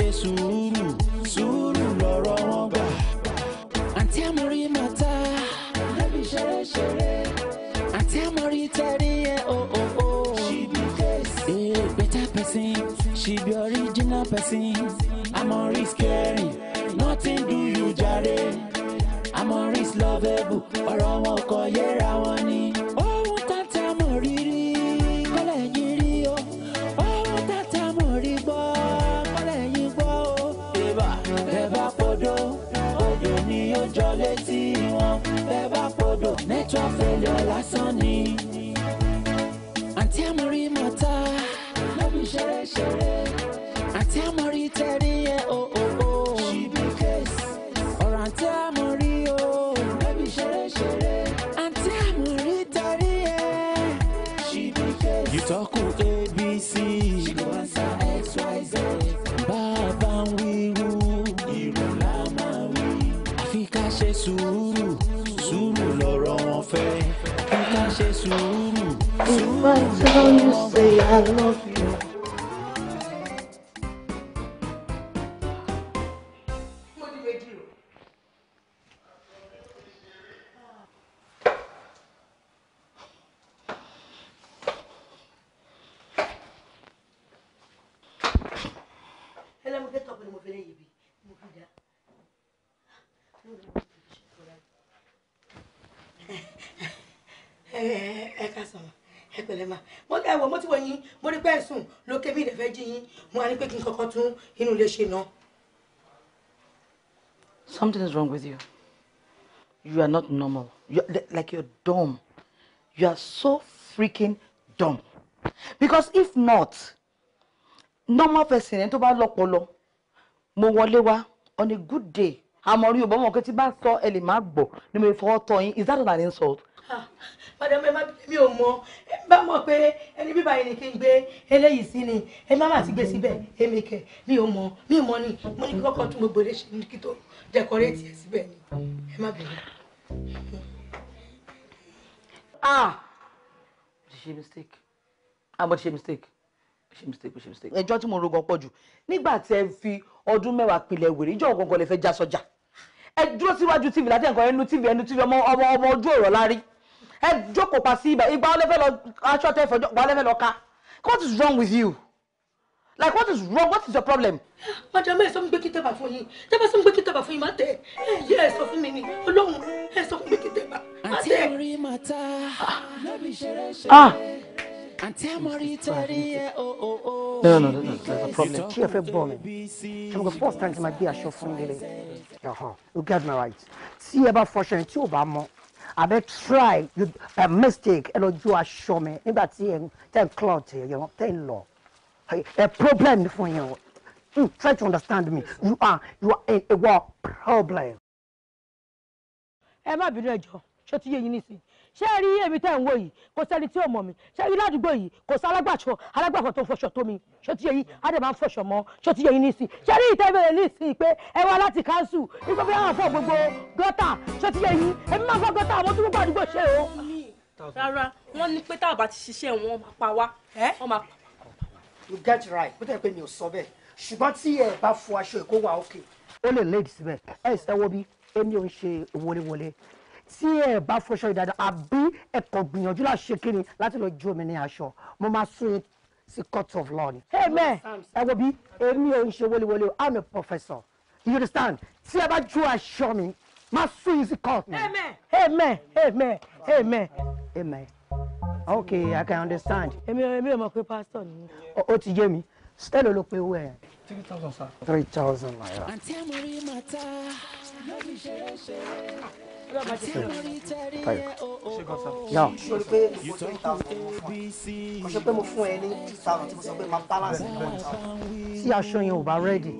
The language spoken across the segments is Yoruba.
Jesús. is wrong with you? You are not normal. You're like you're dumb. You are so freaking dumb. Because if not, normal person ẹni tó bá lọ́pọlọ mo on a good day I'm rí òbọ̀ mọ̀ get tí bá sọ ẹ lè má gbọ́ ni mo fọwọ́ tọ́ yín is that an insult. Madam ẹ má mi ò mọ ẹ bá mọ̀ pé ẹni bíbá yìí ni kí n gbé eléyìí sí ni ẹ má má ti gbé síbẹ̀ èmi kẹ̀ mi ò mọ mi ò mọ ni mo dẹkọrétì yes síbẹ̀ Emma ẹ ah Did she mistake ah mo she mistake She mistake she ṣe mistake. ẹjọ́ tí mo rogan pọ̀ jù nígbà tí ẹ fi ọdún mẹ́wàá pilẹ̀ wèrè ìjọ ọ̀gọ̀ngọ̀ lè fẹ́ já sọ́jà ẹ dúró síwájú tv láti ẹ̀kọ́ ẹnu tv ẹnu tv ọmọ ọmọ ọmọ ojú ọ̀rọ̀ lárí ẹ jókòó pa sí ibà ìgbà ọlẹ́fẹ́ lọ aṣọ tẹ́fọ̀ ọgbà ọlẹ́fẹ́ lọ ká what is wrong with you like what is wrong what is your problem. madam ẹ sọ fún pé kí tẹ́bà fún yín tẹ́bà sọ fún pé kí tẹ́bà fún yín máa tẹ ẹ yẹ ẹ sọ fún mi ni ọlọ́run ẹ sọ fún pé kí tẹ́bà máa tẹ. àti orí màtá lóbi ṣeré ṣeré ah! àti amọ̀rí torí ẹ o no no no there's a problem tí ẹ fẹ́ bọ̀ mi ṣùgbọ́n first time ti máa gbé aṣọ fún mi you get my right tí ẹ bá fọṣọ yẹn tí ò bá mọ abẹ try you, a mistake ẹ lọ ju aṣọ mi nígbà tí ẹ ń clout ẹ ten tẹ́ lọ a problem for you. Mm, try to understand me. You are you are in a war problem. Ẹ má bínú ẹjọ́, ṣé ti yé yín nísìnyí? Ṣé ẹ rí èmi tẹ́ ń wò yìí? Kò sẹ́ni tí ò mọ̀ mí. Ṣé rí ládùúgbò yìí? Kò sí alágbàṣọ alágbàfọ̀ tó ń fọṣọ tó mi. Ṣé ti yé yín? Adé máa ń fọṣọ mọ́. Ṣé ti yé yín nísìnyí? Ṣé rí ìtẹ́bẹ̀rẹ̀ nísìnyí pé ẹ wá láti káńsù? Ìgbà bí wọ́n fọ gbogbo gọ́tà. Ṣé ti yé yín? Èmi máa fọ gọ́tà àwọn tó gbogbo àdúgbò you get right bó tẹ̀ pé mi ò sọ bẹ́ẹ̀ ṣùgbọ́n tí ẹ bá fọ aṣọ ìkó wa òkè. ó lè léèdì síbẹ̀ ẹ ìsẹ́wọ́ bí ẹni ò ń ṣe wọléwọlé tí ẹ bá fọṣọ ìdájọ́ àbí ẹ̀kọ́ gbìyànjú láti ṣe kíni láti lọ ju omi ní aṣọ mo máa sún yín sí court of law ni. amen ẹ wo bí èmi ò ń ṣe wọléwọlé o i'm a professor you understand tí ẹ bá ju aṣọ mi máa sún sí court ni. amen amen amen amen amen okay i can understand. èmi èmi ò mọ̀ pé pásítọ̀ ni. ó ti yé mi stella ló pe owó ẹ̀. three thousand sir. three thousand naira. àǹtí àmọ́rí màtá lórí ṣeré ṣeré àǹtí àmọ́rí tẹ̀rí oh, oh, oh. ẹ̀ o o o. yà á sọ balance ní one thousand. tí aṣọ yẹn ò bá rẹ́dì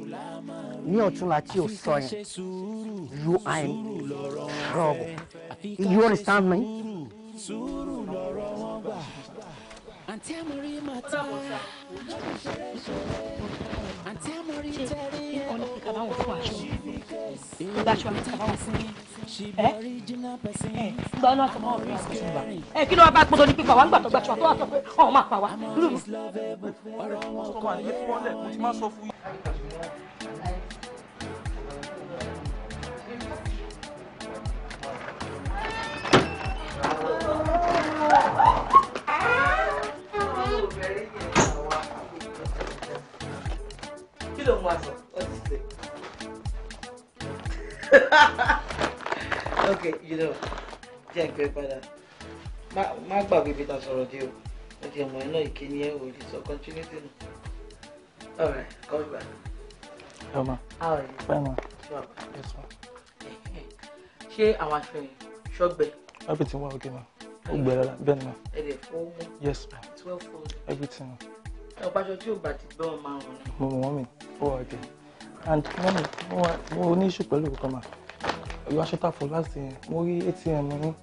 ní ọ̀túnla tí o sọ yẹn you are in trouble you understand me sùúrù lọ̀rọ̀ wọn gbà. àǹtí àmọ́rí máa ta àǹtí àmọ́rí tẹ́rí ọ̀nà kàbá fún aṣọ ìgbàṣọ àti kàbá wọ̀ ẹ ẹ àtọ̀mọ́ ọ̀rọ̀ ẹ kí ló wá bá gbọ́dọ̀ ní pípa wá gbàtọ̀ gbàṣọ àtọ́wà sọ pé ọ̀hún máa pa wá ok you know jẹ́ ìpè padà Ma, gbàgbé bí ta sọ̀rọ̀ dé o ó ti ọmọ iná ìkíni ẹ̀ ò lè sọ continuity nù all right come back. Ọmọ. How are ma. Yes ma. Ṣé àwọn aṣọ yẹn ṣọ́gbẹ́? Everything wà okay ma. Ó gbẹ rárá bẹ́ẹ̀ ma. Ẹ̀dẹ̀ fún mú. Yes ma. Twelve fold. Everything ma. Ọ̀pá aṣọ tí ò bá ti gbọ́ ọ máa rún. Mo mọ̀ mi, ó wà okay and mọ́mí mo ní issue pẹ̀lú kankan ma you aṣọ tà fún last year mo rí atm ní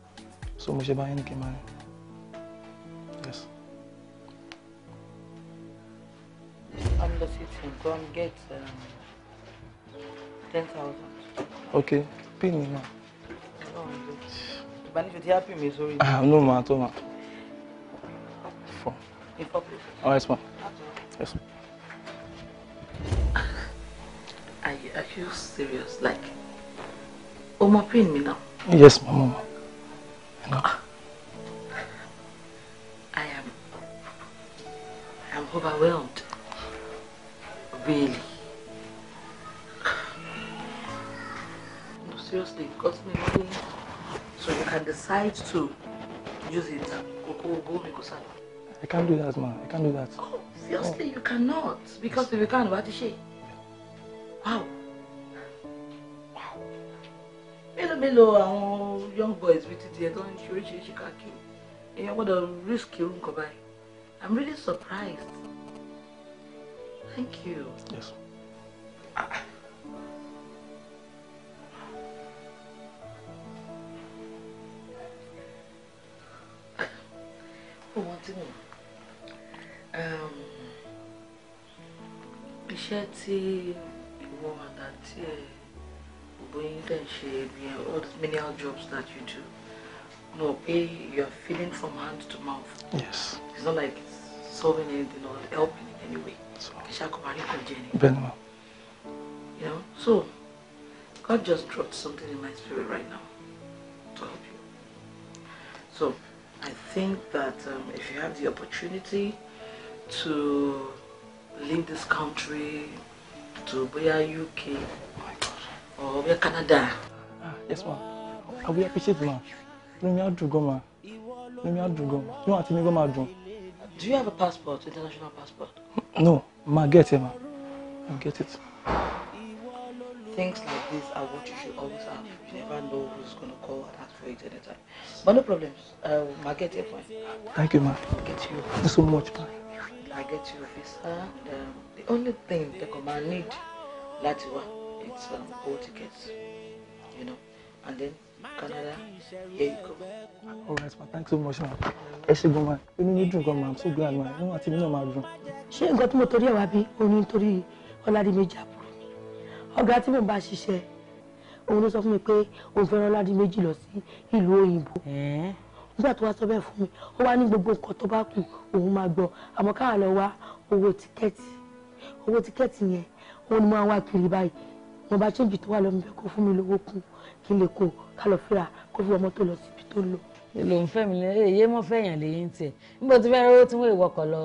so mo ṣe bá yín ní kí n máa rìn yes. I'm the sitting go and get um, ten okay pin ni ma. ìbánisọ̀ ti happy mi sorry. ah no ma tó ma. four. ìfọ̀pẹ̀. alright ma yes ma. Are you, are you serious? Like, o mọ me now? Yes, my mom. You know. I am, I am overwhelmed. Really. No, seriously, it cost me money. So you can decide to use it. I can't do that, man. I can't do that. Oh, seriously, oh. you cannot. Because if you can't, what is she? wow wow mélòó mélòó àwọn young boys bíi ti tiẹ̀ tó ń ṣe oríṣiríṣi káàkiri èèyàn gbọ́dọ̀ risk irú nǹkan báyìí I'm really surprised thank you. Yes. Ah. ó wọ́n tí mò ń Um, Boeing and Shade, all the many jobs that you do, no pay, you're feeling from hand to mouth. Yes. It's not like it's solving anything or helping in any way. So, Benma. You know, so God just dropped something in my spirit right now to help you. So I think that um, if you have the opportunity to leave this country, to bóyá UK or bóyá Canada. Ah, yes ma I will appreciate ma remi adugo ma remi adugo you àti mi go ma dun. Do you have a passport international passport. No ma get it ma I get it. Things like this are what you should always have. You never know who's going to call and ask for it anytime. But no problems. Uh, ma get it fine. Thank you ma. get you. Thank you so much ma. I get to your visa. Uh, um, the only thing the command need láti wá it's um, all tickets, you know, and then Canada, here you go. All right, man. thanks so much, man. Ẹ ṣe gan ma, inú mi dùn gan ma, I'm so glad ma, inú àti mi náà máa dùn. Ṣé nǹkan tí mo torí ẹ̀ wá bí òun ni torí Ọládìméjì àbúrò mi? Ọ̀gá tí mò ń bá ṣiṣẹ́, òun ló sọ fún mi pé òun fẹ́ràn Ọládìméjì lọ sí ìlú òyìnbó nígbà tó wá sọ bẹ́ẹ̀ fún mi ó wá ní gbogbo nǹkan tó bá kù òun máa gbọ́ àmọ́ káà lọ wá owó tíkẹ́ẹ̀tì owó tíkẹ́ẹ̀tì yẹn òun ni mo wá kiri báyìí mo bá ṣéǹjì tó wà lọ́mọ bẹ́ẹ̀ kó fún mi lówó kù kí n lè kó ká lọ fúra kó fi ọmọ tó lọ síbi tó lọ. èlò ń fẹ́ mi lẹ́yìn èyí mọ́ fẹ́yàn lẹ́yìn tiẹ̀ níbo ti fẹ́ rówó tí wọ́n ìwọkọ̀ lọ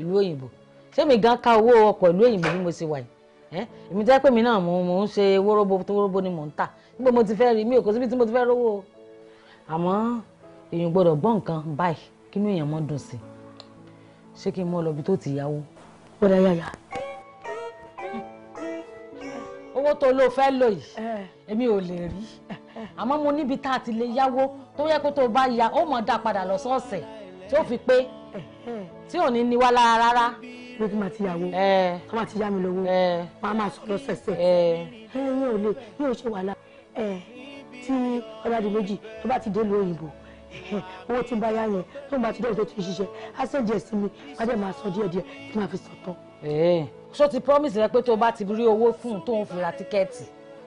ìlú òyìnbó ṣé mi gan ka owó ọkọ̀ ìlú òyìnbó bí mo ṣe wà yìí èmi jẹ́ pé mi náà mo ń ṣe wóróbo tó wóróbo ni mò ń tà níbo mo ti fẹ́ rí mi ò kó síbi tí mo ti fẹ́ rówó àmọ́ èèyàn gbọ́dọ̀ gbọ́ nǹkan báyìí kínú èèyàn mọ́ dùn sí ṣé kí n mọ́ lọ tó ti yáwó. ó yáyà. owó tó ló fẹ́ lò yìí èmi ò lè rí àmọ́ mo níbi tá a ti lè yáwó tó yẹ kó tó bá ya ó mọ̀ dá padà lọ́sọ̀ọ̀sẹ̀ tí ó fi pé tí ò ní ní wá lára rárá pé kí máa ti yàwó kí máa ti yá mi lówó máa máa sọ lọ́sẹ̀sẹ̀ ẹ̀yin lè yóò ṣe wàhálà tí ọba di méjì tó bá ti dé lu òyìnbó owó tí ń bá yá yẹn tó ń bá ti dọ́ọ̀tì tó ti ṣiṣẹ́ á sẹ́ díẹ̀ sí mi má dẹ̀ máa sọ díẹ̀ díẹ̀ tí máa fi sọ tán. ṣó ti promise rẹ pé tó bá ti rí owó fún un tó ń fi ra tíkẹ́ẹ̀tì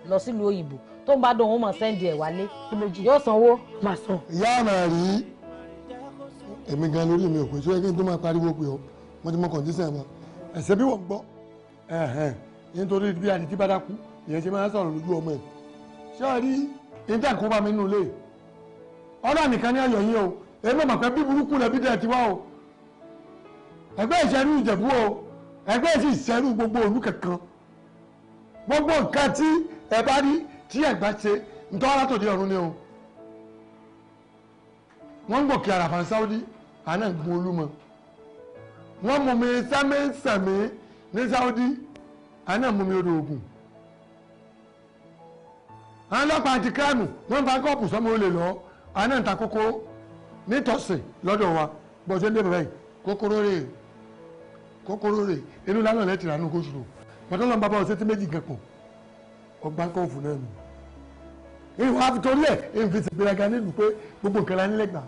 lọ sílùú òyìnbó tó ń bá dùn òun mọ̀ sẹ́ndì ẹ̀ wálé yóò sanwó. máa san. ìyá àmà rí èmi gan lórí mi ò pé sóyè kí n tó máa pariwo pé o mo ti mọ kọ̀ǹdíṣàn wọn ẹ̀sẹ̀ bí wọ́n ẹ̀ ọlọ́run nìkan ní ayọ̀ yín o èmi mọ̀ pé bí burúkú lẹ́bí dẹ̀ ti wá o ẹgbẹ́ ìṣẹ́rú ìjẹ̀bú o ẹgbẹ́ sì ṣẹ́rú gbogbo òlú kankan gbogbo nǹkan tí ẹ bá rí tí ṣe ntọ́ra ni o wọ́n ń gòkè àràfà sáúdí àná gun olúmọ wọ́n mú mi ní àná mú mi odò ògùn àwọn ọlọ́pàá wọ́n ń àná ń ta kókóró nítòsí lọ́dọ̀ wa bọ́sẹ̀ ń dé bàbá yìí kókóró rè kókóró rè inú lánàá lẹ́tì ránú kó ṣòro bàtà lọ́nà bàbá ọ̀sẹ̀ tí méjì gan pọ̀ ọgbà kan fún náà nù. ìwà àfitórí ẹ̀ èyí fi ti gbéraga nílùú pé gbogbo nǹkan la gbà.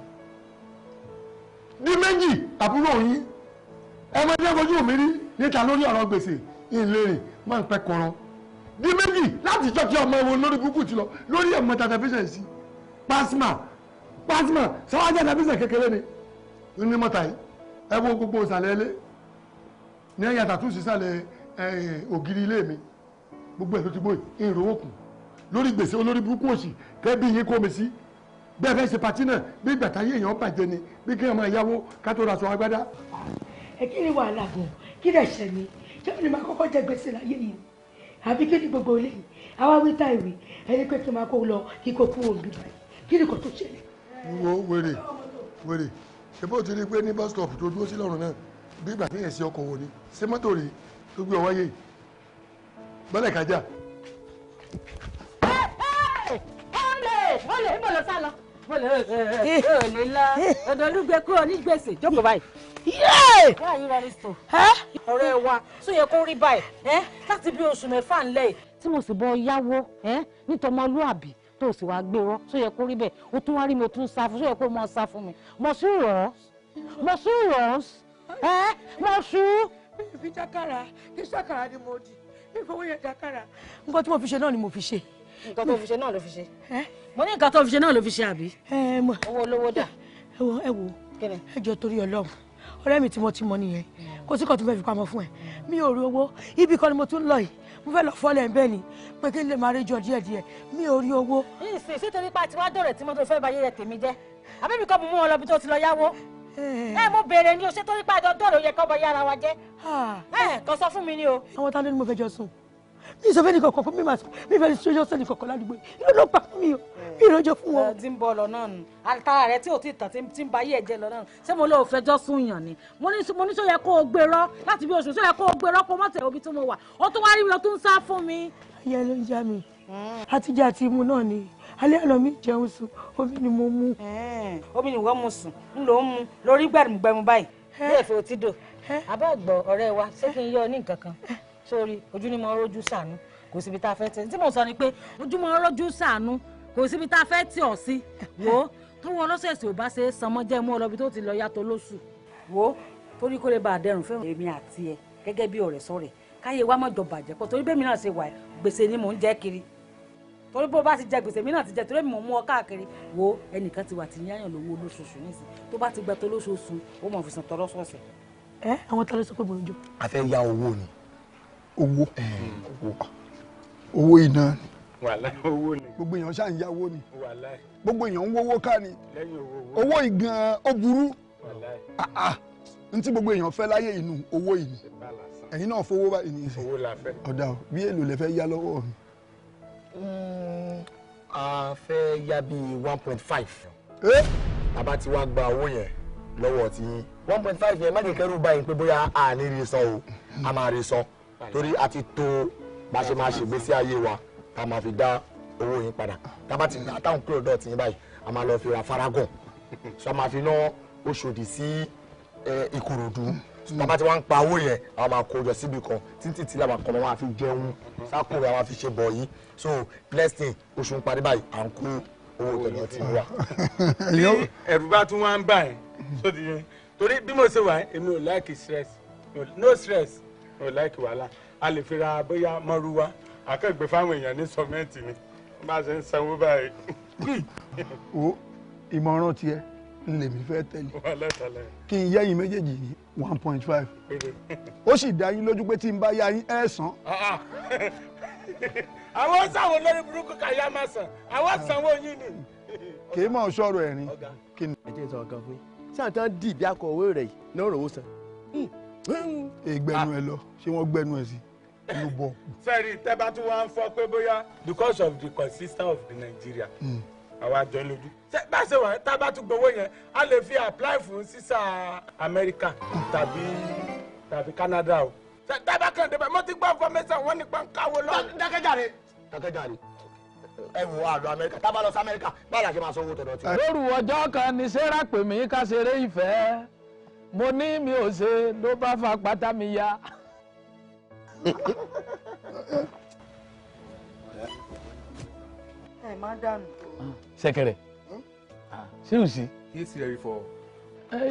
di méjì àbúrò yín ẹ máa dé ojú mi rí níta lórí ọ̀rọ̀ gbèsè ìlérè máa ń pẹ́ kọ́rọ́ di méjì láti jọ́ kí ọmọ ìwọ lórí kúkú ti lọ lórí ẹ̀mọ́ tàtàfíṣẹ̀ sí pásmà pásímọ̀ sáwájà nàbísà kékeré ni ní mọ́ta yìí ẹ wo gbogbo ìsàlẹ̀ ilé ní ẹ̀yìn àtàtúnṣe ìsàlẹ̀ ògiri ilé mi gbogbo ẹ̀ ló ti gbó yìí ìrówó kù lórí gbèsè olórí burúkú òsì tẹ́bí yín kó mi sí bẹ́ẹ̀ fẹ́ ṣe pàtí náà bí ìgbà táyé èèyàn bàjẹ́ ni bí kéèyàn máa yáwó ká tó ra aṣọ agbádá. ẹ kí ni wàhálà gan kí lè ṣe mi ṣé mi ni máa kọ́kọ́ jẹ gbèsè láyé yìí àbí kí ni gbogbo eléyìí àwa wí táìwì ẹni pé kí n máa kó lọ kí kú òǹbí báyìí kí ni kò tó ṣẹlẹ̀ wo wèrè wèrè ṣebó ti rí i pé ní bus stop tó dúró sí lọ́rùn náà bí ìgbà tí yẹn sí ọkọ̀ wò ni ṣé mọ́tò rèé tó gbé ọ wáyé gbọ́dọ̀ kájà. olè mo lọ sá lọ mo lè olè lọ eh, eh, eh. ọ̀dọ̀ olúgbẹ kúrò ní gbèsè jókòó báyìí. why you ready to. ọ̀rẹ́ wa tó yẹ kó rí báyìí láti bí oṣù mẹ́fà ńlẹ̀ yìí tí mo sì bọ yáwó nítọmọlúàbí tó sì wá gbé rọ sóyẹ kó rí bẹ́ẹ̀ o tún wá rí mi o tún sá fún sóyẹ kó mọ sá fún mi mọ sún rọ mọ sún rọ ẹ mọ sún. fi dákàrà fi sákàrà ni mo di fi yẹn dákàrà. nǹkan tí mo fi ṣe náà ni mo fi ṣe. nǹkan tó fi ṣe náà ló fi ṣe. mo ní nǹkan tó fi ṣe náà ló fi ṣe àbí. owó olówó dà. ẹ wo ẹ wo ẹ torí Ọlọ́run ọ̀rẹ́ mi tí mo ti mọ nìyẹn mm. kó sì kàn tún fẹẹ fi pamọ́ fún ẹ mi ò rí owó ibì kan ni mo tún lọ yìí mo fẹ́ lọ fọ́lẹ̀ bẹ́ẹ̀ ni pé kí n lè máa rí jọ díẹ̀díẹ̀ mi ò rí owó. ìsìn sí torí pa tiwa dọ̀rẹ̀ tí mo tó fẹ́ bá yẹ̀yẹ̀ tèmi jẹ́ àbẹ́bí kọ́ mo mú wọn lọ bí tó ti lọ yáwó. Eh. ẹ mo béèrè ni o ṣé torí pa dọ̀rẹ̀ ó yẹ kọ́ bọ yára wa jẹ́. ẹ ah. eh, kò sọ fún mi ni o. àwọn táwọn ló ní mo fẹ́ jọ sùn mi sọ fẹ́ni kọ̀ọ̀kan fún mi máa sọ mi fẹ́ni sọ́jọ́ sẹ́ni kọ̀ọ̀kan ládùúgbò yìí ló ló pa fún mi o mi ìrọ́jọ fún wọn. ti ń bọ lọ náà nù àtàrà rẹ tí ò tí tàn tí ń ba ayé ẹ jẹ lọ náà ṣé mo lóò fẹjọ́ sún yàn ni mo ní sọ kó o gbèrọ láti bí oṣù sọ kó o gbèrọ kó o mọ̀tẹ̀ obi tí mo wà ó tún wá rí mi lọ tó ń sá fún mi. ayé ló ń já mi hmm. àtijọ́ àti imú náà ni alẹ́ àná mi jẹun sùn omi ni mo mú. omi ni wọ́n mu sùn ń lò ó mu lórí gbẹ̀rùngbẹ̀rùn báyìí bí èfè òtídò abẹ́ àgbọ̀ ọ̀rẹ́ wa ṣé kí n yọ ọ ní nǹkan kan sórí ojú ni mo rójú sànú kò síbi tá a fẹ́ tẹ̀ tí mo sọ ni pé ojú mo rójú sànú kò síbi tá a fẹ́ tì ọ́ sí wo tówó ọlọ́sẹ̀sẹ̀ ò bá ṣe é san mọ́ jẹ́ mú ọ lọ́bi tó ti lọ yàtọ̀ lóṣù wo torí kó lè bá a dẹrùn fẹ́ràn èmi àti ẹ gẹ́gẹ́ bí ọ̀rẹ́ sọ̀rẹ́ káyé wa mọ̀jọ bàjẹ́ pọ̀ torí bẹ́ẹ̀ mi náà ṣe wà gbèsè ni mò ń jẹ́ kiri torí bó bá ti jẹ gbèsè mi náà ti jẹ torí mò ń mú ọ káàkiri wo ẹnìkan ti wà tí yáyàn lówó olóṣooṣù nísìn tó bá ti gba tó lóṣooṣù ó mọ̀ fi sàn tọ́lọ́sọ̀ọ̀sẹ̀. ẹ àwọn tá ló sọ pé mò ń jó. a fẹ́ ya owó ni owó ah. owó iná ni gbogbo èèyàn ṣáà ń yáwó ni gbogbo èèyàn ń wówó ká ni owó ìgan ó burú ah, ah. n tí gbogbo èèyàn fẹ́ láyé inú owó yìí ẹ̀yin náà fowó báyìí ní ìsìn ọ̀dà o bí èlò lè fẹ́ yá lọ́wọ́ mi. Hmm, a fẹ́ yá bíi one point five. bàbá tí wàá gba owó yẹn lọ́wọ́ tí one point five yẹn má lè kẹ́rù báyìí pé bóyá a ní rí sọ o a máa rí sọ torí a ti to bá ṣe máa ṣègbésí ayé wa tá a máa fi dá owó yín padà tá a bá ti ní àtàwọn kúrò dọ̀tí yín báyìí a máa lọ fi ra faragun so a máa fi ná Ọ̀ṣọ́dì sí Ìkòròdú bàbá tí wọ́n ń pa owó yẹn a máa kó jọ síbi kan títí tí làwọn kan máa fi jẹun sákòrò àwọn fi ṣe bọ̀ yìí so blessing oṣù ń parí báyìí à ń kó owó tẹ̀lé ti wá. ní ẹ̀rù bá tún wá ń bà ẹ́ sódì yẹn torí bí mo ṣe wà èmi ò láìkì stress no stress o láìkì wàhálà a lè fi ra bóyá mọ́rú wa akẹ́gbẹ́ fáwọn èèyàn ní sọ́mẹ́ǹtì ni bá a ṣe ń sanwó báyìí. o ìmọ̀ràn tiẹ̀ ń lèmi fẹ́ tẹ̀lé kí n yẹ́yìn méjèèjì ní one point five ó sì dá yín lójú pé tí n bá yá yín ẹ̀ sàn. Ah, ah. àwọn sáwọn lórí burúkú ká yá máa sàn àwọn sanwó yín ni. kì í mọ̀ sọ̀rọ̀ ẹ̀rín. ẹ jẹ́ sọ̀rọ̀ kan fún yín sáà tán dì bí akọ̀wé rẹ̀ yìí náà rò ó sàn ègbẹnu ẹ lọ ṣé wọn gbẹnu ẹ sí inú bọ. sẹ́ẹ̀rì tẹ́bá tún wá ń fọ pé bóyá because of the consistency of the Nigeria hmm. àwa jọ lójú. bá a ṣe wà tábà tún gbowó yẹn a lè fi apply fún sísà Amẹ́ríkà tàbí tàbí Canada o. tábà kan débẹ̀ mo ti gbọ́ information wọ́n nípa ń káwó lọ. dákẹ́jàre dákẹ́jàre ẹ wò àlọ amẹ́ríkà tábà lọ sí amẹ́ríkà báyìí la ṣe máa sanwó tọ̀dọ̀ tí. lóru ọjọ́ kan ni sarah pè mí ká ṣeré ìfẹ́ mo ní mi ò ṣe ló bá fa pátá mi ya. ẹ má dànù. ṣẹ̀kẹ̀rẹ̀ ṣé o sí. yéé sì rẹ̀ fọ.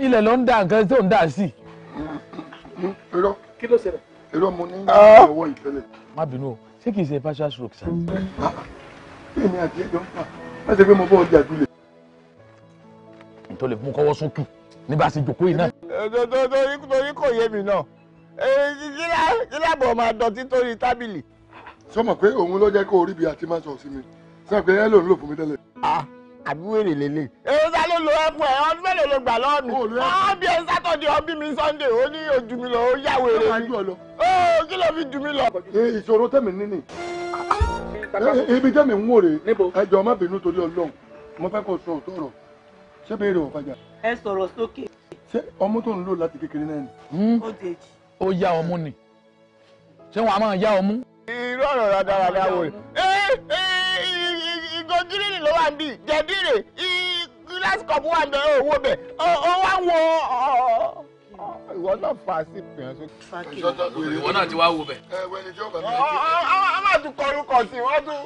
ilẹ̀ ló ń da nǹkan tó ń dà sí. irọ́ kí ló ṣẹlẹ̀. irọ́ mo ní ah. ọwọ́ ìfẹ́lẹ̀. má bínú o ṣé kìí ṣe partial stroke sa. èmi àti ẹjọ́ ń fà má ṣe pé mo bọ́ ọjà ìdúlẹ̀. n mú kọ́wọ́ sókè ní bá a ṣe jòkó yìí náà. torí kò yé mi náà kí lábọ̀ máa dọ̀tí torí tábìlì. sọmọ pé òun ló jẹ́ kó o rí bí a ti máa sọ sí mi sọ pé ẹ lòun lò fún mi tẹ́lẹ̀. àbí wèrè lélẹ̀. èyí sá ló lo ẹfun ẹ ọdún mélòó ló gbà lọ́wọ́ mi. ọbí ẹ sátọ̀dẹ̀ ọbí mi sọ́ndẹ̀ ó ní ojú mi lọ ó yá wèrè mi. ó kí ló fi jù mí lọ. ìṣòro tẹ̀mí nínì ibi tẹ̀mí ń wò rè é ẹjọ́ má bínú torí Ọlọ́run mo fẹ́ kó sọ òótọ́ ọ̀rọ̀ ṣé bèrè ò fàjà. ẹ sọ̀rọ̀ sókè. ṣé ọmú tó ń lò láti kékeré náà ni. ó dèjì. ó yá ọmú ni ṣé wọn a máa yá ọmú. irú ọ̀rọ̀ rádaràdà wò ìgò gírínì ló wà níbí jẹ̀dírè gíláàsì kọ̀ọ̀bù wà níbẹ̀ owó bẹ̀ ó wá wo ìwọ náà fà á sí ìpìyàn sókè. ìwọ náà ti wá wo bẹ̀. a máa tún kọ orúkọ sí i wọ́n tún.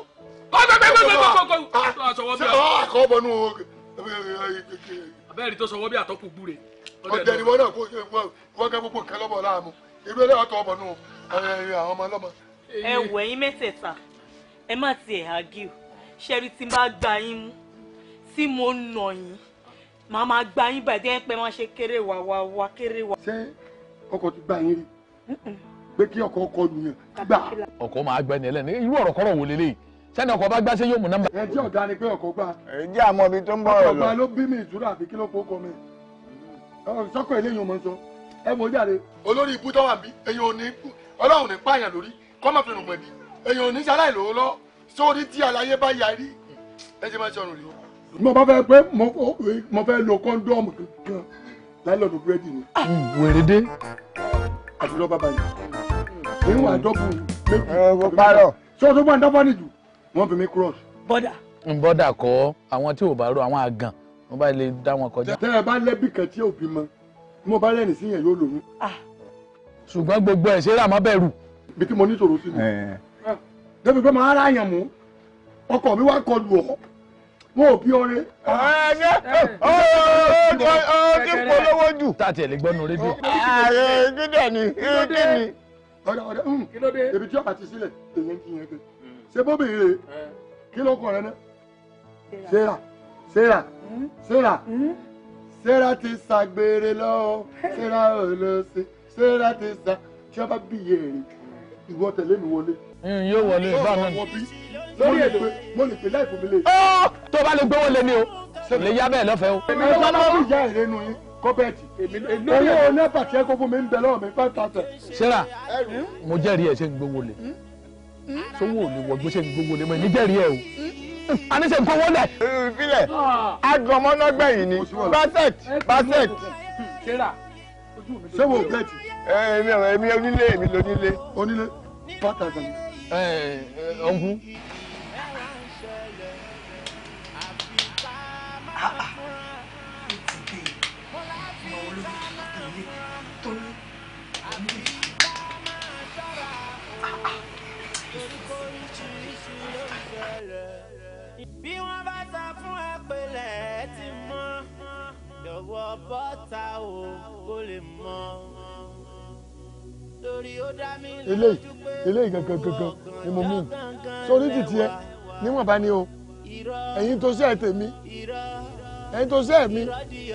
kọ́ bẹ́ẹ̀ bẹ́ẹ̀ bẹ́ẹ̀ bẹ́ẹ̀ kọ́ sọ wọ́n bí i abẹ́rẹ́ tó sọwọ́ bí àtọ́kù gbúre. ọ̀dẹ̀ ni wọ́n náà kó wọ́n kẹ́ gbogbo nǹkan lọ́bọ̀ láàmú ìlú ẹlẹ́wà tó ọmọ nù àwọn ọmọ ọlọ́mọ. ẹ wọ ẹ̀yin mẹ́tẹ̀ẹ̀ta ẹ má tiẹ̀ hágìl ṣẹ́rí tí n bá gba yín mú tí mo nà yín màá máa gba yín bàdé ẹ pé má ṣe kéré wà wà wà kéré wà. ṣé ọkọ ti gbà yín rí pé kí ọkọ ọkọ lù yàn gbà. ọkọ máa gbẹni ẹlẹni irú ọ̀rọ̀ kọ́rọ̀ wò lélẹ́yìí sẹ́ni ọkọ̀ bá gbáṣẹ́ yóò mú nọ́mbà. ẹ jẹ́ ọ̀gá ni pé ọkọ̀ gbá. ẹ jẹ́ àmọ́ ibi tó ń bọ̀ ọ̀rọ̀. ọkọ̀ gbá ló bí mi ìtura àfi kí ló kó kọ mi. sọ́kọ̀ eléyìí mo ń sọ ẹ mọ jáde. olórí ibú tó wà bí èyàn ò ní ọlọ́run ní pààyàn lórí kọ́mọ̀ fi rùn mọ̀dí èyàn ò ní sáláì lówó lọ sórí tí aláyé bá ya rí ẹ jẹ́ máa ṣe ọrùn rí. mo bá fẹ́ pé mo fẹ́ lo kọ́ńdọ́ọ̀mù kan láìlọ́dún búrẹ́dì ni. wèrèdè. àdúrà bá ń dábàá nìjú wọ́n bí mi cross. bọ́dà. bọ́dà kọ́ àwọn tí ò bá rọ àwọn àgàn mo bá lè dá wọn kọjá. tẹ́ ẹ bá lẹ́bí kan tí ò bí mọ bí mo bá rẹ́ni sí yẹn yóò lòun. ṣùgbọ́n gbogbo ẹ̀ ṣe rà má bẹ̀rù. bí tí mo ní ṣòro sí mi. débi pé màá rà yàn mú ọkọ mi wá kọlu ọ wọn ò bí ọ̀rẹ́. ẹ̀ẹ́dẹ́ ọ̀ọ́ ti polówó jù. tá a tiẹ̀ lè gbọ́nu rédíò. ààrẹ gídẹ̀ ni kí ni. ọ̀dọ̀ ọ̀dọ̀ ebi tí ọba ti sílẹ̀ èyí ń kí yẹn kan ṣé bóbìnrin rè kí ló kọ rẹ ná sarah sarah hmm? sarah hmm? sarah ti ṣàgbèrè lọ sarah ò lọ sí sarah ti ṣà tí wọn bá bí iye rè ìwọ tẹ̀lé mi wọlé. Hmm, yóò wọlé báwọn lórí ètò mo lè pè láì fún mi lè. tó o bá lè gbówó lé mi o lè yá bẹ́ẹ̀ lọ́fẹ̀ẹ́ o. èmi ló bá lọ́wọ́ ìyá ìrẹ́nu yín kọ́bẹ̀tì owó nẹ́pà tí ẹ kó fún mi ń bẹ lọ́wọ́ mi five thousand. sarah mo jẹ́rìí ẹ̀ ṣe ń gbówó lé sówó ò lè wọ gbèsè gbogbo lè mọ ìníjẹ́rìí ẹ o àníṣe gbowó lẹ. ìfilẹ̀ agọmọ́nọ́gbẹ̀yìn ni basket basket. ṣé wo gẹ̀ẹ́tì. èmi ọ̀rọ̀ èmi onílé èmi lónílé. onílé pátá kan. ọ̀gùn. bọ́ta o kó lè mọ torí ó dá mi lójú pé eléyìí gangan gangan ni mo mú sórí títí ẹ níwọ̀nba ni o ẹ̀yin tó ṣe tèmi ẹ̀yin tó ṣe mi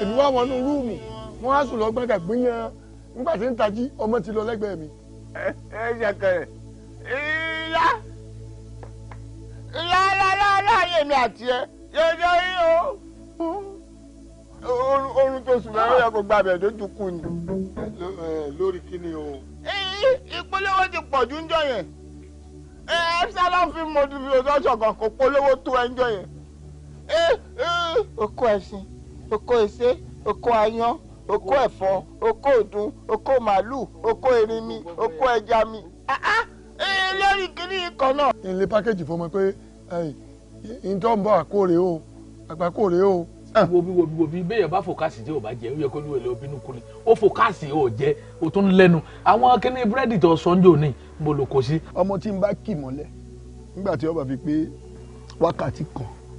èmi wá wọnú rúùmù wọn á sùn lọ gbọ́n kàgbín yan nígbà tí ń tají ọmọ ti lọ lẹ́gbẹ̀ẹ́ mi. ẹ ẹ ṣàkàrẹ ìyá ìyá ìyá ìyá ìyá èmi àti ẹ yóò yọ yín o oorun tó sùn lọ́wọ́ yẹ kó gba abẹ lójú kù ni. lórí kí ni o. ìpolówó ti pọ̀ jù ń jọ yẹn epsilon fi mọ̀tò fi òtọ́ ṣọ̀gàn kò polówó tó ẹ ń jọ yẹn. oko ẹ̀sìn oko èsè oko ayan oko ẹ̀fọ́ oko ọdún oko màálù oko erinmi oko ẹja mi ah, ah, lórí kiri ikọ̀ náà. ilé pákéjì fọmọ pé ǹjọ́ ń bọ̀ àkórè o àgbàkórè o. Ah. wo bí wo bí wo bí bẹ́ẹ̀ bá fòkásì tí o bá jẹ o yẹ kó lóye lọ bínú kú ni o fòkásì o jẹ o tún lẹ́nu àwọn kíní búrẹ́dì tó sọ́njò ní mo lò kó sí. ọmọ tí n bá kì mọ́lẹ̀ nígbà tí ó bá fi pé wákàtí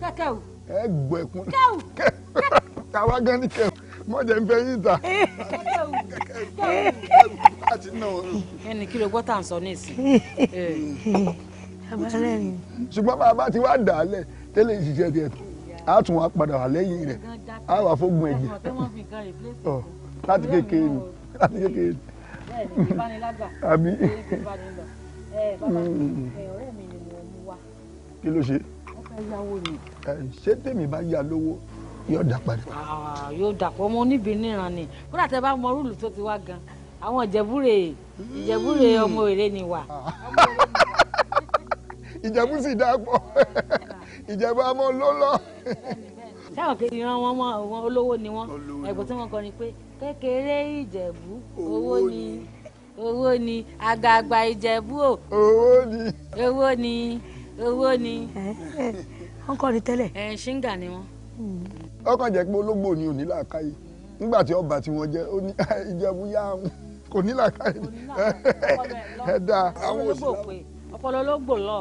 kan ẹ gbọ́ ẹkún àwa gan ni kẹwù mọ̀jẹ̀ ń fẹ́ yín ta. ẹnì kí ló gbọ́ tà ń sọ ní ìsìn. ṣùgbọ́n bàbá ti wá dà á lẹ̀ tẹ́lẹ̀ ìṣiṣẹ́ tiẹ̀ tó a tún wá padà wà lẹ́yìn rẹ̀ a wà fógun ẹ̀jẹ̀ láti kékeré ni láti kékeré ni àbí. Hmm. kí ló ṣe. ṣé tèmi bá yá lówó yóò dà padà. Ah, yóò dà pọ̀ ọmọ oníbìíní ìran ni kódà tẹ bá mọ rúùlù tó ti wá gan àwọn ìjẹ̀búrè ìjẹ̀búrè hmm. ọmọ èrè ni wà. ìjẹ̀bú sì dáa pọ̀. ìjẹ̀bú àmọ́ ló lọ. sáwọn kì í ran wọn mọ àwọn olówó ni wọn ẹ̀gbọ́n tí wọ́n kọ ni pé kékeré ìjẹ̀bú owó ni owó ni àgbààgbà ìjẹ̀bú o. owó ni. owó ni owó ni. wọ́n kọ́ ni tẹ́lẹ̀. ẹ̀ ṣíngà ni wọ́n. ọkàn jẹ́ pé ológbò ni ò ní làákàyè nígbà tí ọba tí wọ́n jẹ́ ah, ìjẹ̀bú yá wọn kò ní làákàyè ẹ̀ dáa. ọpọlọ ló gbò lọ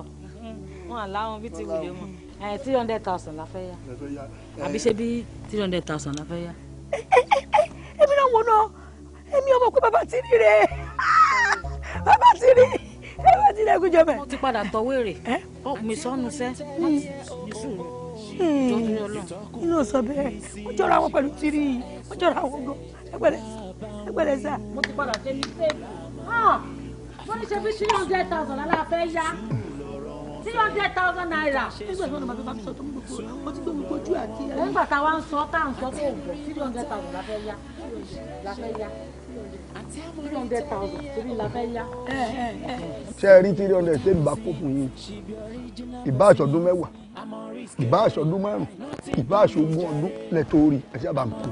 wọn àláwọn bíi ti wùlé wọn ẹ eh, three hundred thousand la fẹ́ yá àbí eh. ṣe bí three hundred thousand la fẹ́ yá. èmi náà wò náà èmi ọmọ pé bàbá ti rí rè bàbá ti rí bàbá ti rí ẹgúnjẹ mẹ. mo ti padà tọwé rè eh? mi sọnù sẹ mi sùn inú sọ bẹ́ẹ̀ ó jọra àwọn pẹ̀lú tìrì ó jọra àwọn gan ẹgbẹ̀rẹ̀ ẹgbẹ̀rẹ̀ sá. mo ti padà ṣe ní sẹ́ẹ̀lì. Ah, wọ́n ní ṣe bí three hundred thousand lálẹ́ àfẹ́ yá three hundred thousand naira. nígbà tí wọn bá bá sọ tó ń gbogbo ó ti gbé gbogbo ojú àti ẹ. nígbà tá a wá ń sọ tá à ń sọ pé òògùn three hundred thousand la fẹ́ yá la fẹ́ yá three hundred thousand torí la fẹ́ yá. ṣé ẹ rí three hundred ṣé ìbá kó fún yín ìbá àṣọdún mẹ́wàá ìbá àṣọdún márùn ìbá àṣọgún ọdún lẹ́tọ́ orí ẹ̀ṣẹ́ àbàmùkù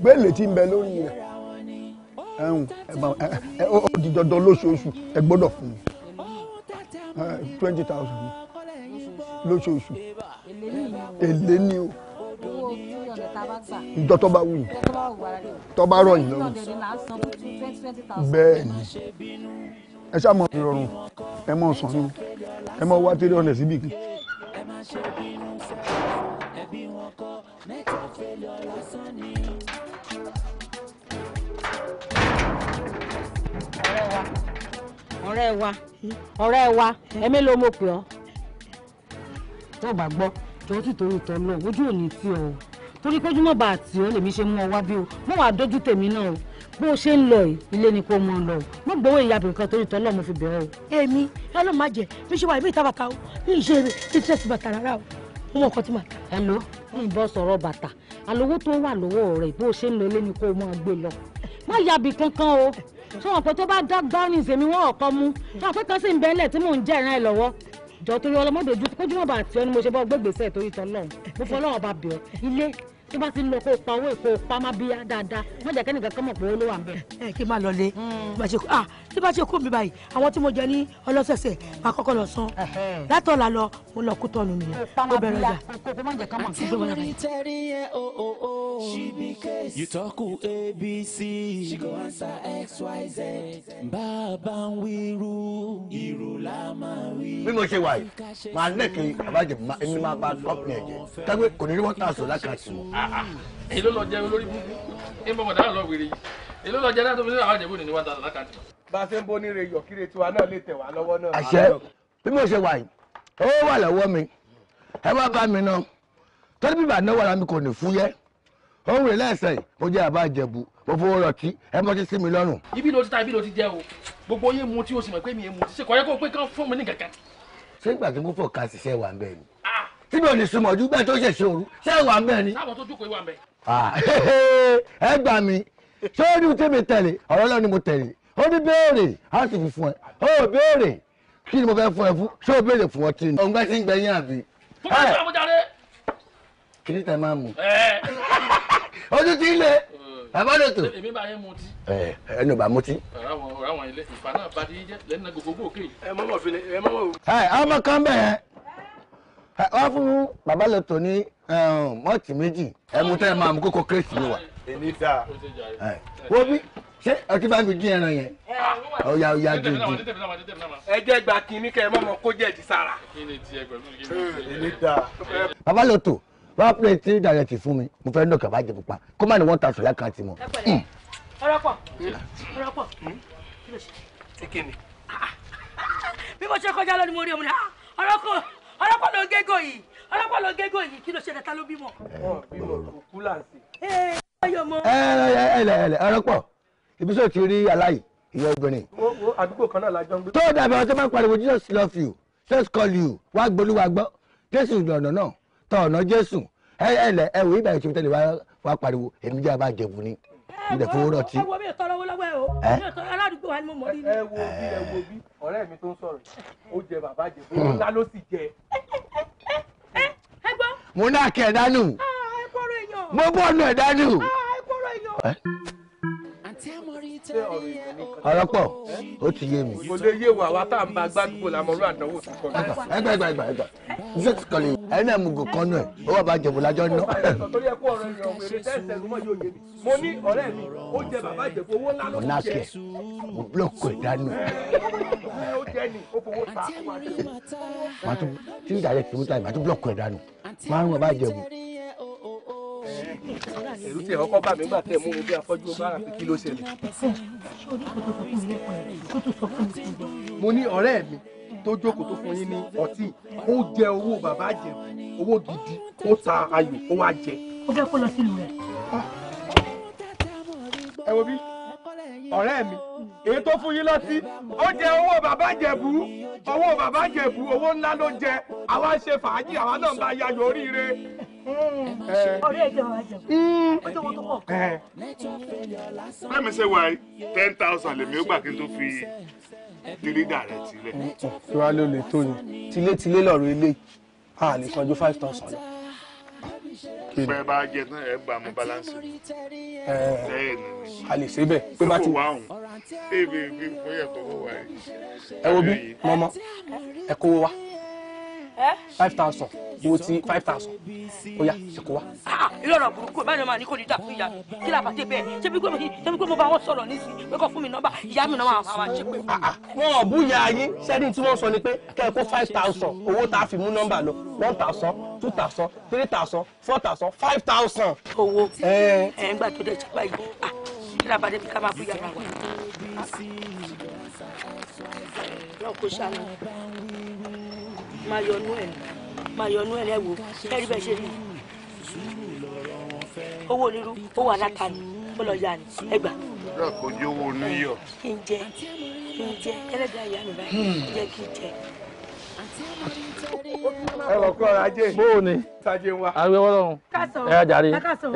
gbélé tí ń bẹ lórí rẹ̀ ẹ̀hún ẹ̀ ó di dandan lóṣooṣù ẹ gbọ́dọ̀ fún mi twenty thousand lóṣooṣù èlé ni o ìjọ tó bá wù yín tó bá rọ̀ yín lọ́rùn bẹ́ẹ̀ ni ẹ ṣáà mọ̀ ìrọ̀rùn ẹ mọ̀ sàn ní ẹ mọ̀ wá three hundred síbì kì ṣe bínú ọ̀rẹ́ wa ọ̀rẹ́ wa ẹ̀mí ló mọ̀ pé ọ́. tó o bá gbọ́ jọ tí torí tọ́ lọ ojú ò ní tí ọ torí kójú mọ̀ bá a tì ọ́ lèmi ṣe mú ọ wá bí o mọ̀ wá dójú tèmi náà o bó o ṣe ń lọ ilé ni kò mọ̀ ọ́ lọ o mọ̀ gbowó ìyá bìrì kan torí tọ́ lọ mo fi bẹ̀ ọ́. èmi ẹ ló má jẹ bí ṣe wà ìbí ìta bàtà o bí ìṣe títí ẹsì bàtà rárá o mo mọ ọkọ tí mà. ẹ lọ ń bọ sọ̀rọ̀ bàtà àlówó tó wà lọ́wọ́ rẹ bó o ṣe ń lọ ilé ni kò mọ̀ ọ́ gbé lọ má yàbí kankan o ṣé wọn pé tó bá dá gbọ́nrin sèmi wọn ọ̀kọ́ mú wọn pé kan sì ń bẹ́lẹ̀ tí mò ń jẹ́ ìran ẹ̀ lọ́wọ́ jọ torí ọlọmọdé ojú kójú mọ̀ bá àti ọ ni mo ṣe bọ́ gbégbèsè torí tọ́lọ́run mo fọ́ ọlọ́run bá bẹ̀ ọ ilé tó bá ti lọ kó pa owó ìkó pa má bíyá dáadáa má jẹ́ kẹ́nìkan kọ́ mọ̀ pé ó ló wà ń bẹ̀. ẹ kí n máa lọ lé tí bá ṣe kú mi báyìí àwọn tí mo jẹ ní ọlọ́sẹ̀sẹ̀ máa kọ́kọ́ lọ san látọ̀ lọ mo lọ kú tọ́nu mi ó bẹ̀rẹ̀ ọjà. àti o o o you abc she go answer xyz bàbá ń wíru ìrù la máa wí. bí mo ṣe wà yìí màá nẹ́ẹ̀kì àbájẹ ẹni máa bá kọ́pì ẹ̀jẹ̀ tẹ́gbẹ́ kò ní rí wọ́n tà sọ lákàtúntì. Ah, ah. èyí ló lọ jẹ olórí burúkú ń bọ̀ bọ̀dá lọ wèrè yìí èyí ló lọ jẹ látọ̀ fúnlẹ̀ àwọn àjẹbù ní wàtà lákàtì. bá a ṣe ń bó níre yọ kíre tiwa náà lè tẹ̀ wá lọ́wọ́ náà. àṣẹ bí mo ṣe wà yìí owó wà lọ́wọ́ mi ẹ wá bá mi ná tọ́lú bíbà náwó ara mi kò ní fúyẹ́ òun rè lẹ́sẹ̀ mo jẹ́ àbá àjẹbù mo fowó rọtí ẹ mọ́ ti sí mi lọ́rùn. ibi ló ti ta ibi ló ti jẹ o gbogbo yé mu tí o sì mọ̀ pé mi yé mu ti ṣe kọ́ yẹ kó pé kán tí mi ò lè sùnmọ̀ ju bẹ́ẹ̀ tó ṣẹ̀ṣẹ̀ òru ṣé ẹ wà ń bẹ̀ ni. sábà tó jókòó wà ń bẹ̀. ẹ gbà mí ṣé ó ní o tẹ́mi tẹ̀lé ọ̀rọ̀ náà ni mo tẹ̀lé ó ní béèrè á sì fi fún ẹ ó béèrè kí ni mo fẹ́ fún ẹ fún ṣé o béèrè fún ọtí ni. òun gbẹ́ sí ń gbẹ̀yìn àbí. fún mi ló ń jáde. kí ni tẹ máa mú. ojú ti lé bàbá lè tò. èmi bá yẹn mutí. ẹ ẹ ní o bá mutí. ọ̀rọ̀ àwọn ilé ìfà náà bá di jẹ́ lẹ́nu gbogbo òkè. ẹ mọ́mọ́ fi ẹ mọ́mọ́. ẹ ọmọ kan bẹ́ẹ̀ wọ́n fún bàbá lọ́tọ̀ ní mọ́ọ̀tì méjì ẹmu tẹ́ ẹ máa mú kókó kírèsì mi wà. èmi ta. wọ́n bí ṣé ọtí bá mi dín ẹran yẹn ọ̀ya ọ̀ya gidi. ẹ jẹ́ gba kínní kẹ́ ẹ mọ́mọ́ kó jẹ̀dí sára. èmi ta. bàbá lọ́tọ̀ wọ́n á pè tí dàrẹ́tì fún mi mo fẹ́ nọ̀kà bá jẹ pupa kó má ní wọ́n ta sọ̀yà kan ti mọ̀. Hmm. ọ̀rọ̀pọ̀ ọ̀rọ̀pọ̀ hmm. kí ló ṣe. Ah, ah, ah, bí mo ṣe kọjá lónìí mo rí ọmọ náà ọ̀rọ̀ ọlọ́pàá ló gégò yìí ọlọ́pàá ló gégò yìí kí ló ṣẹlẹ̀ ta ló bímọ. ọlọ́pàá ibi sọ ti rí aláì ìyá obìnrin. àdúgbò kan náà la jọ ń gbé. tó dàbí àwọn tó máa ń pariwo Jesus love you just call you wá gbolúwa gbọ́ Jésù lọ́nà náà tọ̀ ọ̀nà Jésù ẹ ẹ lẹ ẹ wò ibà ìṣòwò tẹ́lẹ̀ wá pariwo èmi jẹ́ abájẹ̀bù ni mo dẹ̀ fowó rọtí. ẹ wo bí ẹ wo bí ẹ mi tó ń sọ̀rọ̀ ó jẹ bàbá jẹ bó ló sì jẹ. ẹ gbọ́. mo ná kẹ̀ ẹ kọ́rọ̀ mo bọ̀ ọ̀nà ẹ̀ dánù. ẹ kọ́rọ̀ èèyàn ọ̀rọ̀ pọ̀ ó ti yé mi. kò lè yé wa wa tá à ń bá gbádùgbò làmọ́rú àdánwò tó kọ́. ẹgbẹ́ ẹgbẹ́ ẹgbẹ́ ẹgbẹ́ ṣé ti kọ́lé ẹni náà mú gò kan náà ó wà bá jẹ̀bù lájọ́ ná. mo ní ọ̀rẹ́ mi ó jẹ bàbá ìjẹ̀bù owó ńlá lọ́wọ́ jẹ. ọ̀nàkẹ́ mo búlọ̀kù ẹ̀ dánú. ó jẹ́ ni ó fowó ta àwọn àjẹ̀bù. màá tún tí ń dàrẹ́ kí n mú tàyè màá tún búlọ̀kù ẹ̀ dánú. márùn-ún bàbá ìjẹ̀bù èrú tí ọkọ bá mi gbà tẹ mú mi bí afọ́jú bára fi kí ló ṣẹlẹ̀. mo ní ọ̀rẹ́ mi tó jókòó tó fún yín ní ọtí ó jẹ owó bàbá jẹ owó gidi ó ta ayò ó wá jẹ. ó fẹ́ kó lọ sílùú rẹ̀. ẹ wo bí ọ̀rẹ́ mi èyí tó fún yín lọ́tí ó jẹ owó bàbá jẹ̀bú owó bàbá jẹ̀bú owó ńlá ló jẹ àwa ń ṣe fàájì àwa náà ń bá yayò oríire ọ̀rẹ́ ẹ̀jẹ̀ wà jẹun ten thousand lèmi ó gbà kí n tó fi dírídà rẹ̀ sílẹ̀. kí wàá ló lè tó ni tilétilé lọ́rọ̀ eléyìí a lè kanjú five thousand lọ bẹ bá jẹ tán ẹ bá mu balance. ẹ a lè ṣe bẹ́ẹ̀ pé bá ti. ẹ wo bí mọmọ ẹ kówó wa five thousand mo ti five thousand Oya, yá ah, ẹ kó wa. ìlọ́rọ̀ burúkú báyìí máa ní kò ní dà fún ìyá kí làbà dé bẹ́ẹ̀ ṣé bí pé mo bá wọn sọ̀rọ̀ nísìnyí pé kò fún mi nọ́mbà ìyá mi náà máa ṣe pé. Ah, ah, wọn ò búyà yín sẹ́ni tí wọ́n sọ ni pé kẹ́ five thousand owó tá a fi mú nọ́mbà lọ one thousand two thousand three thousand four thousand five thousand. owó ẹ ẹ ń gbà tó dẹ̀ jábá yìí kí làbà dé bí ká máa búyà náà wà máa yọnú ẹ̀ máa yọnú ẹ̀ lẹ́wọ̀ kẹ́rí bẹ́ẹ̀ ṣe rí owó onírú ó wà láta ni ó lọ yà ni ẹ gbà. rẹ kò jẹ owó onú yọ. kí n jẹ kí n jẹ ẹlẹ́dàá ìyá mi báyìí jẹ kí n jẹ. ẹ wọ kọ ajé. bóò ni sájé wa. ẹ ajáre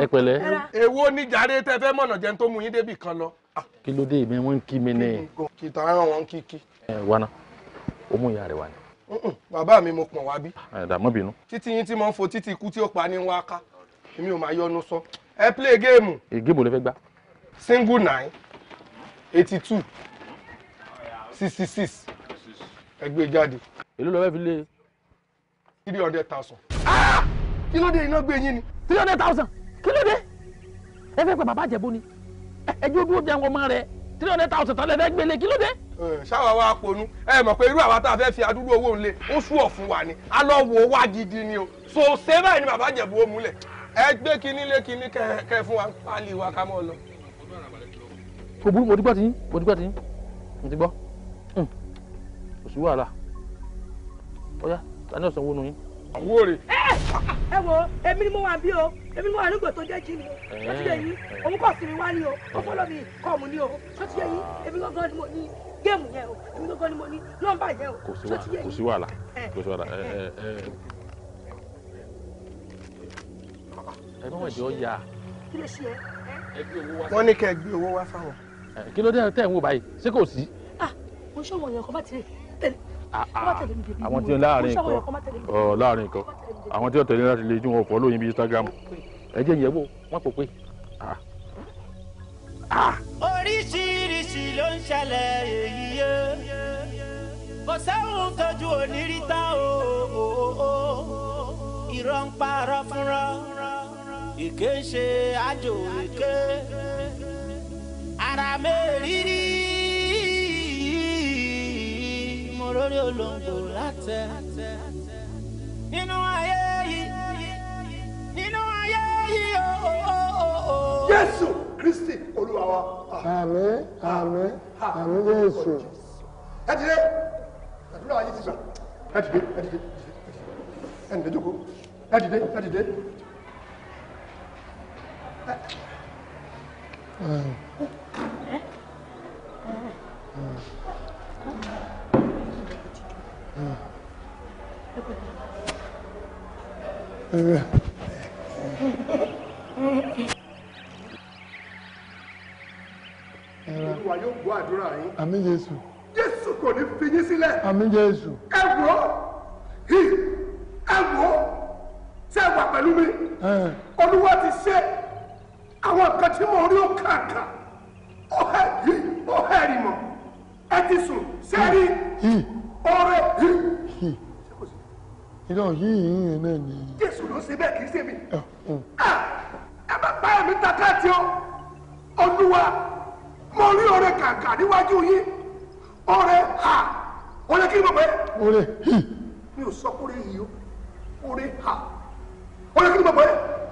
ẹ pẹ̀lẹ́. èwo ni jàre tẹ fẹ́ mọ̀nà jẹun tó mú yín débì kan lọ. Ah, kí ló dé mi wọ́n ń kí mi ní. kìtà ara wọn kí kí. ẹ wọnà ó mú ìyá rẹ wá ni bàbá mi mo pọ̀n wá bí. àdàmọ́ ah, bínú. títí yín tí mo ń fo títí ikú tí ó pa ní wá ká èmi ò máa yọnu sọ ẹ play géèmù. ìgéèmù lè fẹ́ gbá. single nine eighty two sixty six ẹ gbé e jáde. èló lọ́wọ́ fi lé. three hundred thousand. Ah! kí ló dé iná gbé yín ni. three hundred thousand kí ló dé ẹ fẹ́ pẹ́ bàbá àjẹbó ni ẹjọ́ dúró jẹun ọmọ rẹ̀ three hundred thousand tán lẹ́fẹ̀ẹ́ gbélé kí ló dé. ṣáwa wa ponú ẹ mọ̀ pé irú àwa tá a fẹ́ fi adúrú owó ńlẹ̀ ó sú ọ̀ fún wa a lọ wo wá gidi ni o so ṣé báyìí ni bàbá jẹ̀bú ó múlẹ̀ ẹ gbé kinní lé kinní kẹ fún wa pálí wa ká mọ́ lọ. kò burú mo ti gbọ́ yín mo ti gbọ́ yín mo ti gbọ́ kò sí wàhálà ó ta ni ọ̀sán wo nu yín àwọn òrè. ẹ wo èmi ni mo wà bí o èmi ni mo wà nígbò tó jẹ́ jí o ti yẹ yín òun kò sinmi wá ní o ó mi kọ́ mu ní o tó ti yẹ yín èmi gangan ni mo ní géèmù yẹn o èmi gangan ni mo ní nọ́mbà yẹn o tó ti yẹ yín. kò sí wàhálà kò sí wàhálà ẹ bí wọn jọ ya. kí ló ṣe ẹ. wọ́n ní kẹ́ ẹ gbé owó wá fáwọn. kí ló dé tẹ̀ ń wò báyìí ṣé kò sí. ah mo ṣọwọ́ yẹn kọ́ bá ti rè tẹ̀lé àwọn tí ó láàrin nǹkan ọ láàrin nǹkan àwọn tí ó tẹ̀lé láti lè jí wọn fọ́ lóyún bí Instagram ẹ jẹ́ ìyẹ̀wò wọ́n pò pé. oríṣiríṣi ló ń ṣẹlẹ̀ èyí yé kò sẹ́wọ̀n tójú onírí o irọ́ ń parọ́ fúnra ìké ń ṣe àjò ìké ara mẹ́rìírí. olórí olóńgbò látẹ. nínú ayé yìí nínú ayé yìí o. Jésù Kristi Olúwa wa. àmín àmín Jésù. ẹ ti dé àdúrà yìí ti gbà ẹ ti dé ẹ ti dé ẹ ti dé jókòó ẹ ti dé ẹ ti dé. Wow. Olúwa yóò gbọ́ àdúrà yín. Àmín Jésù. Jésù kò ní fi yín sílẹ̀. Àmín Jésù. Ẹ wò ó, ẹ wò ó, ṣé ẹ wà pẹ̀lú mi? Olúwa ti ṣe àwọn nǹkan tí mo rí ó kàǹkà. Ó hẹ̀ yìí, ó hẹ̀ rì Ẹ ti sùn, ṣé rí? Ọrẹ yìí iná yìí yìnyín náà ni. jésù ló ṣe bẹ́ẹ̀ kì í ṣe mi. Ah, mm. ah, ẹ má pa ẹ̀mí takáàtì o olúwa mo rí ọrẹ kàǹkà níwájú yín ọrẹ ha ọrẹ kí n mọ̀ pé. ọrẹ hi. mi ò sọ kórè yìí o ọrẹ ha ọrẹ kí n mọ̀ pé.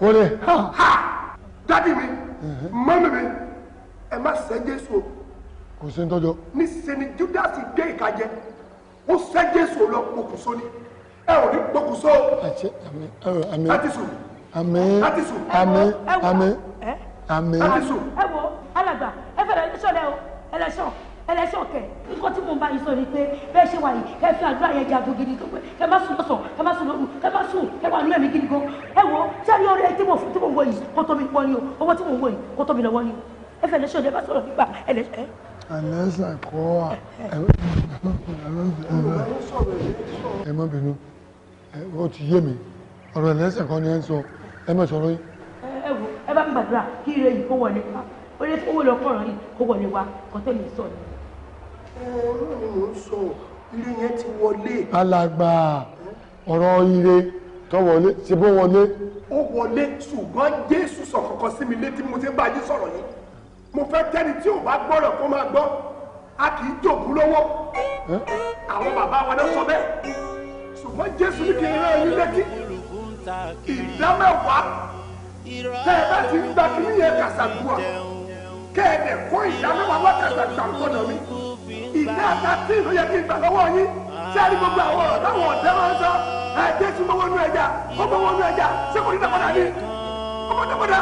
ọrẹ ha. ha dádì mi mọ́mí mi ẹ má ṣe jésù o kò sí ń tọ́jọ́. níṣẹ́ ni judas dé ìkàjẹ́ ó ṣẹ́ jésù lọ pokùnso ni ẹ ò ní pokùnso. àti àmì àti sùn. àmì àti sùn. àmì àmì àmì. àti sùn. ẹ wo alàgbà ẹ fẹ́rẹ̀ ẹlẹ́sọ̀ rẹ o ẹlẹ́sọ̀ ẹlẹ́sọ̀ kẹ̀ nǹkan tí mo bá yín sọ ni pé bẹ́ẹ̀ ṣe wà yìí ẹ fi àdúrà yẹn jagun gidi tó pé kẹ má sùn lọ́sàn kẹ má sùn lóru kẹ má sùn ẹ wà nílẹ̀ mi gidi gan ẹ wo sẹ́ni orí tí mo tí mo wọ yìí kó tóbi wọ ni owó tí mo wọ yìí kó tóbi lọ́wọ́ ni o ẹ fẹ́ ẹlẹ́sọ̀ yẹn bá sọ̀rọ̀ nípa ẹlẹ́sọ̀ àlẹ́sà kọ́ wa ẹ má bínú o ti yé mi ọ̀rọ̀ ẹ̀lẹ́sẹ̀ kan ni ẹ ń sọ ẹ mọ̀ sọ̀rọ̀ yìí. ẹ wo ẹ bá ń gbàdúrà kí ire yìí kó wọlé pa orí tí owó lọ kọ̀ọ̀ràn yìí kó wọlé wa kọ́tẹ́ mi sọ ni. ẹ ọ̀rọ̀ ni mò ń sọ ire yẹn ti wọlé. alàgbà ọ̀rọ̀ ire tó wọlé ṣe bó wọlé. ó wọlé ṣùgbọ́n jésù sọ kọ̀kọ́ sí mi létí mo ti ń bá yín sọ̀rọ̀ yìí mo fẹ́ tẹ́ni tí ò bá gbọ́rọ̀ kó máa a kì í jòkú lọ́wọ́ ṣùgbọ́n jésù ní kí n rán ẹni létí ìdámẹ́wàá tẹ́ ẹ bá ti ń gba kí nìyẹn kàṣàdúrà kẹ́ ẹ dẹ̀ kó ìdámẹ́wàá wá kàṣàdúrà gbọ́dọ̀ mi ìdá àtàtì ìlú yẹ kí n gbà lọ́wọ́ yín sẹ́ẹ̀rí gbogbo àwọn ọ̀rọ̀ táwọn ọ̀dẹ́ máa ń sọ ẹ jésù mọ́wọ́ nú ẹja ó mọ́wọ́ nú ẹja ṣé kò ní dàgbọ́dà ni ó mọ́ dàgbọ́dà.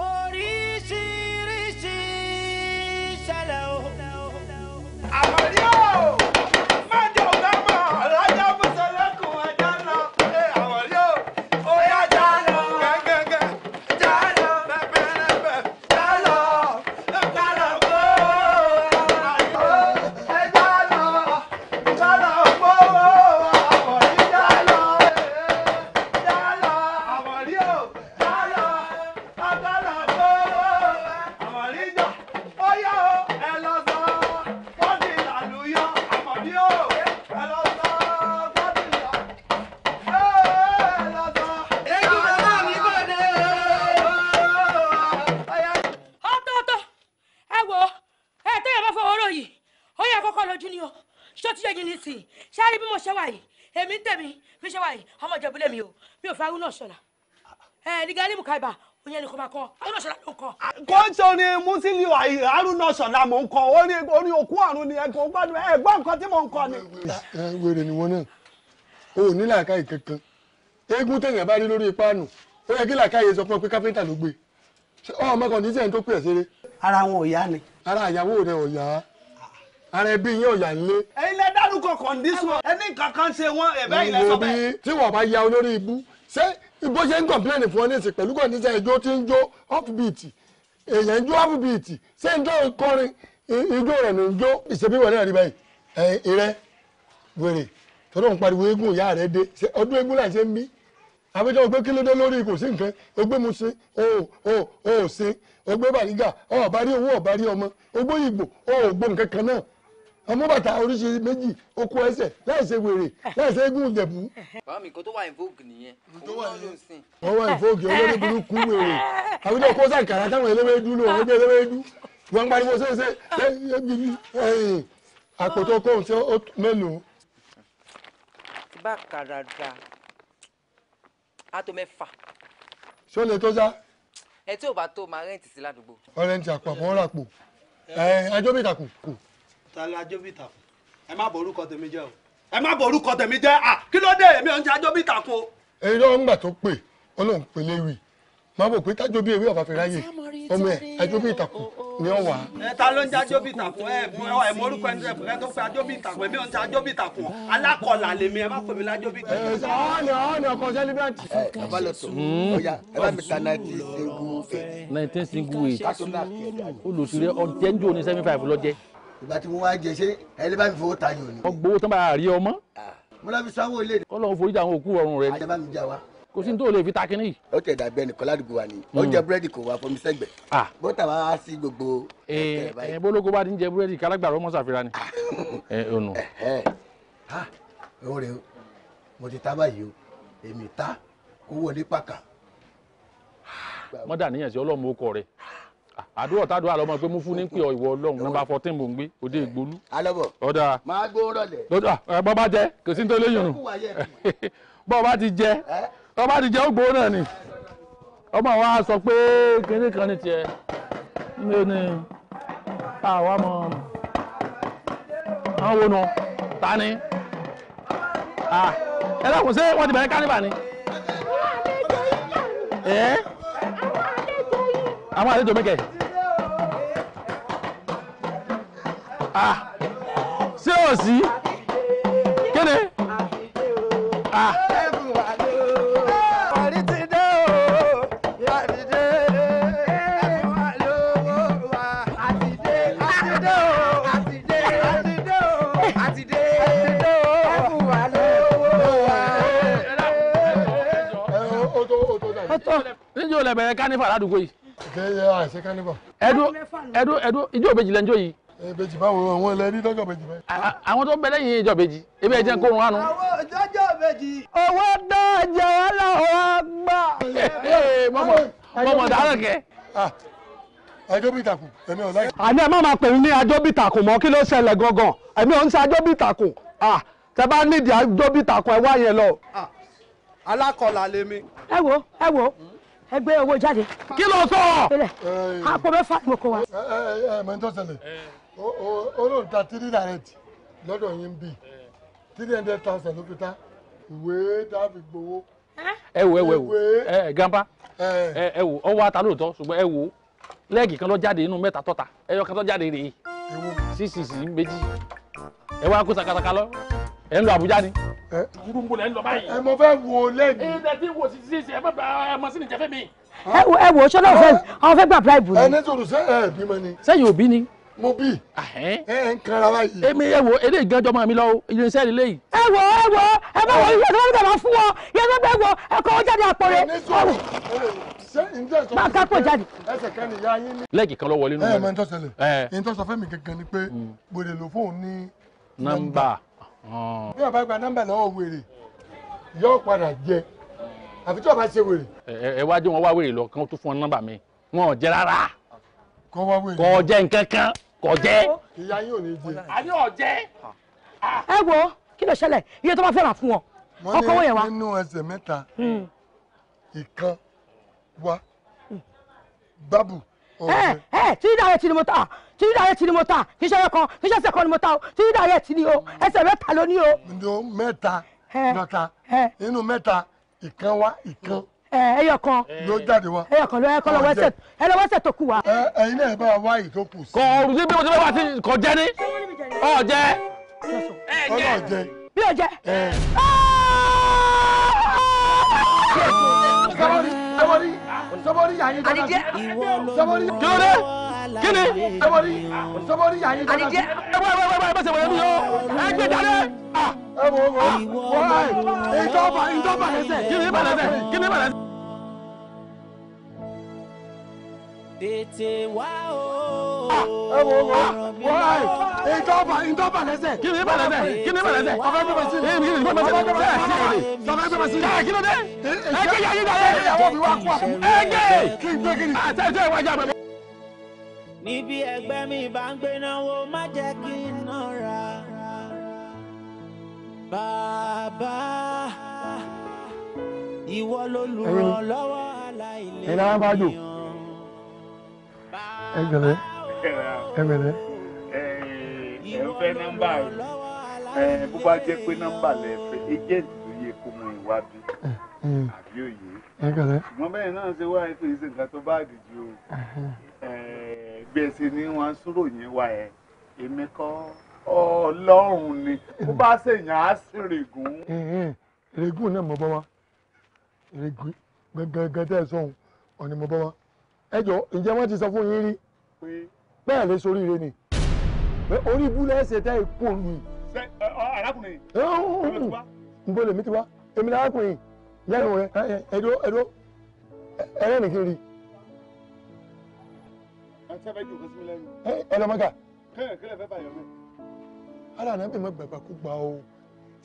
oríṣiríṣi bá rúnà ṣọlá ẹ ní gálímù káìbà oyin ẹni kò máa kọ arúnà ṣọlá ló kọ. kò ń sọ ni musiliu arúnà ṣọlá mò ń kọ orin òkú ọ̀run ni ẹ̀gbọ́n gbádùn ẹ̀ gbọ́ nǹkan tí mò ń kọ ni. ẹ wèrè ni wọn náà o ò ní làákàyè kankan eégún tẹ̀yìn bá rí lórí páànù ó yẹ kí làákàyè sọ fún ọ pé káfíńtà ló gbé ọmọ kan ní sẹ́yìn tó pè é ṣeré. ara wọn ò yá ni. ara ìyàwó rẹ ò yá ara ẹbí yín ọ̀yà ńlé. ẹ̀yin lẹ dárúkọ kọ̀ǹdíṣọ̀ ẹni kankan ṣe wọn ẹ̀bẹ́ ìlẹ́sọ̀bẹ́. tí wọ́n bá ya olórí ibú ṣé bó ṣe ń kọ̀mpléènì fún ọ ní ìsìn pẹ̀lú kọ̀ǹdíṣà ìjó tí ń jó offbeat èèyàn ń jó offbeat ṣé ń jó kọrin ijó rẹ̀ ní ń jó ìṣèbí wọlé rí báyìí ìrẹ́ wèrè tọ́lọ́ ń pariwo eégún ìyá rẹ̀ dé ọdún eégún láì ṣe ń bí àbíjọ́ ògbé kí ló dé lórí kò sí nǹkan ògbé mu sí o o o sí ògbé bàrígà ọ̀bárí owó ọ̀bárí ọmọ ògbó ìgbò ò gbó nǹkan kan náà ọmọ bàtà oríṣiríṣi méjì okú ẹsẹ̀ láìsẹ wèrè láìsẹ eégún ìjẹ̀bú. bàbá mi kò tó wà invoke nìyẹn òun náà ló ń sìn. wọ́n wà invoke olórí burúkú wèrè àbí tó kó sàkàrà táwọn eléwédú lò wọ́n gbé eléwédú wọ́n ń pariwo ṣeéṣe ẹ̀yìn àpótò kóhùn sí mélòó. ti bá kàrà dà á tó mẹ́fà. ṣé o lè tó sá. ẹ tí ò bá tó máa rẹ́ǹtì sí ládùúgbò. ọ̀rẹ́ǹtì àpò àpò ta la jó bìtà fún ẹ má bọ tèmi jẹ́ o ẹ má bọ tèmi jẹ́ à kí ló dé èmi ò ń jẹ ajó èyí ló ń gbà tó pè ó lóun pè léwì máa bò pé tájọ ewé ọ̀fà fi ráyè ọmọ ẹ ajó ìtàkùn ni ọ wà. ẹ ta ló ń jẹ ajó ìtàkùn ẹ ẹ mọ orúkọ ẹni rẹ tó pe ajó bí ìtàkùn èmi ò ń jẹ ajó ìtàkùn alákọ̀ọ́là lèmi ẹ má pè mí lájó ìtàkùn. ẹ ṣáà ni ọkọ sẹ́líbẹ̀tì. ẹ ẹ bá lọ tó hmm. ọyà ẹ bá mi ta nineteen single way. nineteen single way ọjẹ ń ní seventy five lọ ìgbà tí mo wá jẹ ṣé ẹni bá mi fowó ta yàn ni. ọgbowó tán bá rí ọmọ. mo lọ fi sanwó ilé. kọ́lọ́ foríjà àwọn òkú ọrùn rẹ. ajá bá mi jà wá. kò sí ní tó lè fi ta kínní yìí. ó tẹ̀ dàbí ẹnì kan ládùúgbò wa ni ó jẹ hmm. búrẹ́dì kò wá fún mi sẹ́gbẹ̀ẹ́. bọ́tà wa á sí gbogbo. ẹ ẹ bólógó bá ti ń jẹ búrẹ́dì kálágbàrọ́ mọ́ sàfihàn ni. ẹ ẹ ọ̀nà. mo ti ta báyìí o èmi ta kó wọlé pàkà. mọ́dà níyànjú ọlọ́mọ ó rẹ̀. àdúrà tádùá àlọ́ pé mú fún ní pé ìwọ ọlọ́run nọmba fourteen mò ń gbé òde ìgbólú. alọ́bọ̀ ọ̀dà máa gbóhùn jẹ kò sí nítorí bá ti jẹ bọ́ bá ti jẹ ó ni ọmọ wa sọ pé kan ní ní ní àwa mọ àwọn àlejò mẹ́kẹ̀. Ah. ṣé ò sí kéde. ọtọ níjẹ́ olè bẹ̀rẹ̀ kánífà ládùúgbò yìí. ẹdún lẹ́njọ́ yìí. ìbejì báwo wọn lẹ ní lọ́jọ́ báyìí. àwọn tó bẹ lẹ́yìn ìjọ ebi ẹ jẹ́ kó run àánú. owó dájà aláwọ̀ gbà. mọ̀mọ́ mọ̀mọ́ kẹ́. Ah, Ajóbìtàkùn èmi ò láyé. àní ẹ má máa pè mí ní Ajóbìtàkùn mọ́ kí ló ṣẹlẹ̀ gangan èmi ò ń ṣe ah, tẹ bá nídìí ẹ wá yẹn lọ. Ah, alákọ̀ọ́lá lèmi. ẹ wo ẹ wo ẹ gbé owó jáde. kí ló sọ. àpò mẹ́fà ni mo kó wa. ẹ ẹ ẹ mọ ní tó ṣẹlẹ̀ olóòtú ta three direct lọ́dọ̀ yín bì three hundred thousand ló fi ta ìwé dábì gbowó. ẹ wo ẹ wo ẹ wo ẹ gánba ẹ ẹ wo ọwọ́ ata lóòótọ́ ṣùgbọ́n ẹ wo lẹ́ẹ̀gì kan ló jáde inú mẹ́ta tọ́ta ẹyọ kan tó jáde rèé sísìsì méjì ẹ wá kó sakasaka lọ ẹ ń lọ Àbújá ni. burúkú lẹ ń lọ báyìí. ẹ mo fẹ́ wo lẹ́nu. ẹ ẹ ti wo sisi sisi ẹ má ba ọmọ sí ni jẹ́fẹ́ mi. ẹ wo ẹ wo sọlá ọfẹ àwọn fẹ́ gbà bribe ni. ẹ ní sọ̀rọ̀ sẹ ẹ bí mọ ni. sẹ́yìn òbí ni. mo bí. ẹ ẹ ń kan ara yìí. èmi ẹ wo eléyìí gan jọmọ mi lọ irinṣẹ́ ilé yìí. ẹ wo ẹ wo ẹ bá wọ iye tó bá bá fún wọn iye tó bá wọ ẹ kọ́ jáde àpò rẹ. ẹ ní sọ̀rọ̀ máa ká pọ̀ jáde. ẹsẹ̀ kan nìyá yín ní. lẹ́ẹ̀kì kan lọ wọlé nù. ẹ ẹ mọ ní tọ́sẹ̀lẹ̀ ní tọ́sọ̀fẹ́mi gangan ni pé mm. gbèrè lò fóun ní. nọ́mbà Ah. bí ọba gba nọ́mbà lọ́wọ́ wèrè yóò padà jẹ àfi tí ọba ṣe wèrè. ẹ wá jẹ́ wọn wá wèrè lọ kán tó fún ọ nọ́mbà mi wọn ò jẹ rárá kò jẹ nǹkan kan kò jẹ. ìyá yín ò ní jẹ. àní ò jẹ. Ah. ẹ wo kí ló ṣẹlẹ̀ iye tó bá fẹ́ rà fún ọ ọkọ wọn yẹn wa. nínú ẹsẹ̀ mẹ́ta hmm. ìkan wa hmm. bábù. ẹ ẹ tí dáhùn ẹ ti ni mo ta tìrí direct ni mo ta kì í ṣe ẹyọkan kì í ṣe ẹsẹ̀ kan ni mo ta o tìrí direct ni o ẹsẹ̀ mẹ́ta ló ní o. ndo mẹ́ta lọta nínú mẹ́ta ìkan wá ìkan. ẹyọkan ló jáde wá. ẹyọkan ló ẹkọ lọ́wọ́ ẹsẹ̀ ẹ lọ́wọ́ ẹsẹ̀ tó kù wá. ẹyin náà bá wá èyí tó kù sí. kò ọrùn síbi mo ti fẹ́ wá sí kò jẹ ní. ọ jẹ. ọlọ jẹ. bí o jẹ. sọmọdé sọmọdé yà á yé jọba sọmọdé. kí ló kíni ẹwọrí sọmọrí yà yín. àdìjẹ ẹwọ ẹwọ ẹwọ ẹwọ ṣẹwọ ẹmí o ẹgbẹ dalẹ. ẹwọ ẹwọ ọ̀rẹ́ ìjọba ìjọba lẹsẹ kíni bá lẹsẹ kíni bá lẹsẹ. tètè wá o. ẹwọ ẹwọ ọ̀rẹ́ ìjọba ìjọba lẹsẹ. kíni bá lẹsẹ kíni bá lẹsẹ. ọbẹ bẹ bẹ sí i kíni bẹ bẹ sí i ọbẹ bẹ sí i. ẹ kíni dẹ ẹgbẹ yà yín dalẹ. ẹgbẹ kí n gbé kí ni. àtẹ̀jọ́ ìwájú àgbẹ̀ níbi ẹgbẹ́ mi bá ń gbé náwó má jẹ́ kí n nọ́ra. bàbá ìwọ lolùrànlọ́wọ́ aláìlẹ́yìn. ẹ gbẹ̀rẹ̀ ẹ gbẹ̀rẹ̀. ẹ ẹ ń fẹ́ nọ́mbà ẹ bó bá jẹ́ pé nọ́mbà lẹ fẹ́ agent ló yẹ kó mọ ìwádìí àbí òye. ṣùgbọ́n bẹ́ẹ̀ náà ṣe wá ẹ pé ìṣèǹkà tó báàgì ju gbèsè ni wọ́n sọ̀rọ̀ yín wá ẹ̀ èmi kọ́ ọlọ́run ni bó bá ṣèyàn á sì règùn. règùn náà mo bọ́ wá règùn gangan tẹ́ ẹ sọ̀hún ọ̀ni mo bọ́ wá ẹ jọ ǹjẹ́ wọ́n ti sọ fún yín rí bẹ́ẹ̀ lè sórí ire ni orí ibú lẹ́sẹ̀ tẹ́ ikú òru yìí. arákùnrin n bọ́ lèmi ti wá èmi ni arákùnrin yẹnu rẹ ẹ̀dọ́ ẹ̀dọ́ ẹ̀rẹ́nìkiri ẹ lọ mọ́gà. ara ànábì máa gbàgbà kú gbà o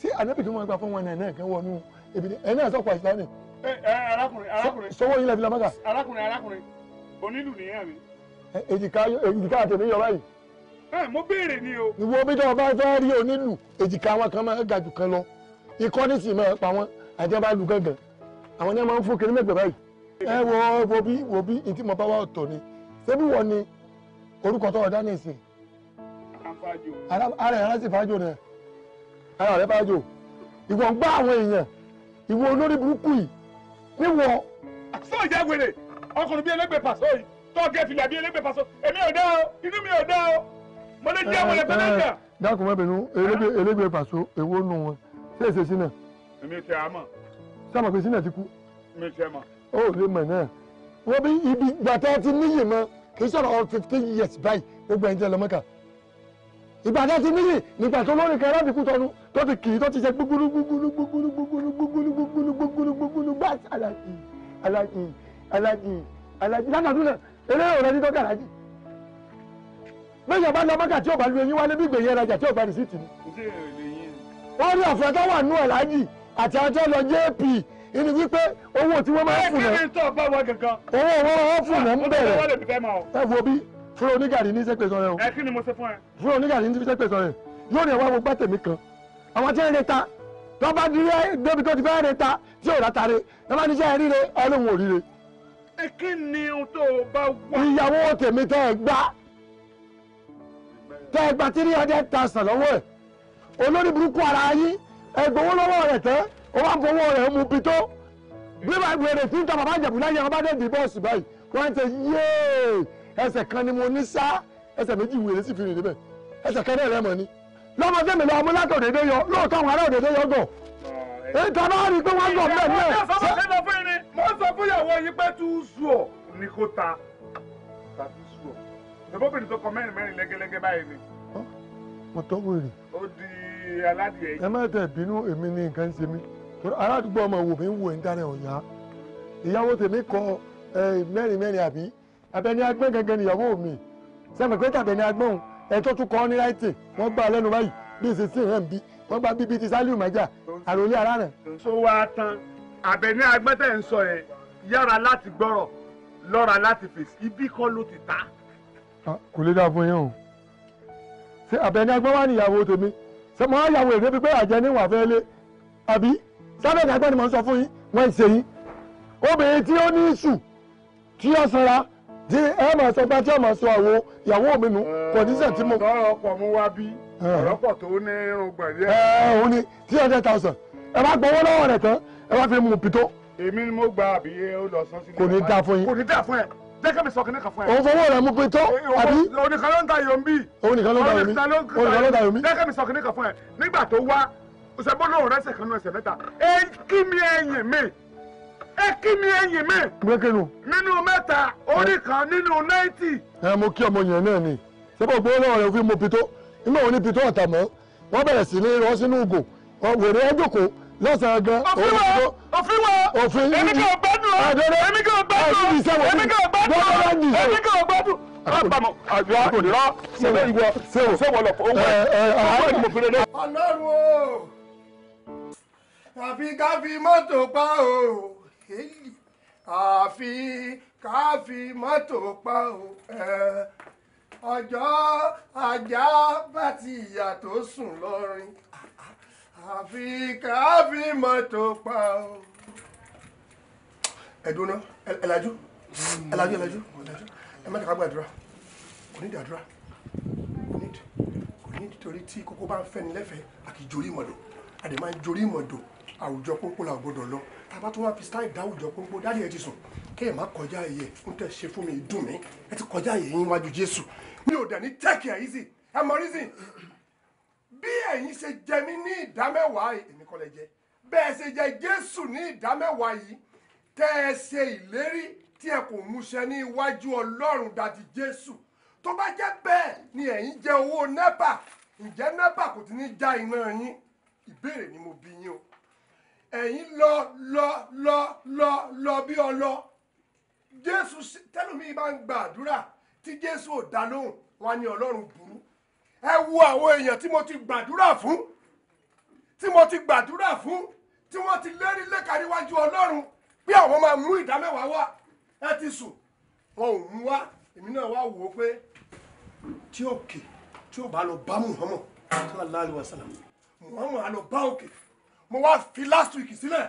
ṣé ànábì tó máa gbà fún wọn náà náà kẹ́ wọnú ebi ẹ náà sọ̀kọ̀ àìsílámì. arákùnrin arákùnrin sọwọ́ yín lẹ́bi lamọ́gà. arákùnrin arákùnrin onílù nìyẹn mi. èjìká èjìká àtẹ̀mí yọ báyìí. ẹ mo béèrè ni o. ìwọ bí tó o bá fẹ́ rí onílù èjìká wọn kan máa ga jù kan lọ ikọ́ ní sì máa pa wọn àti ẹ bá lu gángan àwọn ni wọn máa ń fún kiri mẹ́gbẹ̀ẹ́ báyìí. ẹ wo wo bí wo bí ntí mo bá wà ọ̀tọ̀ ni ṣébí wọ ni orúkọ tó ọdá ní ìsìn. ara ẹ̀ rántí fàájò rẹ̀ ara rẹ̀ fàájò ìwọ ń gbá àwọn èèyàn ìwọ olórí burúkú yìí níwọ. sọ ìjà wèrè ọkùnrin bíi ẹlẹgbẹ pàṣọ yìí tó gẹ fìlà bíi ẹlẹgbẹ pàṣọ èmi ò dá o inú mi ò dá o mo lè jẹ́ wọlé pẹ́lẹ́ jà. dákun mọ́ bínú elégbè pàṣọ èwo nù wọn ṣé èsè sínà. èmi tẹ àmọ́. sábà pé sínà ti kú. mi tẹ mọ. ó lè mọ̀ náà wọ́n bí ibi gbàtà ti níyì mọ́ kì í sọ̀rọ̀ fifteen years báyìí gbogbo ẹ̀yin tẹ́ lọ mọ́kà ìgbàtà ti níyì nígbà tó lórí kan arábìkú tọnu tó ti kì í tó ti ṣe gbúgbúrú gbúgbúrú gbúgbúrú gbúgbúrú gbúgbúrú gbúgbúrú gbúgbúrú gbúgbúrú gbá alájì alájì alájì alájì látàdún náà eré ọ̀rẹ́ ní tọ́ka alájì bẹ́ẹ̀ bá lọ mọ́kà tí ò bá lu eyín wálé bí gbèyẹn rajà tí ò bá rìsíìtì ni wọ́n rí ọ̀fẹ́ tó wà nú alájì àti àjọ lọ jp ìní wípé owó tí wọ́n máa ń fún náà owó wọn máa ń fún náà ń bẹ̀rẹ̀ ẹ wo bí fúnra onígàrí ní sẹ́pẹ̀ sọ̀rọ̀ ẹ kí ni mo ṣe fún ẹ. fúnra onígàrí ní sẹ́pẹ̀ sọ̀rọ̀ yóò ní ẹ̀wá wo gbá tèmi kan àwọn tí ń reta tó bá dirẹ́ débi tó ti fẹ́ reta tí ò ráta re tó bá níṣẹ́ ríre ọlọ́run ò ríre. kí ni ohun tó o bá wá. ìyàwó tèmi tẹ́ ẹ gbá tẹ́ ẹ gbà three hundred thousand lọ́wọ́ ẹ̀ olórí burúkú ara yín ẹ gbowó lọ́wọ́ rẹ̀ tẹ́ ó wá ń fowó rẹ̀ mú bi tó bí wàá wẹ̀rẹ̀ tí ń ta bàbá ìjẹ̀bù láyé ọba dé di bọ́ọ̀sì báyìí wọ́n ń ṣe yéè ẹsẹ̀ kan ni mo ní sá ẹsẹ̀ méjì wèrè sì fi rìn níbẹ̀ ẹsẹ̀ kan náà rẹ̀ mọ̀ ni. lọ́mọdé mi lọ ọmọ látọ̀ òdèdè yọ lóòótọ́ àwọn ará òdèdè yọ gọ̀ ètò àbá rí i pé wọ́n gọ̀ mẹ́ẹ̀ mẹ́ẹ̀. mo sọ fún ìyàwó yín pé tú sùn ọ̀ ni kò ta tàbí sùn ọ̀ ẹ̀bọ́bìnrin tó kọ mẹ́rin mẹ́rin lẹ́gẹ́lẹ́gẹ́ báyìí ni. mo tọ́ wèrè. ó di aládìẹ yìí. ẹ má tẹ̀ bínú èmi ní nǹkan ṣe mí aládùúgbò ọmọ wò mí ń wò ń dáná ọ̀yá ìyàwó tèmi kọ mẹ́rin mẹ́rin àbí abẹni agbọ́n gẹ́gẹ́ níyàwó mi sẹ́mi pé tàbẹ̀ni agbọ́n ẹ̀tọ́ tún kọ́ ọ́ ní láìtì wọ́n gbà lẹ́nu báyìí bí èsì sí ìhàn bí wọ́n gba bíbí ti sálíù mẹ́jà àròlé ara rẹ̀. tó wá tán abẹni agbọ́n tẹ̀ ń sọ yẹn yára láti gbọ́rọ̀ lọ́ra láti fèsì ibi kọ́ ló ti ta. Ah, kò lè dáa fún yín o ṣé abẹni agbọ́n wà níyàwó tèmi ṣé mo á yàwó èrè pípẹ́ àjẹ níwà fẹ́ lé àbí sábẹ́ ìdágbọ́n ni mo ń sọ fún yín wọ́n ṣe yín obìnrin tí ó ní ìṣù tí ó sanra tí ẹ máa sọ pé tí ó máa sọ àwo ìyàwó mi nù kọ̀díṣàn tí mo. sọ̀rọ̀ ọkọ̀ mú wá bí ọ̀rọ̀pọ̀ tó ní irun gbẹ̀rẹ̀. ẹ ẹ òun ni three hundred thousand ẹ bá gbowó lọ́wọ́ rẹ̀ tán ẹ bá fi mú un pító. èmi ni mo gba àbí ó lọ sọ sílẹ̀. kò ní dáa fún yín. kò ní dáa fún ẹ jẹ́kẹ́ mi sọ kìnnìkan fún ẹ. òun fọwọ́ rẹ̀ mú pé tó àbí. òun nìkan ló ń ta yòó ń bì. òun nìkan ló ń ta yòó ń bì. jẹ́kẹ́ mi sọ kìnnìkan fún ẹ nígbà tó wá se bọ́ lóhùn rẹ́sẹ̀ kan náà ẹsẹ̀ mẹ́ta ẹ kí mi ẹ̀yìn mi ẹ kí mi ẹ̀yìn mi. gbẹ́kẹ̀nu. nínú mẹ́ta orí kan nínú náìtì. ẹ mo kí ọmọ yẹn náà ni sẹ́pọ̀ gbọ́ lọ́wọ́ rẹ̀ fi mo pitó nígbà wọn ní pitó àtàmọ́ wọ́n bẹ̀rẹ̀ sí ní rọ́ sínú ugò wèrè ẹ̀jọ̀kọ̀ lọ́sàn-án gan. òfin wa òfin wa òfin yìí èmi kò gbádùn èmi kò gbádùn èmi kò gbádùn èmi kò gbádùn àpamọ́ àjọ àròdìrọ́ sẹ́wọ́ ìwọ sẹ́wọ́ lọ́pọ̀ owó ẹ̀ ọ̀hún ẹ̀ ni mo fi lé lé. ọlọ́run o àfi ká fi mọ́tò pa o èlì àfi ká fi mọ́tò pa o ọjọ́ ajá bá ti ìyá tó sùn lọ́rin àfi ká fi mọ́tò pa o. ẹ̀dùn náà ẹ̀làjú ẹ̀làjú ẹ̀làjú ẹ má dàgbà àdúrà kò ní dàdúrà kò ní nítorí tí kókó bá ń fẹ́ ni lẹ́fẹ̀ẹ́ àkìjorí mọ̀dọ̀ àdè máa ń jorí mọ̀dọ̀ àwùjọ pọ́npọ́n la gbọ́dọ̀ lọ tàbá tó wá fi style dá àwùjọ pọ́npọ́n dáàdì ẹ ti sùn kẹ́ ẹ̀ má kọjá ẹ̀yẹ ń tẹ̀ ṣe fún mi dùn mí ẹ ti kọjá ẹ̀yẹ yín wájú Jésù mi ò dẹ̀ ní tẹ́kì ẹ̀ easy ẹ mọ reason bí ẹ̀yin ṣe jẹ mí ní ìdámẹ́wàá èmi kọ́ lẹ jẹ bẹ́ẹ̀ ṣe jẹ Jésù ní ìdámẹ́wàá yìí tẹ́ ẹ ṣe ìlérí tí ẹ kò múṣẹ ní iwájú Ọlọ́run dàdí Jésù tó bá jẹ́ bẹ́ẹ̀ ni ẹ̀yin jẹ owó nẹ́pà ǹjẹ́ nẹ́pà kò ti ní já iná yín ìbéèrè ni mo bi yín o ẹ̀yin lọ lọ lọ lọ lọ bí ọlọ jésù tẹlumi bá ń gba àdúrà tí jésù ò dá lóhùn wá ní ọlọ́run burú ẹ wo àwọn èèyàn tí mo ti gbàdúrà fún tí mo ti gbàdúrà fún tí wọ́n ti lérí lékaríwájú ọlọ́run pé àwọn máa mú ìdámẹ́wàá wá ẹ ti sùn wọn ò mú wá èmi náà wá wò ó pé tí òkè tí ò bá lọ bá muhammed sallallahu alaihi wasallam muhammed á lọ bá òkè mo wá fi last week sílẹ̀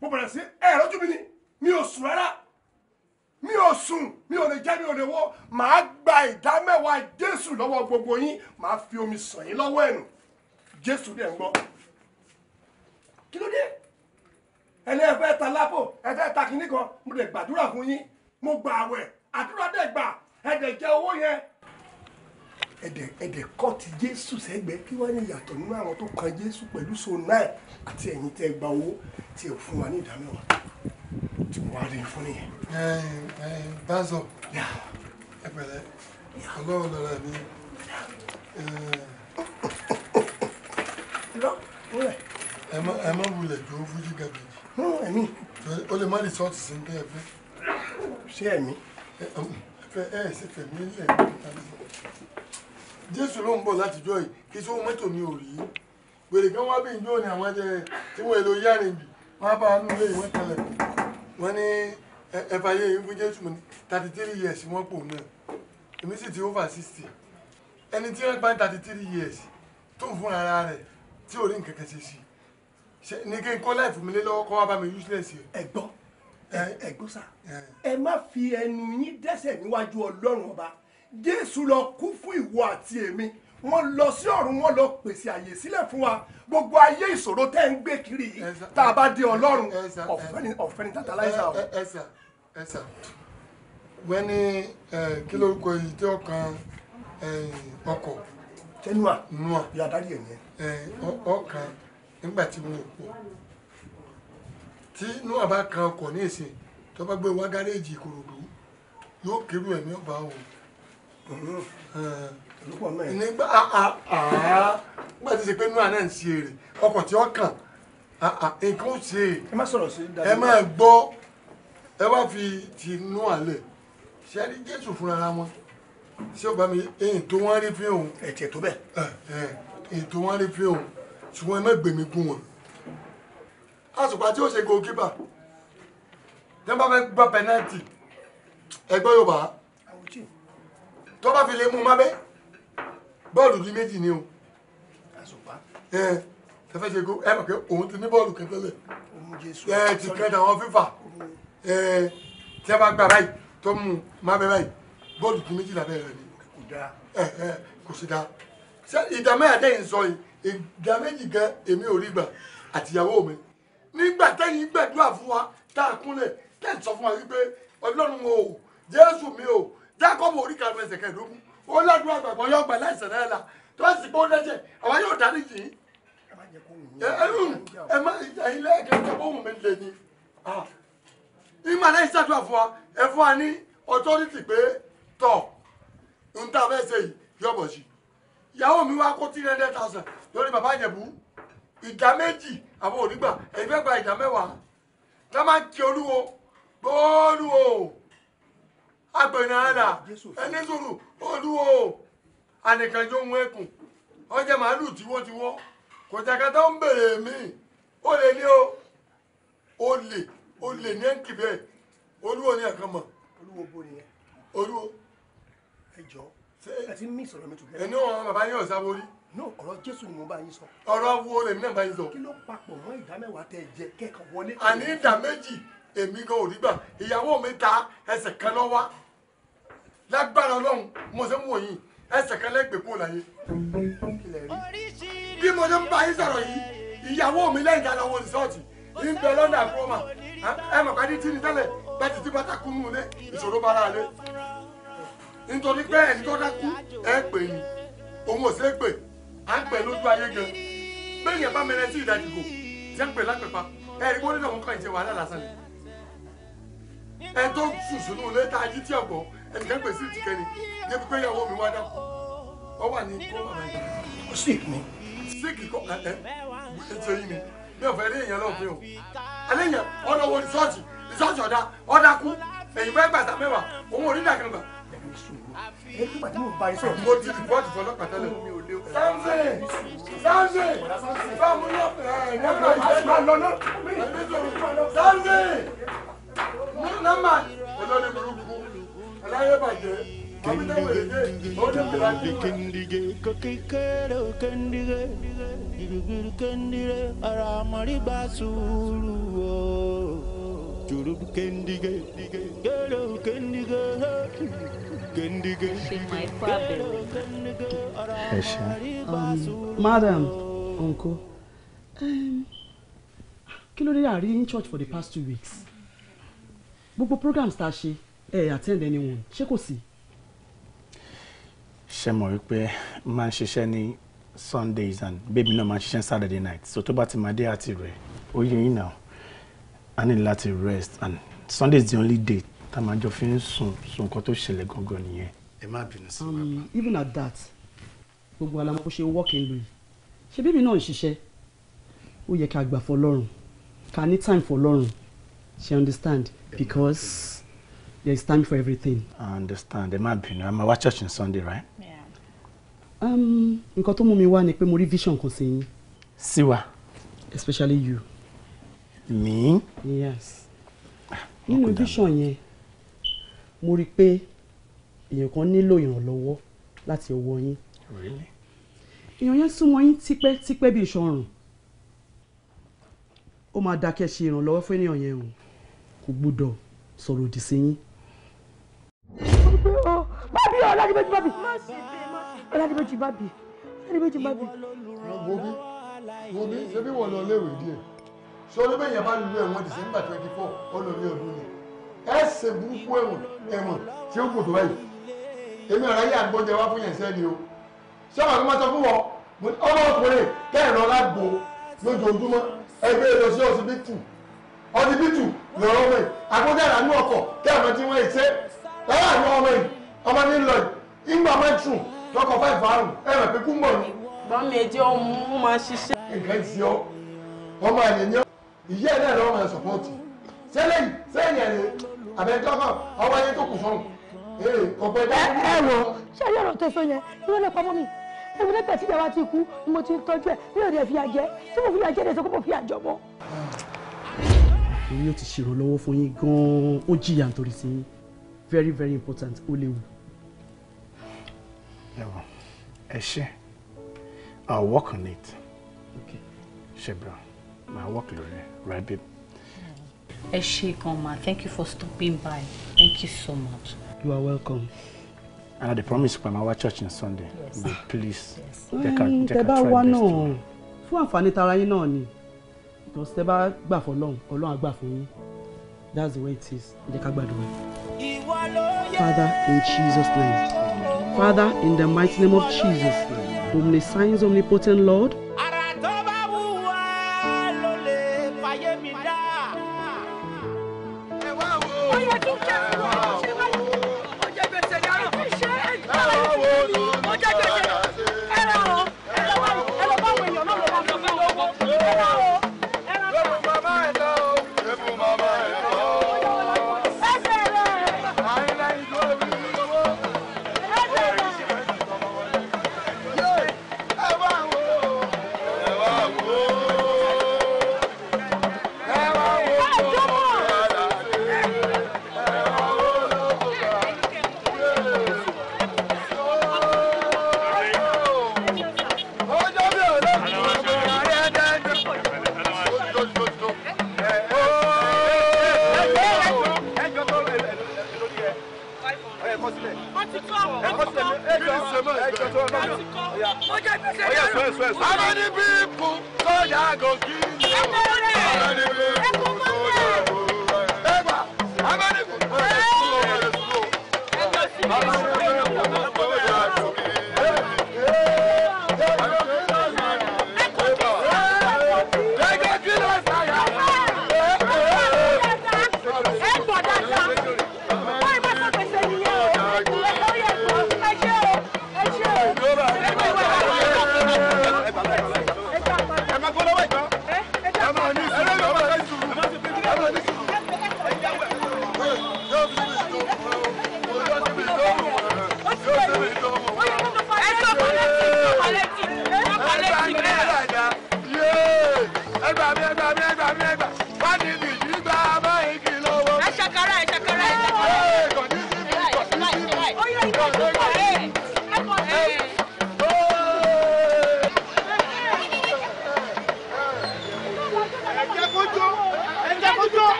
mo bẹ̀rẹ̀ sí ẹ̀ lójú mi ni mi ò sùn rárá mi ò sùn mi ò lè jẹ mi ò lè wọ màá gba ìdá mẹ́wàá jésù lọ́wọ́ gbogbo yín màá fi omi sàn yín lọ́wọ́ ẹ̀nu jésù dẹ̀ ń gbọ́ kí ló dé ẹni ẹ fẹ́ ta lápò ẹ fẹ́ ta kinní kan mo lè gbàdúrà fún yín mo gba àwẹ̀ àdúrà dẹ̀ gbà ẹ dẹ̀ jẹ owó yẹn ẹ̀dẹ̀ ẹ̀dẹ̀ kọ́ ti jésù sẹ́gbẹ́ kí wá ní ìyàtọ̀ nínú àwọn tó kan jésù pẹ̀lú so náà àti ẹ̀yin tẹ́ gba owó tí ò fún wa ní ìdámẹ́wàá tí mo wá rí fún nìyẹn. ẹ ẹ bázọ ẹ pẹ̀lẹ́ Ọlọ́run lọrọ mi ẹ má wulẹ̀ jọ fújì gàbẹ̀jì ó lè má rìsọ́ọ̀tì sí bẹ́ẹ̀ fẹ́. ṣé ẹ̀mí. ẹ ẹ ṣe fẹ̀mí lẹ̀ nípa mi jésù ló ń bọ̀ látijọ́ yìí kí sówó mọ́tò ní òrí gbèrè kan wá bí ìjọ ni àwọn ẹjẹ tí wọ́n èlò yára ìbí wọ́n bá wọn nílé ìwé kalẹ̀ wọ́n ní ẹ̀fà yé ìwé jésù mi ní thirty three years wọ́n pò náà èmi sì ti over sixty ẹni tí wọ́n pa thirty three years tó ń fún ara rẹ̀ tí ò rí nǹkan kan ṣe sí ní kí n kọ́ láì fún mi lé lọ́wọ́ kọ́ wá bá mi useless yẹn. ẹ̀gbọ́n ẹ̀gbọ́n sá ẹ má fi ẹnu yín dẹ́ṣẹ̀ níwájú ọlọ́run ọba jésù lọ kú fún ìwọ àti èmi wọ́n lọ sí ọ̀run wọ́n lọ pèsè àyè sílẹ̀ fún wa gbogbo ayé ìṣòro tẹ́ ń gbé kiri yìí tá a bá dé ọlọ́run ọ̀fẹ́ni ọ̀fẹ́ni tantalizer o. ẹ sà ẹ sà wọ́n ní eh, kí lórúkọ yìí tí ọkàn eh, ọkọ̀. tẹnua nua yàdárí ẹ̀ yẹn. Eh, ọkàn nígbà tí mo pọ̀ tí nua bá kan ọkọ̀ ní ìsìn tó gbé wá gáréèjì ìkòròdú yóò kéwù ẹ̀mí ọba òun nígbà nígbà tí ṣe pé nua náà ń ṣe èrè ọkọ̀ tí ó kàn nǹkan ó ṣe ẹ máa gbọ́ ẹ wá fi ti nua lẹ̀ ṣe rí jésù fúnra wọn ṣé o bá mi ètò wọn rí fi hàn. ẹ̀jẹ̀ tó bẹ́ẹ̀. ètò wọn rí fi hàn ṣùgbọ́n ẹ má gbèmí gún wọn. àsùpà tí ó ṣe goalkeeper tí wọ́n bá fẹ́ gbá pẹ́nàtì ẹgbẹ́ Yorùbá tó bá fi lè mú mábẹ́ bọ́ọ̀lù bíi méjì ni o tẹfẹ́ ṣe kó ẹ mọ̀ pé òun ti ní bọ́ọ̀lù kẹtẹ́lẹ̀ ẹ ti kẹta àwọn fífà ẹ tí a bá gba báyìí tó mú mábẹ́ báyìí bọ́ọ̀lù bíi méjì lábẹ́ rẹ̀ ni kò sí dáa ìdá mẹ́àdẹ́yìn sọ yìí ìdá méjì gan èmi ò rí gbà àtìyàwó mi nígbà tẹ́yìn gbàdúrà fún wa tá a kúnlẹ̀ tẹ́ ń sọ fún wa wípé ọlọ́run o jésù mi o Jacob orí karùn-ún ẹsẹ̀ kẹẹ̀ẹ́dógún ó ládùn àgbàgbọ́ yóò gbà láìsẹ̀ náà la tó ẹ̀ sì pé ó lẹ́jẹ̀ àwa yóò dárí jì í. ẹ má ẹyin lẹ́ẹ̀kẹ́ tó bóun mi lè ní. ìmọ̀ náà ṣàdúrà fún wa ẹ fún wa ní ọtọ́rìtì pé tọ̀ ń ta fẹ́ ṣe yìí yọ̀bọ̀ sí. ìyàwó mi wá kó three hundred thousand lórí bàbá Ìjẹ̀bú ìdá méjì àwọn onígbà ẹ̀yin fẹ́ gba ìdá mẹ́wàá tá máa ń kí olúwo gbóòlù o apẹ̀nàdà ẹni sùúrù olúwo ànìkànjọ ohun ẹkùn ọjà màálù tiwọ́tiwọ́ kò jàkátà ń bèrè mí ó lè ní o ó lè ó lè ní ẹnkì bẹ́ẹ̀ olúwo ní ẹ̀kan mọ̀. olúwo bó ni ẹ. olúwo. ẹ jọ ẹ ti mí sọ̀rọ̀ mi tùgẹ́. ẹni wọn bàbá yín ọ̀sá wọlé no ọ̀rọ̀ jésù ni mo bá yín sọ. ọ̀rọ̀ wo lèmi náà bá yín sọ. kí ló papọ̀ mọ́ ìdá mẹ́wàá tẹ jẹ kẹ́kọ̀ọ́ wọlé. àní ìdá méjì èmi gan ò rí gbà ìyàwó mi ta ẹsẹ̀ kan lọ́wọ́ lágbára ọlọ́run mọ̀sẹ́ mú òyìn ẹsẹ̀ kan lẹ́gbẹ̀ẹ́ kúrò láyé. bí mo ṣe ń bá yín sọ̀rọ̀ yìí ìyàwó mi lẹ́yìn tí a lọ wo rìsọ́ọ̀tì ń bẹ lọ́dà àkómà ẹ mọ̀ pàdé tí ní tẹ́lẹ̀ bá ti ti bá takú nù lé ìṣòro bá láàlé. nítorí pé ẹni tó dákú ẹ pè ní òun ò ṣeé pè à ń pè lójú ayé gan. bẹ́ẹ̀ yẹn bá mẹrẹ sí ìdajìgò tí a ń pè lápẹ̀pá ẹ rí bó nínú àwọn kan ìṣe wàhálà lásán ni. ẹ tó sùn sínú ilé tá a jí tí ọ̀gbọ́n ẹnìkan pèsè ìtìkẹ́ ni débi pé ìyàwó mi wá dákú ọ wà ní kọ́mà rẹ̀. ó sick ni. sick kọ́ ẹ ẹ torí mi mi ò fẹ́ rí èèyàn lọ́wọ́ mi o ẹlẹ́yìn ọ̀dọ̀ wo rìsọ́ọ̀tì rìsọ́ọ̀tì ọ̀dà ọ̀dà kú èyí fẹ́ gbàtà mẹ́wàá òun ò rí dàgbà gbà. Nígbà tí mo bá yín sọ̀rọ̀. Mo ti rìpọ́ọ̀tì fún ọlọ́pàá tẹ́lẹ̀. Sáńsì! Sáńsì! Báwo ló ẹ̀ ẹ̀ ẹ̀ lọ náà? Sáńsì! Mú nọ́mbà! Olórí burúkú aláyébàjẹ́ amídáwèrèdè onímọ̀lájú kékeré madam uncle um, kí ló dé àrí in church for the past two weeks gbogbo programs tá a ṣe ẹ attend anyone ṣé kò sí. ṣe mọ̀ wípé máa ń ṣiṣẹ́ ní sundays and baby náà máa ń ṣiṣẹ́ saturday night so tó bá ti máa dé àti rẹ̀ ó yẹ yín náà a ní láti rest and sunday is the only day tá a máa jọ fi ń sun sun nǹkan tó ṣẹlẹ̀ gangan nìyẹn. ẹ má bínú sí wa. Um, even at that gbogbo alamọ bó ṣe work in lu yìí ṣe bíbí náà ń ṣiṣẹ́ ó yẹ ká gbà fọlọ́run ká ní time fọlọ́run she understand because. Yeah. There is time for everything. I understand. Ẹ má bínú, a máa wá church on Sunday, right? Yeah. Um, nǹkan tó mú mi wá ni pé vision kan sí yín. Especially you. Me? Yes. Ah, Nínú vision yẹn, mo rí i pé èèyàn kan nílò ìrànlọ́wọ́ láti ọwọ́ yín. Really? Èèyàn yẹn súnmọ́ yín tipẹ́tipẹ́ bí ìṣọ̀rùn. Ó máa dákẹ́ ṣe ìrànlọ́wọ́ fún ènìyàn yẹn o. Kò gbúdọ̀ sọ̀rọ̀ òdì disi yín bábí ọ̀làdìbẹ́jì bábí ọ̀làdìbẹ́jì bábí ọ̀làdìbẹ́jì bábí. wọ́bí wọ́bí ṣebí wọ́n lọ léèwé díẹ̀ ṣé olóbẹ̀yìn bá lu ẹ̀wọ̀n December twenty four ọlọ́ọ̀ni ọdún ni ẹ ṣe burúkú ẹ̀wọ̀n ẹ̀wọ̀n tí ó gbòdò báyìí èmi ọ̀rọ̀ ayé àgbọ̀jẹ wá fún yẹn sẹ́ni o ṣé àwọn ọmọ sọ fún wọn ọmọkùnrin kẹrin ọlá gbò lójoojúmọ́ ẹgbẹ́ e lọ sí ọsibítù ọsibítù lọ́rọ́ mẹ́ àgbọ̀jẹ àdánù ọkọ̀ kẹrin ọmọ tí wọ́n ṣe lára àwọn ọmọ yìí ọmọ ní lọ yìí ìgbà mẹ́tùn lọ́kọ fáìf àrùn ẹ̀rọ pé kúmbọ̀ ni. bọ́mí ẹjẹ́ ọmú ó máa ṣiṣẹ́. nǹkan ti ọ ọmọ ẹ̀ lẹ́yìn ìyá ẹ̀ náà lọ́wọ́ máa sọ̀pọ̀tì sẹ́lẹ̀ sẹ́yìn ẹ̀ lè àbẹ̀dọ́kọ̀ ọwọ́ ayé tó kù sọ́run ee ọ̀pẹ dá. ẹ wọ ṣẹlẹ̀ ọ̀rọ̀ tó so yẹn ìwọ lè pamọ́ mi ewu lẹgbẹ tí ìyàwó ti kú ni mo ti ń tọ́jú ẹ mi ò rí ẹ tí mo fi àjẹ rẹ sọ pé mo fi àjọ bọ. èmi ò ti ṣèrànlọ́wọ́ fún yín gan-an ó jìyà nítorí sí yín very very important ó léwu. Eshe, I'll work on it. Okay. Shebra, my work lórí right babe. ẹ ṣe gan thank you for stopping by thank you so much. you are welcome. and i dey promise from our church on sunday yes. but please jẹ́ ká try best fún àǹfààní tara yín náà ni because tẹ́ bá gbà fọlọ́run ọlọ́run á gbà fún yín. That's the way it is. Father, in Jesus' name. Father, in the mighty name of Jesus. Omniscience, omnipotent Lord.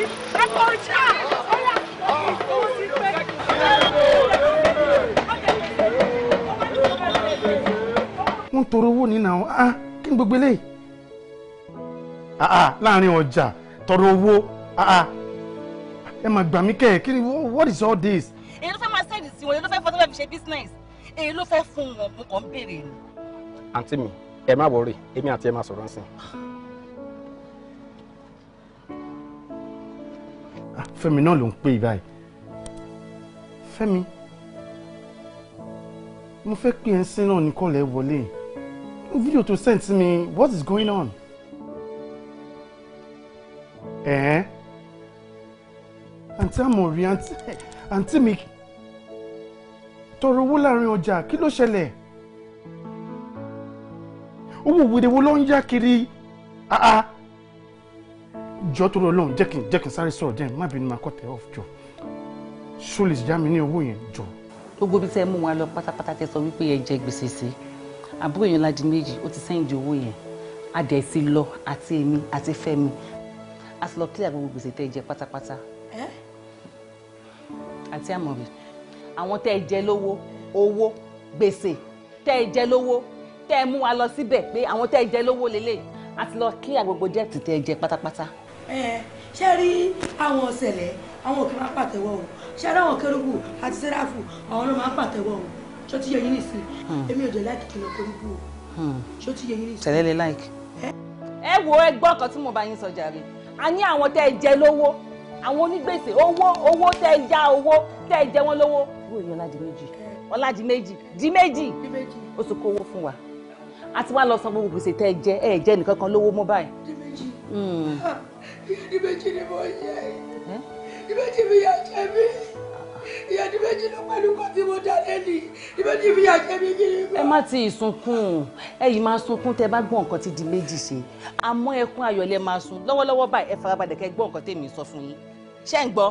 yìí ọkọ̀ ọjà ọ̀yà ọkọ̀ òsì pé. wọ́n tọrọ owó nínú àwọn ah kí n gbogbo eléyìí. Ah, ah, láàrin ọjà tọrọ owó ah, ẹ máa gbà mí kẹ́ kí ni what is all this. èyí ló fẹ́ máa sẹ́ẹ̀dì sí wọn èyí ló fẹ́ fọ́tọ́ bẹ́ẹ̀ ṣe business èyí ló fẹ́ fún wọn mo kàn ń béèrè ni. àǹtí mi ẹ má wọrí èmi àti ẹ má sọ̀rọ̀ ń sìn. Fẹ́mi náà ló ń pè báyìí Fẹ́mi mo fẹ́ pè ẹ́ sí náà ní kọ́lẹ̀ wọlé fídíò tó send sí mi what is going on? ẹ̀ẹ́n àǹtí àmọ̀rí àǹtí mi tọrọ owó láàrin ọjà kí ló ṣẹlẹ̀ owó òwúrẹ́wó ló ń yá kiri Ah, ah jọ tó lọ́n jẹ́ kí n jẹ́ kí n sáré sọ̀rọ̀ jẹ́ má bínú máa cut ẹ̀ off jọ ṣó lè já mi ní owó yẹn jọ. gbogbo bí tẹ ẹ mú wa lọ pátápátá tẹ sọ wípé ẹ jẹ gbèsè sí àbúrò yẹn ládi méjì ó ti sẹ́yìndì owó yẹn adẹ̀ ti lọ àti èmi àti fẹ́mi a ti lọ kílẹ̀ gbogbo gbèsè tẹ ẹ jẹ pátápátá àti àmọ̀ràn àwọn tẹ ẹ jẹ lówó owó gbèsè tẹ ẹ jẹ lówó tẹ ẹ mú wa lọ síbẹ̀ pé àwọn tẹ ẹ jẹ lówó lélẹ̀ a ti lọ kílẹ̀ gbogbo dẹ́ẹ̀tì tẹ ẹ jẹ pátápátá ṣé rí àwọn ọ̀sẹ̀lẹ̀ àwọn òkè máa ń pàtẹ́wọ́ o ṣé rí àwọn kérúbù àti sẹ́ráfù àwọn náà máa ń pàtẹ́wọ́ o ṣó ti yẹ yín nìsín hmm. èmi ò jẹ́ láìkì kí n lọ kérúbù o hmm. ṣó ti yẹ yín nìsín. tẹ̀lé lè láìkì. ẹ wo ẹgbọ́n kan tí mo bá yín sọ jàre a ní àwọn tẹ́ ẹ jẹ lówó àwọn onígbèsè owó owó tẹ́ ẹ já owó tẹ́ ẹ jẹ wọ́n lówó. wo ìyẹn ọlá di méjì ọlá di méjì di méjì ó sì kó owó fún wa a ti wá lọ san gbogbo gbèsè tẹ́ ẹ jẹ ẹ jẹ nìkan kan lówó mọ́ báyìí. di méjì hmm ìbejì ni mo yẹ ìbejì mi yà jẹ mí ìyá ìbejì ló pẹ̀lú kan tí mo dá lẹ́nu ìbejì mi yà jẹ mí kí ni mo. ẹ má ti sunkún ẹ yìí máa sunkún tẹ bá gbọ́ nǹkan tí di méjì ṣe àmọ́ ẹkún ayọ̀lẹ̀ máa sun lọ́wọ́lọ́wọ́ báyìí ẹ farabalẹ̀ kẹ́ gbọ́ nǹkan tèmi sọ fún yín ṣé ń gbọ́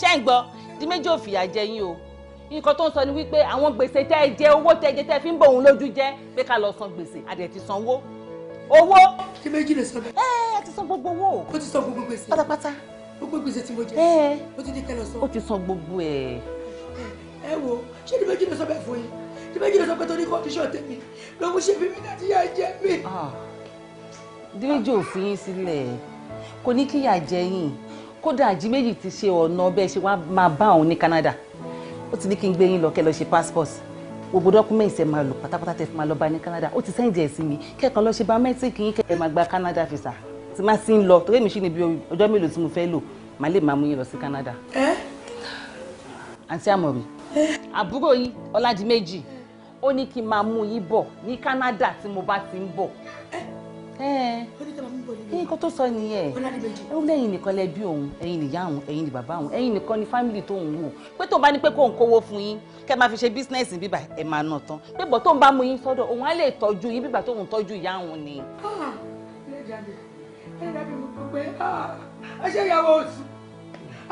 ṣé ń gbọ́ di méjì ò fìyà jẹ yín o nǹkan tó ń sọ ni wípé àwọn gbèsè tẹ́ ẹ jẹ owó tẹ́ ẹ jẹ tẹ́ ẹ fi ń bọ̀ òun lójú jẹ́ pé ká lọ san gbèsè àdẹ̀ ti sanwó owó. kí méjì lè sọ bẹ́ẹ̀. ẹ ẹ ti san gbogbo owó. ó ti san gbogbo gbèsè. pátápátá. gbogbo gbèsè tí mo jẹ. ẹ ó ti di kẹlẹ sọ. ó ti san gbogbo ẹ. ẹ wo ṣé ní méjì lè sọ bẹ́ẹ̀ fún yín ní méjì lè sọ pé torí kọ́ndíṣọ̀ tèmi ló mú ṣe bíbí láti yá jẹ mí. dírẹ́jì ò fi yín sílẹ̀ kò ní kíyà jẹ yín kódà àjí méjì ti ṣe ọ̀nà bẹ́ẹ̀ ṣe wá máa bá òun ní Canada ó ti ní kí n gbé yín lọ kẹ́ lọ ṣe passport gbogbo documents ẹ máa lò pátápátá tẹ fi máa lọ bá ní Canada ó ti sẹ́ǹdì ẹ̀ sí mi kẹ́ẹ̀kan lọ ṣe biometric yín kẹ́ẹ̀ máa gba Canada visa tí máa sì ń lọ torí èmi ṣì ní bí ọjọ́ mélòó tí mo fẹ́ lò màá lè máa mú yín lọ sí Canada. àǹtí àmọ̀rí àbúrò yín Ọládìméjì ó ní kí n máa mú yín bọ̀ ní Canada tí mo bá ti ń bọ̀ nǹkan tó sọ nìyẹn ó lẹ́yìn nìkan lẹ òun ẹ̀yin nìyá òun ẹ̀yin ni bàbá òun ẹ̀yin nìkan ni fámìlì tó ń wò pé tó bá ní pé kó ń kówó fún yín kẹ́ máa fi ṣe bísínẹ́sì bíbà ẹ̀ máa nà tán pé bọ́ tó ń bá mú yín sọ́dọ̀ òun á lè tọ́jú yín bíbà tó ń tọ́jú ìyá òun ni. aṣẹ́yàwó ah, ah, oṣù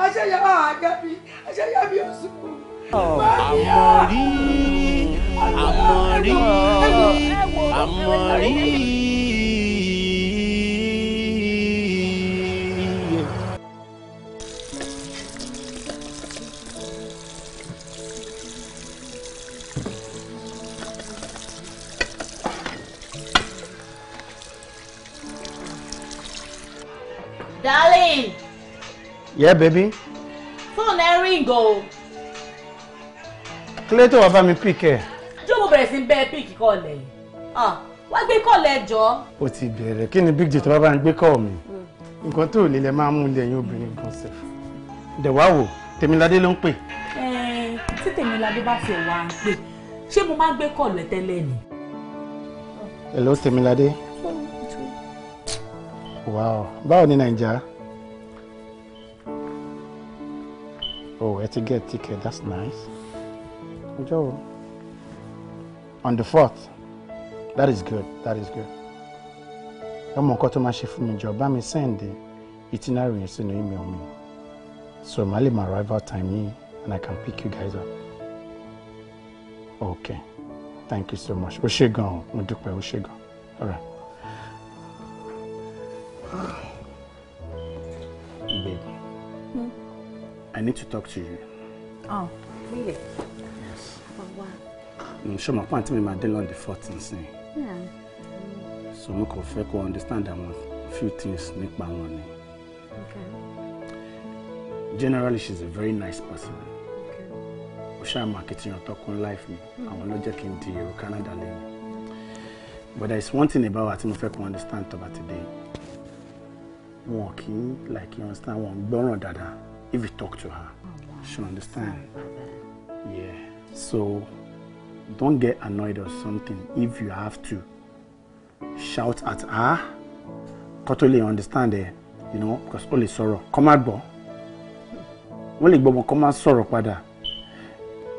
aṣẹ́yàwó àjẹbí aṣẹ́yàbí oṣù oh, ah, àmọ̀rí àmọ̀rí àmọ̀rí. Darling. Yeah, baby. Phone ẹ ring o. Kílé tó wà pick ẹ̀. Jó mo bẹ̀rẹ̀ sí ń call eh? Ah, lẹ̀. Wá call kọ́ lẹ̀ jọ. O ti bẹ̀rẹ̀ kí ni big j tó bá bá ń gbé kọ́ mi. Hmm. Nǹkan tó lè lẹ máa ń mú ilé ẹ̀yin obìnrin gan sẹ̀. Dẹ̀wá wò, Tèmiládé ló ń pè. Eh, tí Tèmiládé bá fi wá ń pè, ṣé mo máa gbé kọ́ tẹ́lẹ̀ ni? Hello, Tèmiládé wow báwo ni naija oh ẹ ti get ticket that's nice ọjọ́ wo on the fourth that is good that is good ọmọ nǹkan tó máa ṣe fún mi jọ bá mi send itinerary yẹn sínú email mi so my lè máa arrival time yìí and I can pick you guys up okay thank you so much ó ṣé gan-an mo dúpẹ́ ó ṣé gan all right. Babe, hmm? I need to talk to you. Oh, really? Yes. But what? I'm sure my point me my deal on the 14th. Yeah. Mm. So mo kàn fẹ́ kó understand a few things nípa wọn ni. Okay. Generally, she's a very nice person. Okay. Ó ṣáà marketing ọ̀tọ̀ kún life mi. I'm hmm. ló jẹ́ kí n Canada But there's one thing about her tí mo fẹ́ kó understand about today wọn kì í like you understand wọn gbọ́ràn dáadáa if you talk to her she understand yeah so don't get annoyed or something if you have to shout at her kó tó lè understand ẹ you know because ó lè sọ̀rọ̀ kó má gbọ́ wọ́n lè gbọ́ wọn kó má sọ̀rọ̀ padà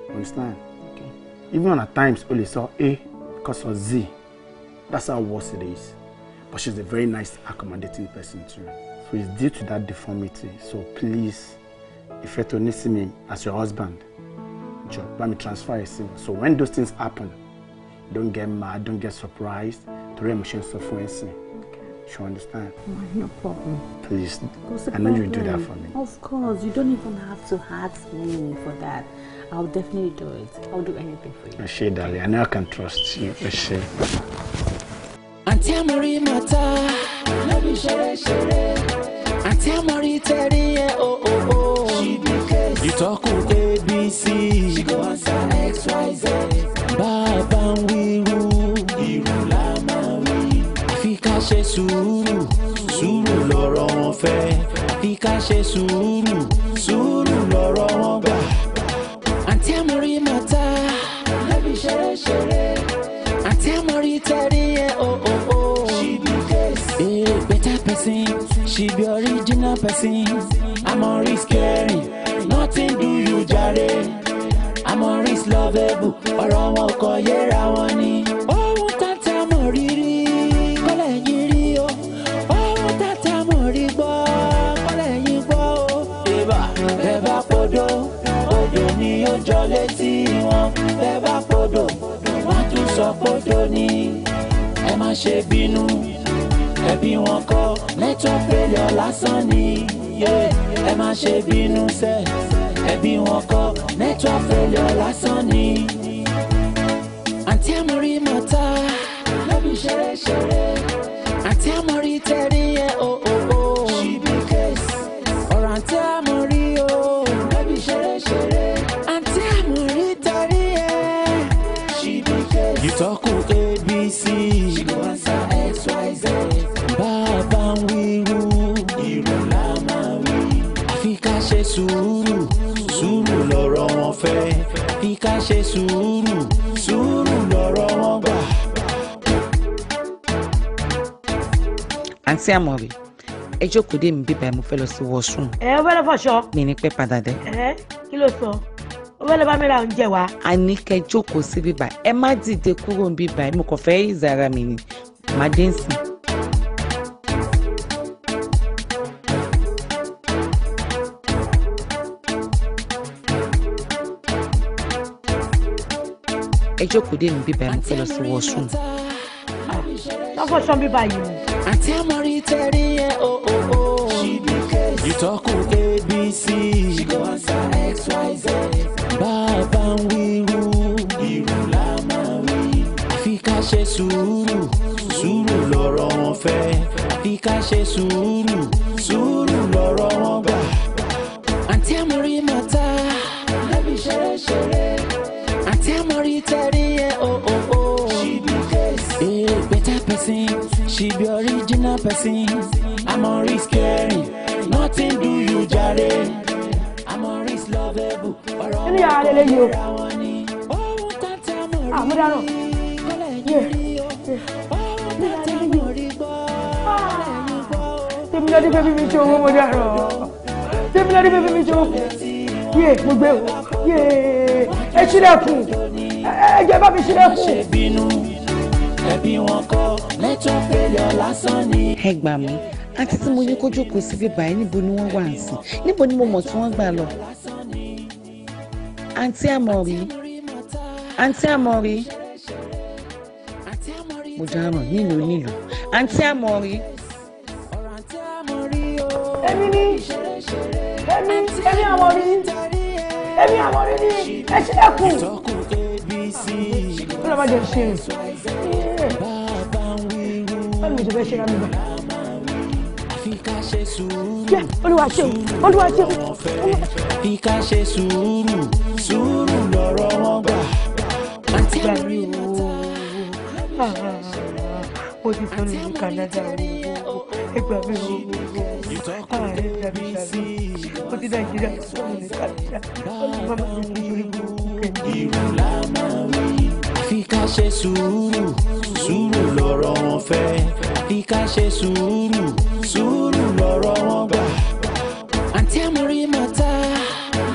understand okay. even at times ó lè sọ a kó sọ z that's how worse it is. But she's a very nice, accommodating person too. So it's due to that deformity. So please, if you're to miss me as your husband, job, let me transfer you. sin. So when those things happen, don't get mad, don't get surprised. The emotions suffering sin. She understand? No problem. Please, I know you do that for me. Of course, you don't even have to ask me for that. I'll definitely do it. I'll do anything for you. Ashe, darling, I know I can trust you. Ashe àǹtí àmọ́rí mọ́tà lóbi ṣeré ṣeré àǹtí àmọ́rí tẹ̀rí ẹ̀ o o o. you talk with abc. she go answer xyz. bàbá ń wíru irú la máa wí. àfi ká ṣe sùúrù sùúrù lọ̀rọ̀ wọn fẹ́. àfi ká ṣe sùúrù sùúrù lọ̀rọ̀ wọn gbà. àǹtí àmọ́rí mọ́tà lóbi ṣeré ṣeré àǹtí àmọ́rí tẹ̀rí. person she be original person I'm amori scary nothing do you jare amori lovable ọ̀rọ̀ wọn kò yẹra wọn ni. ohun tata mọ̀ rírì kọ́lẹ̀ yín ẹ má ṣe bínú ẹbí wọn kọ́ network failure lásán ni ẹ má ṣe bínú sẹ́ ẹbí wọn kọ́ network failure lásán ni. àǹtí àmọ́rí mọ́tà lóbi ṣeré ṣeré àǹtí àmọ́rí tẹ̀rí ẹ̀ o oh, o oh, o. Oh. ṣíbí kẹ́sì ọ̀rọ̀ àǹtí àmọ́rí. ṣe sùúrù sùúrù lọ̀rọ̀ wọn gbà. àǹtí àmọ̀rè ẹ jókòó dé mi bíbá ẹ mo fẹ́ lọ sí wọ́ọ̀sùn. ẹ ó fẹ́ lọ fọṣọ. mi ní pẹ́ padà dé. ẹ kí ló sọ ó fẹ́ lọ bá mi ra oúnjẹ wá. a ní kẹ́ jókòó sí bíbá ẹ má dìde kúrò bíbá ẹ mo kàn fẹ́ ìzara mi ni màá dé ń sìn. ẹ jókòó dé mi bíbá ẹ mọ̀ lọ sí wọ́ọ̀sùn. lọ́fọ̀ sọ bí àti amọ̀rí tẹ̀rí ẹ̀ o o o. you abc. bàbá ń wíru. irú la máa wí. àfi ká ṣe sùúrù sùúrù lọ̀rọ̀ wọn fẹ́. àfi ká ṣe sùúrù sùúrù lọ̀rọ̀ wọn gbà. àǹtí amọ̀rí màtá. lẹ́bi ṣeré ṣeré. àǹtí amọ̀rí tẹ̀rí. she be original person I'm always scary nothing do you jare always lovable ọ̀rọ̀ wọn kò lè ra wọn ni ohun tá tá ah, mo rí kọ́lẹ̀ yín rí o ohun tá tá mo rí gbọ́ ẹ̀yìn gbọ́ tèmi lọ́dí pé mímí ṣe owó mo dárò tèmi lọ́dí pé mímí ṣe owó yé mo ẹbí wọn kọ́ nature failure lásán ni. ẹ gbà mí àti tí mo ní kó jókòó sí bíbá ẹ níbo ni wọ́n wà ń sìn níbo ni mo mọ̀ tí wọ́n gbà lọ. àǹtí àmọ̀rí àǹtí àmọ̀rí mo dáràn nílò nílò àǹtí àmọ̀rí. èmi ni èmi èmi àmọ̀rí èmi àmọ̀rí ni ẹ ṣe é kù. kí ló báwo ni ìjọba ẹ ṣe ra mi bá. jẹ́ olúwa ṣeun olúwa ṣeun. fi ká ṣe sùúrù sùúrù lọ́rọ̀ wọn gbà. àti àrí o mo ti tọ́ lórí Canada o ẹgbà mi ò wò ó ààrẹ tàbí tàbí ó ti Nàìjíríà sọ̀rọ̀ ní Canada ó ti máa ma fi kí orí burúkú kẹ́kẹ́. ìrù la máa ń rí àfi ká ṣe sùúrù sùúrù lọ̀rọ̀ wọn fẹ́ àfi ká ṣe sùúrù sùúrù lọ̀rọ̀ wọn gbà. àǹtí àmọ́rí màtá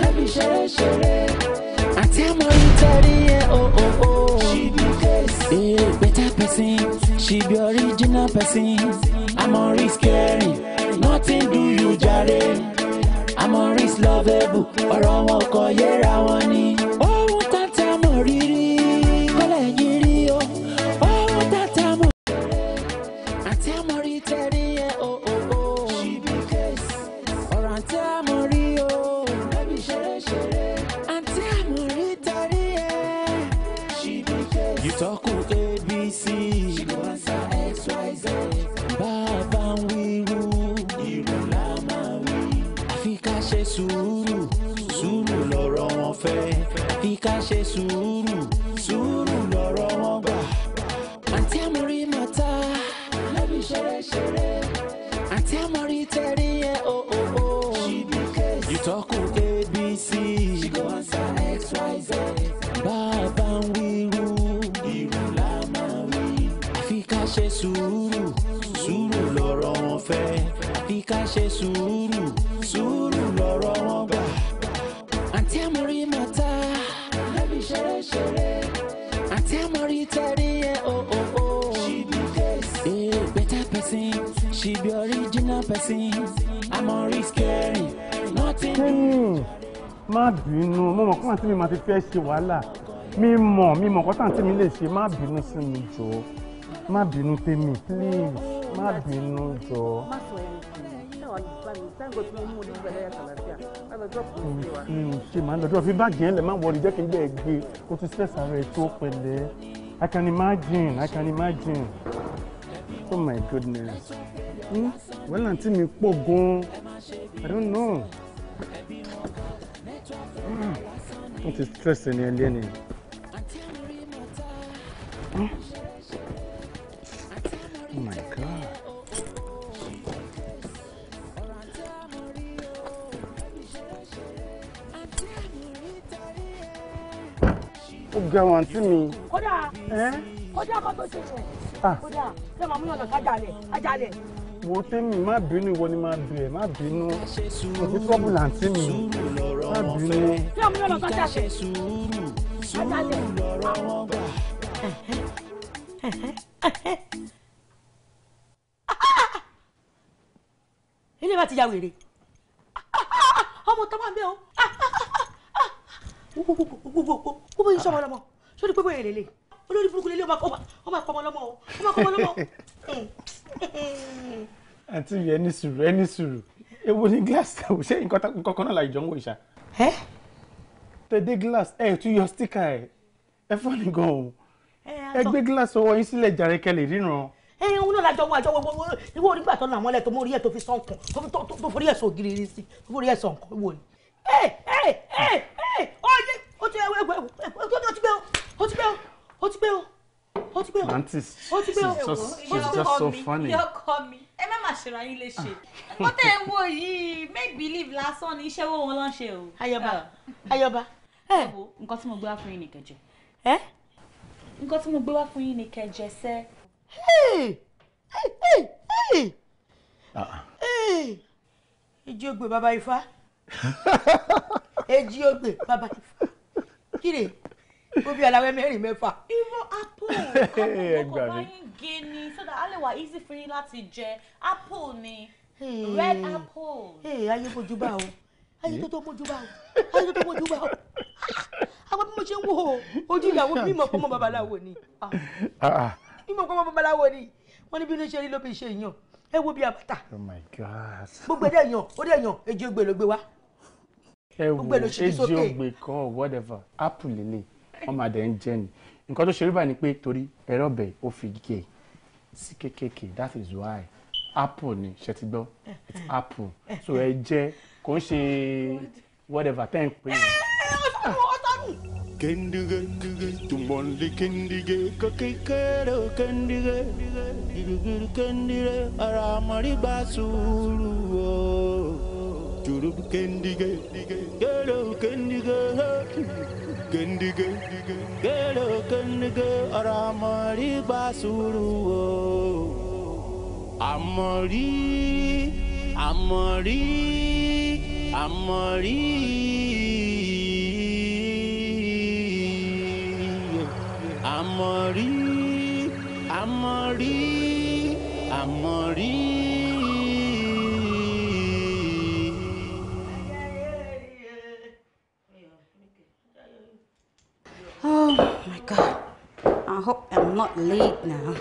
lẹ́bi ṣeré-ṣeré àǹtí àmọ́rí tẹ̀lé ẹ̀ o o o. Hey, better person, she be original person. Amori scary, nothing do you jare. Amori is lovable, ọ̀rọ̀ wọn kò yẹra wọn ni. ká ṣe sùúrù sùúrù lọ̀rọ̀ wọn gbà. àǹtí àmọ́rí màtá lẹ́bi ṣeré ṣeré àǹtí àmọ́rí tẹ̀rí o o o. she be case you talk o abc she go answer xyz. bàbá ń wíru irú la máa wí. àfi ká ṣe sùúrù sùúrù lọ̀rọ̀ wọn fẹ́ àfi ká ṣe sùúrù. sí àmọ́rí scary nothing. kẹ́yìn má bínú mo mọ̀ kó àǹtí mi máa ti fẹ́ ṣe wàhálà mi mọ̀ mi mọ̀ kó àǹtí mi lè ṣe má bínú sí mi jọ má bínú tèmi please má bínú jọ. Mm, mm, ṣe máa ń lọ́dọ̀ fi báàgì ẹ̀ lẹ̀ wọlé jẹ́ kí n bẹ́ẹ̀ gbé o tún stress ara tó pẹ̀lẹ́ I can imagine I can imagine. Oh my goodness. Hmm? Well, until mi pọ̀ gan I don't know. Hmm. What is stressing you, Lenny? ni. Hmm? Oh my God. Oh Ó ga àwọn àǹtí mi. Kódà eh? kódà kó tó ṣe ṣe kódà ṣé màmú má bínú ìwọ ni má bẹ̀rẹ̀ má bínú òbí tọ́bù là ń tì mí má bínú. ṣé màmú yàn lọ sájàlẹ̀ ajalẹ̀. ilé wa ti ya wèrè ọmọ tó máa ń bẹ o gbogbo gbogbo gbogbo yìí sọmọ lọmọ sórí pé bóyá èlé lè olórí burúkú lélẹ́ ó máa pọmọ lọ́mọ o ó máa pọmọ lọ́mọ. àǹtí mi ẹni sùúrù ẹni sùúrù ewu ni glass ò ṣe nǹkan kan náà láì jọ ń wò ìṣá. ẹ. tẹ̀dé glass ẹ tún yọ stika ẹ ẹ fọ́ ni gan o ẹ gbé glass ọwọ́ yín sílẹ̀ jàre kẹlẹ̀ ríran. ẹ ń náà lájọ wọn àjọ wọn ìwọ onígbà tó nà mọ́lẹ̀ tó mórí ẹ̀ tó fi sàn kàn tó forí ẹ̀ sọ ògiri rí sí tó forí ẹ̀ sàn kàn wò ni. ẹ ẹ ẹ ẹ ọyẹ o ti gbẹ o o ti gbẹ o o ti gbẹ o ó ti pẹ́ o ó ti pẹ́ o ó ti pẹ́ o ó ti pẹ́ o yọkọ mi ẹ má má ṣèrà yín léṣe ó ah. tẹ̀ ń wo yìí make believe lásán ni iṣẹ́ wo wọn lọ́n ṣe o. ayọba ah. ayọba. ẹ eh. wo nǹkan tí mo gbé wá fún yín ni kẹjẹ. ẹ. Eh? nǹkan tí mo gbé wá fún yín ni kẹjẹ sẹ. ìjì ògbè bàbá ifá ìjì ògbè bàbá ifá kí lè ó bí mẹ́rin mẹ́fà. even apple apple kò máa ń gé ni so that a lè easy fún yín láti jẹ apple ni red apple. ayé fojú bá o ayé tó tó mójú bá o ayé ah, tó tó mójú bá o àwọn bí mo ṣe ń wò ojú ìyàwó mi mọ̀ pé babaláwo ni ah. Ah, mi mọ̀ pé babaláwo ni wọ́n ní bí inú ṣe rí ló fi ṣe yàn ẹ wo bí abata. Oh gbogbo ẹdẹ yan ó dẹ yan èjì ogbè ló gbé wá. ẹ wo èjì ogbè kan whatever apple lele wọ́n máa dẹ̀ ń jẹ́ ni nǹkan tó ṣe rí báyìí ni pé torí ẹ̀rọ ọbẹ̀ ó fi gé sí kékèké that is why apple ni ṣe ti gbọ́ it's apple so ẹ jẹ́ kò ń ṣe whatever tẹ́ ń kendige kendige tumbonli kendige kakekere kendige girigiri kendire aramari gba sùúrù o juru kendige kendige gendige gele gendige ọ̀rọ̀ àmọ̀rí gba sùúrù o àmọ̀rí àmọ̀rí àmọ̀rí. àmọ̀rí àmọ̀rí. I'm not late now.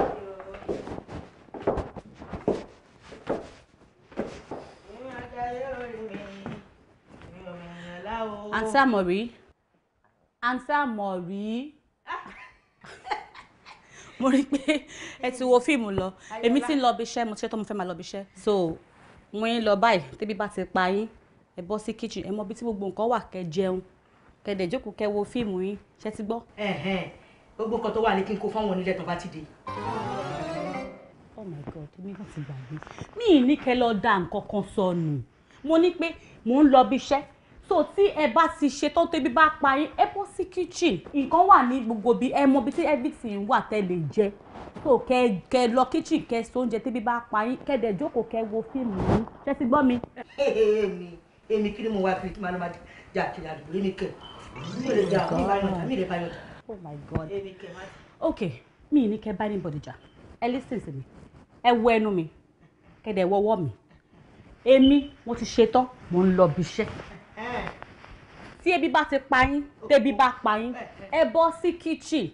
Àǹtí Àmọ̀rí. Àǹtí Àmọ̀rí. Mo rí pé ẹ ti wo fíìmù lọ. Èmi ti ń lọ ibiṣẹ́, mo ti ṣe tó mo fẹ́ máa lọ ibiṣẹ́. So, mo ń lọ báyìí, tébí bá ti pa yín, ẹ bọ́ sí kitchen, ẹ mọ ibi tí gbogbo nǹkan wà kẹ́ jẹun, kẹ́ dẹ̀ jókòó kẹ́ wo fíìmù yín, ṣé ti gbogbo nǹkan tó wà ní kí n kó fáwọn onílẹ̀ tó bá ti dé. oh my god mi náà ti gbàgbé mi ì ní kẹ́ lọ da nǹkan kan sọnù mo ní pé mò ń lọ bí iṣẹ́ so tí ẹ bá ti ṣe tó tẹ́bí bá pa yín ẹ bọ́ sí kitchen nǹkan wà ní gbogbo bí ẹ mọ bí tí everything wà tẹ́ lè jẹ so kẹ kẹ lọ kitchen kẹ so oúnjẹ tẹ́bí bá pa yín kẹ dẹ̀ jókòó kẹ wo fíìmù yín ṣe ti gbọ́ mi. èmi èmi kí ni mo wá kiri tí màá lọ máa jà kiri àdúgbò èmi kẹ mi ò lè jà mi ò lè bá yọjà oh my god Okay, mi ni kẹ́ bá anybody jà ẹ listen sí mi ẹ wọ ẹnu mi kẹ́dẹ̀ wọ́wọ́ mi èmi mo ti ṣetán mo ń lọ bíṣẹ́ tí ebi bá ti pa yín tẹ́bi bá pa yín ẹ bọ́ sí kitchen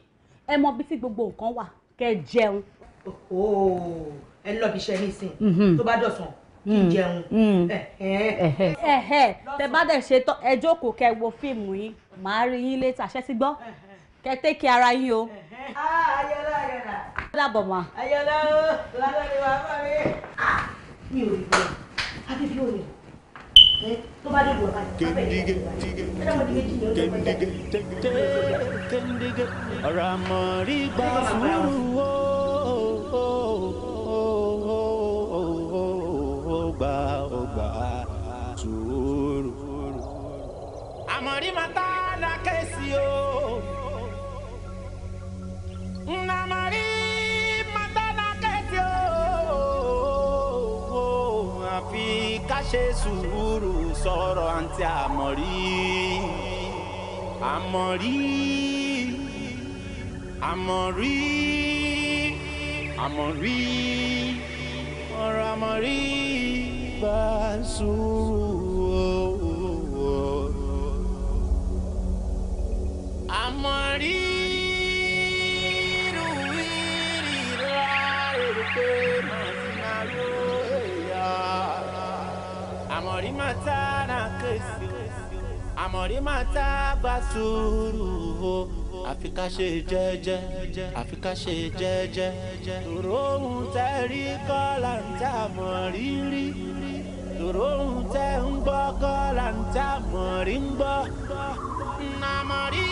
ẹ mọ bí tí gbogbo nǹkan wà kẹ́ jẹun. ẹ lọ bíṣẹ́ nísìnyí mhm. tó bá dọ̀sán kí n mhm. jẹun. Mhm. tẹ bá dẹ̀ ṣetán ẹ jókòó kẹ́ wo fíìmù yín màá rí yín létà ṣẹ́ ti gbọ́ kẹtẹkẹ ara yín o. ayọ̀lá ayọ̀lá. ó dàbọ̀ mọ́. ayọ̀lá o lọ́dọ̀ ni wàá bá mi. mi ò rí bẹ́ẹ̀ afẹ́fẹ́ ò ní tó bá dé ìwà báyìí abẹ́ ìwà báyìí ẹ̀dá mọ̀ ní méjì ni ó lè wọ́n bẹ́ẹ̀. kẹ́ndígẹ́ ọ̀rọ̀ àmọ́ rí gbà fúrú o gbà ó gbà sùúrù. àmọ̀rí máa tá a dákẹ́ sí o namari matana kẹsì ooo oh, oh, oh. àfi ká ṣe sùúrù sọ̀rọ̀ àǹtí àmọ̀rí àmọ̀rí àmọ̀rí àmọ̀rí ọ̀rọ̀ àmọ̀rí bá sùúrù àmọ̀rí. àmọ̀rí máa tá na kéésì àmọ̀rí máa tá gba sùúrù o àfi ká ṣe jẹ́jẹ́ àfi ká ṣe jẹ́jẹ́ tòró ohun tẹ́ rí kọ́là ń tà mọ̀ rírí tòró ohun tẹ́ ń gbọ́ kọ́là ń tà mọ̀ rí ń gbọ́ nàmọ̀rí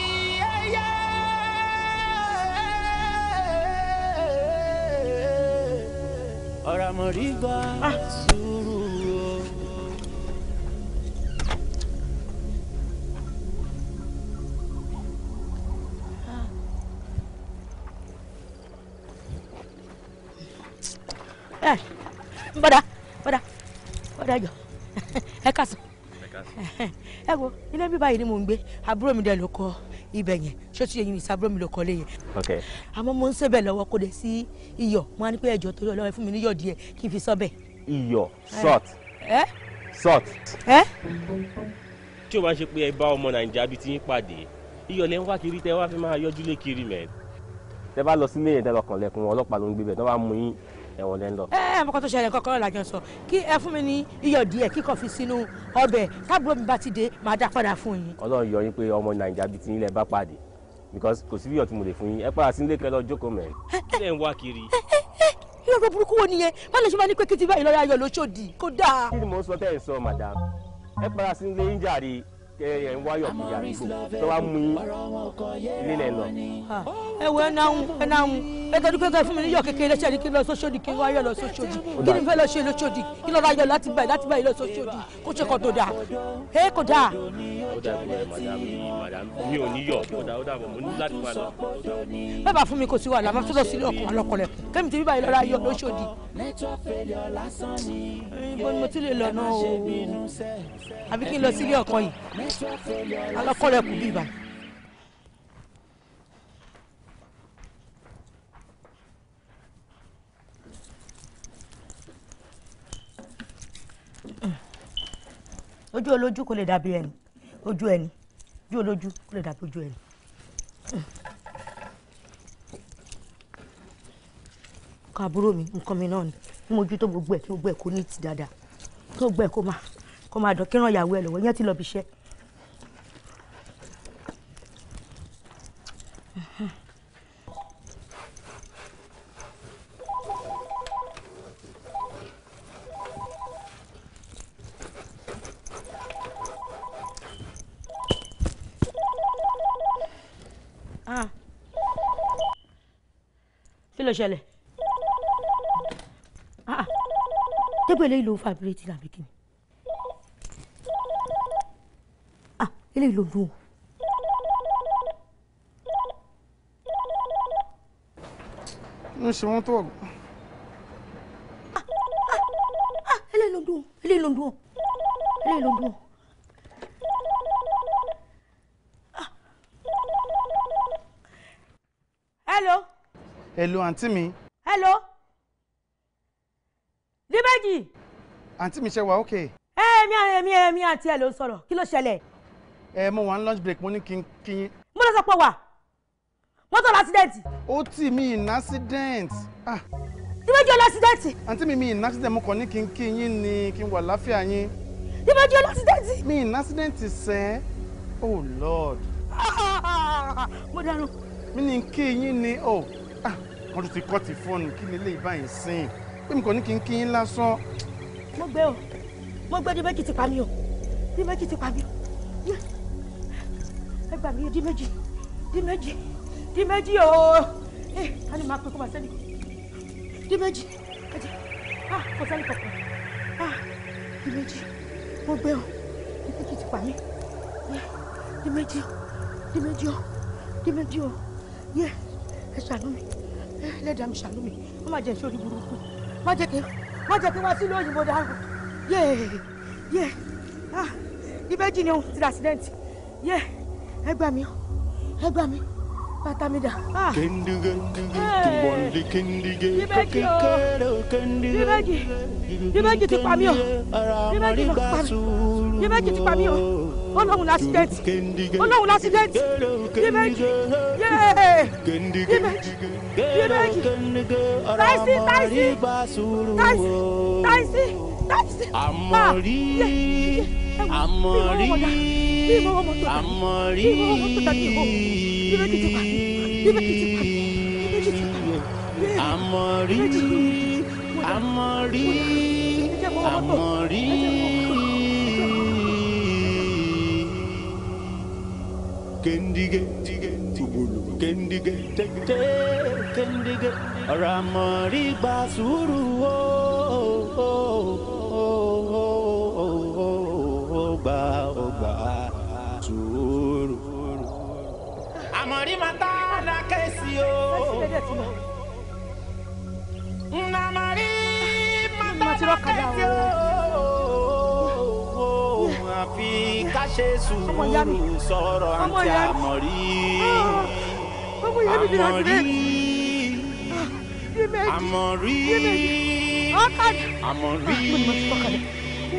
ẹ̀yẹ́. ọ̀rọ̀ àmọ̀rí gba ah. sùúrù o. Ah. Eh, bọ́dà bọ́dà bọ́dà jọ ẹ kà sọ ẹ wo ilé bíbá yìí ni mò ń gbé àbúrò mi dẹ̀ ló kọ́ ibẹ̀ yẹn ṣọ́ọ̀ṣì yẹn ní ìsàbúrò mi ló kọ́lé yẹn. àmọ́ mo ń sẹ́bẹ̀ lọ́wọ́ kó dé sí iyọ̀ mo á ní pé ẹ̀jọ̀ torí ọlọ́wọ́ fún mi níyọ̀ díẹ̀ kí n fi sọ́bẹ̀. iyọ̀ eh. salt. ẹ eh? salt. ẹ. Eh? tí o bá ṣe pé ẹ bá ọmọ nàìjíríà bíi ti ń pàdé iyọ̀ lẹ́ ń wá kiri tẹ́ wá fi máa yọjú lé kiri mẹ́. tẹ bá lọ sí yẹn tẹ ọlọ́pàá ló ń gbé bẹ̀ tọ́ bá mú yín ẹ wọlé ń lọ. ẹ ẹ mọ̀kàn tó ṣẹlẹ̀ kọ́kọ́rọ́ làjọ sọ kí ẹ fún mi ní iyọ̀ díẹ̀ kíkọ́ fi sínú ọbẹ̀ tábìlì mi bá ti dé máa dá padà fún yín. Ọlọ́run yọ yín pé ọmọ nàìjíríà bíi ti ilẹ̀ bá pàdé because kò sí iyọ̀ tí mo lè fún yín ẹ padà sí ilé kẹlọ jókòó mẹ́. kí lẹ ń wá kiri. irú ọ̀rọ̀ burúkú wo nìyẹn bá lè ṣe máa ní pé kí ti báyìí lọ́ọ́ ẹ ń wáyọ̀ bí tó wá mú ilé lọ. ẹ wo ẹ náà ẹ náà ẹ tọ́jú pé kẹ́ fún mi níyọ̀ kékeré ṣe kí n lọ sọ́sọ́dì kí n wáyọ̀ lọ sọ́sọ́dì kí ni fẹ́ lọ ṣe lọ́sọ́dì kí n lọ́ra yọ láti báyìí láti báyìí lọ sọ́sọ́dì kó ṣe kọ́ tó dáa ẹ kò dáa ó dàbọ̀ ẹ̀ fún mi kò sí wàhálà máa tún lọ sílé ọkàn alọ́kọlẹ̀ kẹ́mi tí bíbá yìí lọ́ra yọ lóṣòdì. ibo ni mo tún lè lọ náà o àbí kí n lọ sílé ọkàn yìí alọ́kọlẹ̀ kù bíbá. ojú olójú kò lè dàbí ẹni ojú ẹni ojú olójú kó lè dàbí ojú ẹni. nǹkan àbúrò mi nǹkan mi náà ni kí mo ojú tó gbogbo ẹ̀ kí gbogbo ẹ̀ kó ní ti dáadáa kí gbogbo ẹ̀ kó máa kó máa dán kí ìyàwó ẹ lọ́wọ́ ìyẹn ti lọ bí iṣẹ́ Ah. kí ló ṣẹlẹ̀ ah, ah. tébù eléyìí ló ń fa ìbúrẹ́tì làbí kí ni eléyìí ló ń dùn o. ń ṣe wọ́n tó ọ̀gọ́. eléyìí ló ń dùn o eléyìí ló ń dùn o eléyìí dùn hello. hello àǹtí mi. hello. díbẹ́jì. àǹtí mi ṣe wà ókè. ẹ mi èmi èmi àti ẹ ló ń sọ̀rọ̀ kí ló ṣẹlẹ̀. ẹ mo wà ní lunch break mo ní kí n kí yín. mo lọ sọ pé wà mọ́tò lásìdẹ́ǹtì. ó tì mí in accident. Ah díbẹ́jì ọlọ́sídẹ́ẹ̀tì. àǹtí mi mi in accident mo kàn ní kí n kí yín ni kí n wà láfíà yín. díbẹ́jì ọlọ́sídẹ́ẹ̀tì. mi in accident sẹ́ oh lord. mo dànù mi ní kí yín ni ọ ah, wọ́n tún ti kọ́ ti fọ́ọ̀nù kí ni ilé ìbáyìí sìn pé mi kò ní kí n kí yín lásán. mo gbé o mo gbé di méjì ti pa mí o di méjì ti pa mí o ẹ gbà mí di méjì di méjì di méjì o ẹ eh, ká ní máa pé kó máa sẹ́ni di méjì ẹ jẹ ah kò sẹ́ni kankan ah di méjì mo gbé o di méjì ti pa mí eh, di méjì di méjì o di méjì o yé ẹ ṣàánú mi ẹlẹ́dàá mi ṣàánú mi wọ́n máa jẹ́ ìṣòro burúkú má jẹ́ kí má jẹ́ kí wá sí lóyìn mo dárò yé yé ah ìbejì ni òun ti accident yé ẹ gbà mí ẹ gbà mí bàtà mi dà. kẹ́ndígẹ́ tùbọ̀nlé kẹ́ndígẹ́ kékeré kẹ́ndígẹ́. bíbẹ́jì bíbẹ́jì ti pa mí o bíbẹ́jì ti pa mí o bíbẹ́jì ti pa mí o. Yeah. olóhùn lásìdẹ́ǹtì olóhùn lásìdẹ́ǹtì yíméjì yéé yíméjì yíméjì táìsì táìsì táìsì táìsì táìsì. àmọ̀rí ah, àmọ̀rí àmọ̀rí àmọ̀rí àmọ̀rí àmọ̀rí. kendige gbogbo kendige tẹgidẹ kendige ọ̀rọ̀ àmọ̀rí gba sùúrù ó gbà ó gbà sùúrù. àmọ̀rí máa tá a dá kẹ́sì o. nnàmọ̀rí máa tá a dá kẹ́sì o àfi ká ṣe sùúrù sọ̀rọ̀ àǹtí àmọ̀rí ah, àmọ̀rí ah, àmọ̀rí àmọ̀rí ah,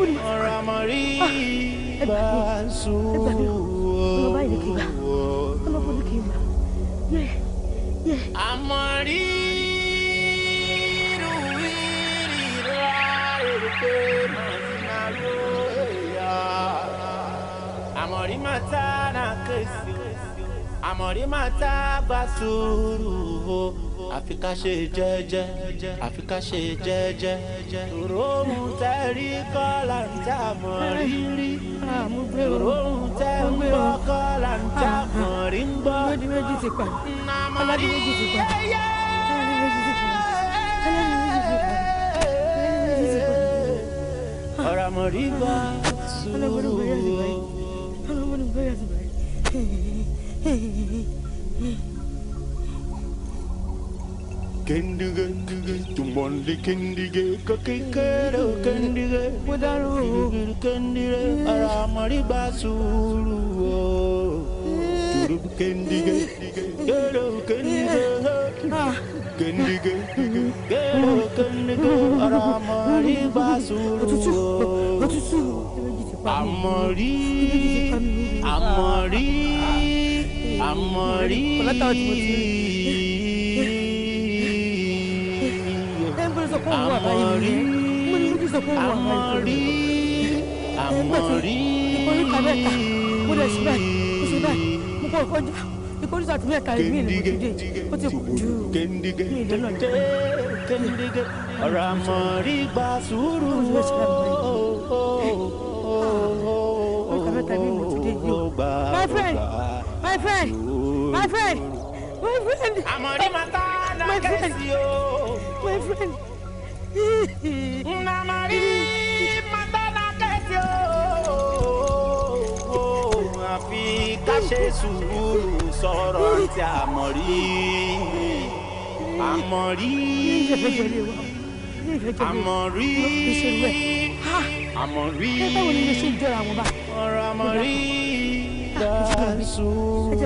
ọ̀rọ̀ àmọ̀rí gbà sùúrù. Àmọ̀rí rúwìrì rárá òkè màsínà lóò àmọ̀rí máa tá ara kèsì àmọ̀rí máa tá gba sùúrù o àfi ká ṣe jẹ́jẹ́ àfi ká ṣe jẹ́jẹ́ òróhùn tẹ́ rí kọ́là ń tà mọ̀ rírí òróhùn tẹ́ ń gbọ́ kọ́là ń tà mọ̀ rí ń gbọ́. ọlọ́dún méjì ti pa ọlọ́dún méjì ti pa ọlọ́dún méjì ti pa ọlọ́dún méjì ti pa ọ̀rọ̀ àmọ̀rí gba sùúrù o ni mo fẹ́ yà sí báyìí. kendige tumbonli kendige kakikero kendige mudaru kendire aramari basuru turub kendige kero kendige kendige kero kendige aramari àmọ̀rí àmọ̀rí. àmọ̀rí àmọ̀rí àmọ̀rí. ìkórè kàbẹ́ ta mo lè ṣe báyìí mo ṣe báyìí mo kọ́ ọjọ́ ìkórè sàtì mẹ́ta ìmí ìlú ìdíje ó ti kù jù mí ìlú náà jẹ́. ọ̀rọ̀ àmọ̀rí gba sùúrù. mo lè ṣe báyìí you my friend my friend my friend my friend my friend my friend. Namari matana kẹsì ooo àfi ká ṣe sùúrù sọ̀rọ̀ tí àmọ̀rí ọ̀rọ̀ àmọ̀rí dá sùúrù.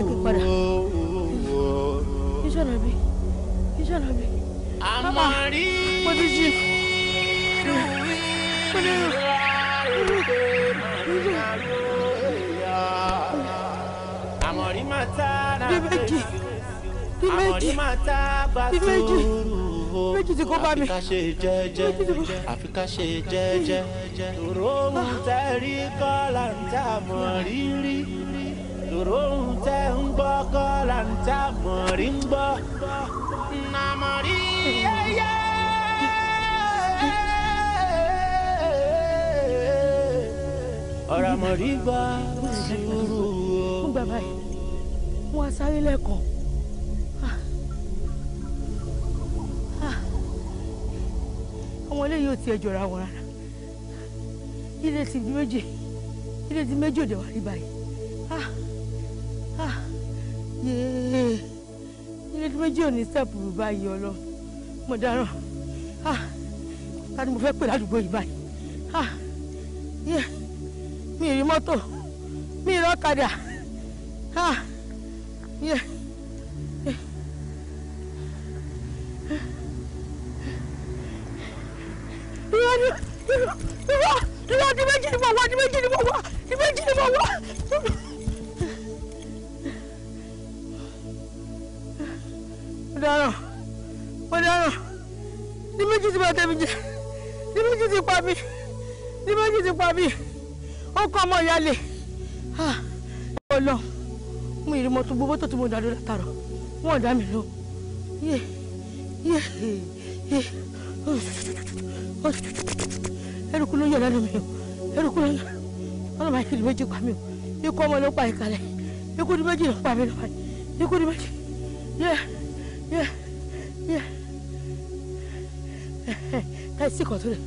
àmọ̀rí àmọ̀rí máa tá àmọ̀rí máa tá gbà sùúrù wo àfi ká ṣe jẹ́jẹ́ àfi ká ṣe jẹ́jẹ́ tòró ń tẹ́ rí kọ́là ń tà mọ̀ rírí tòró ń tẹ́ ń gbọ́ kọ́là ń tà mọ̀ rí ń gbọ́ nàmọ̀ rí ọ̀rọ̀ àmọ̀rí gba sùúrù o. gbà báyìí wọ́n á sáré lẹ́kọ̀ọ́. ọmọ eléyìí ò tiẹ̀ jọra wọn rárá ilé ti di méje ilé ti méje òde wà rí báyìí ah ah yéé ilé ti méje ò ní báyìí ọlọ mo dáràn ah ta mo fẹ́ pè ládùúgbò yìí báyìí ah yé mi ì rí mọ́tò mi ì rí ọ̀kadà ah yé. Yeah. mo dá lórí látàrọ wọn dá mi lọ yé yé yé ẹrùkú ló yẹ lẹ́nu mi o ẹrùkú ló yẹ wọn máa kiri méjì pa mi o ikú ọmọ ló pa ìkàlẹ̀ ikú ni méjì ló pa mi lọ ikú ni méjì yé yé yé ẹ ẹ sí kọtún rẹ.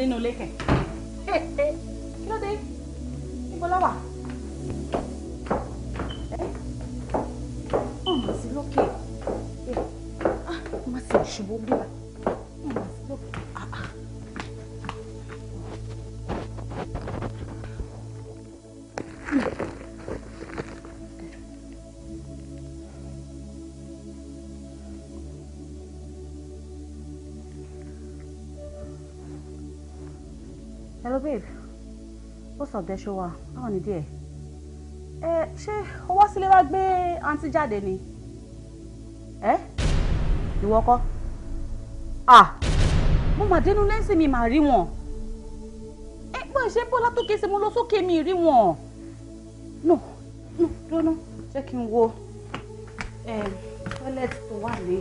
sínú ilé kẹ̀. babe what's up Deshowa báwo ni díẹ̀ ẹ ṣé o wá sílé wá gbé àǹtí jáde ni ẹ eh? ìwọ kọ́ ah mo mà dénú lẹ́sìn mi mà rí wọn ẹ pé ṣé bọ́lá tó ké sí mo lọ sókè mi rí wọn no no dúró jẹ́ kí n wo eh, toilet tó wà ní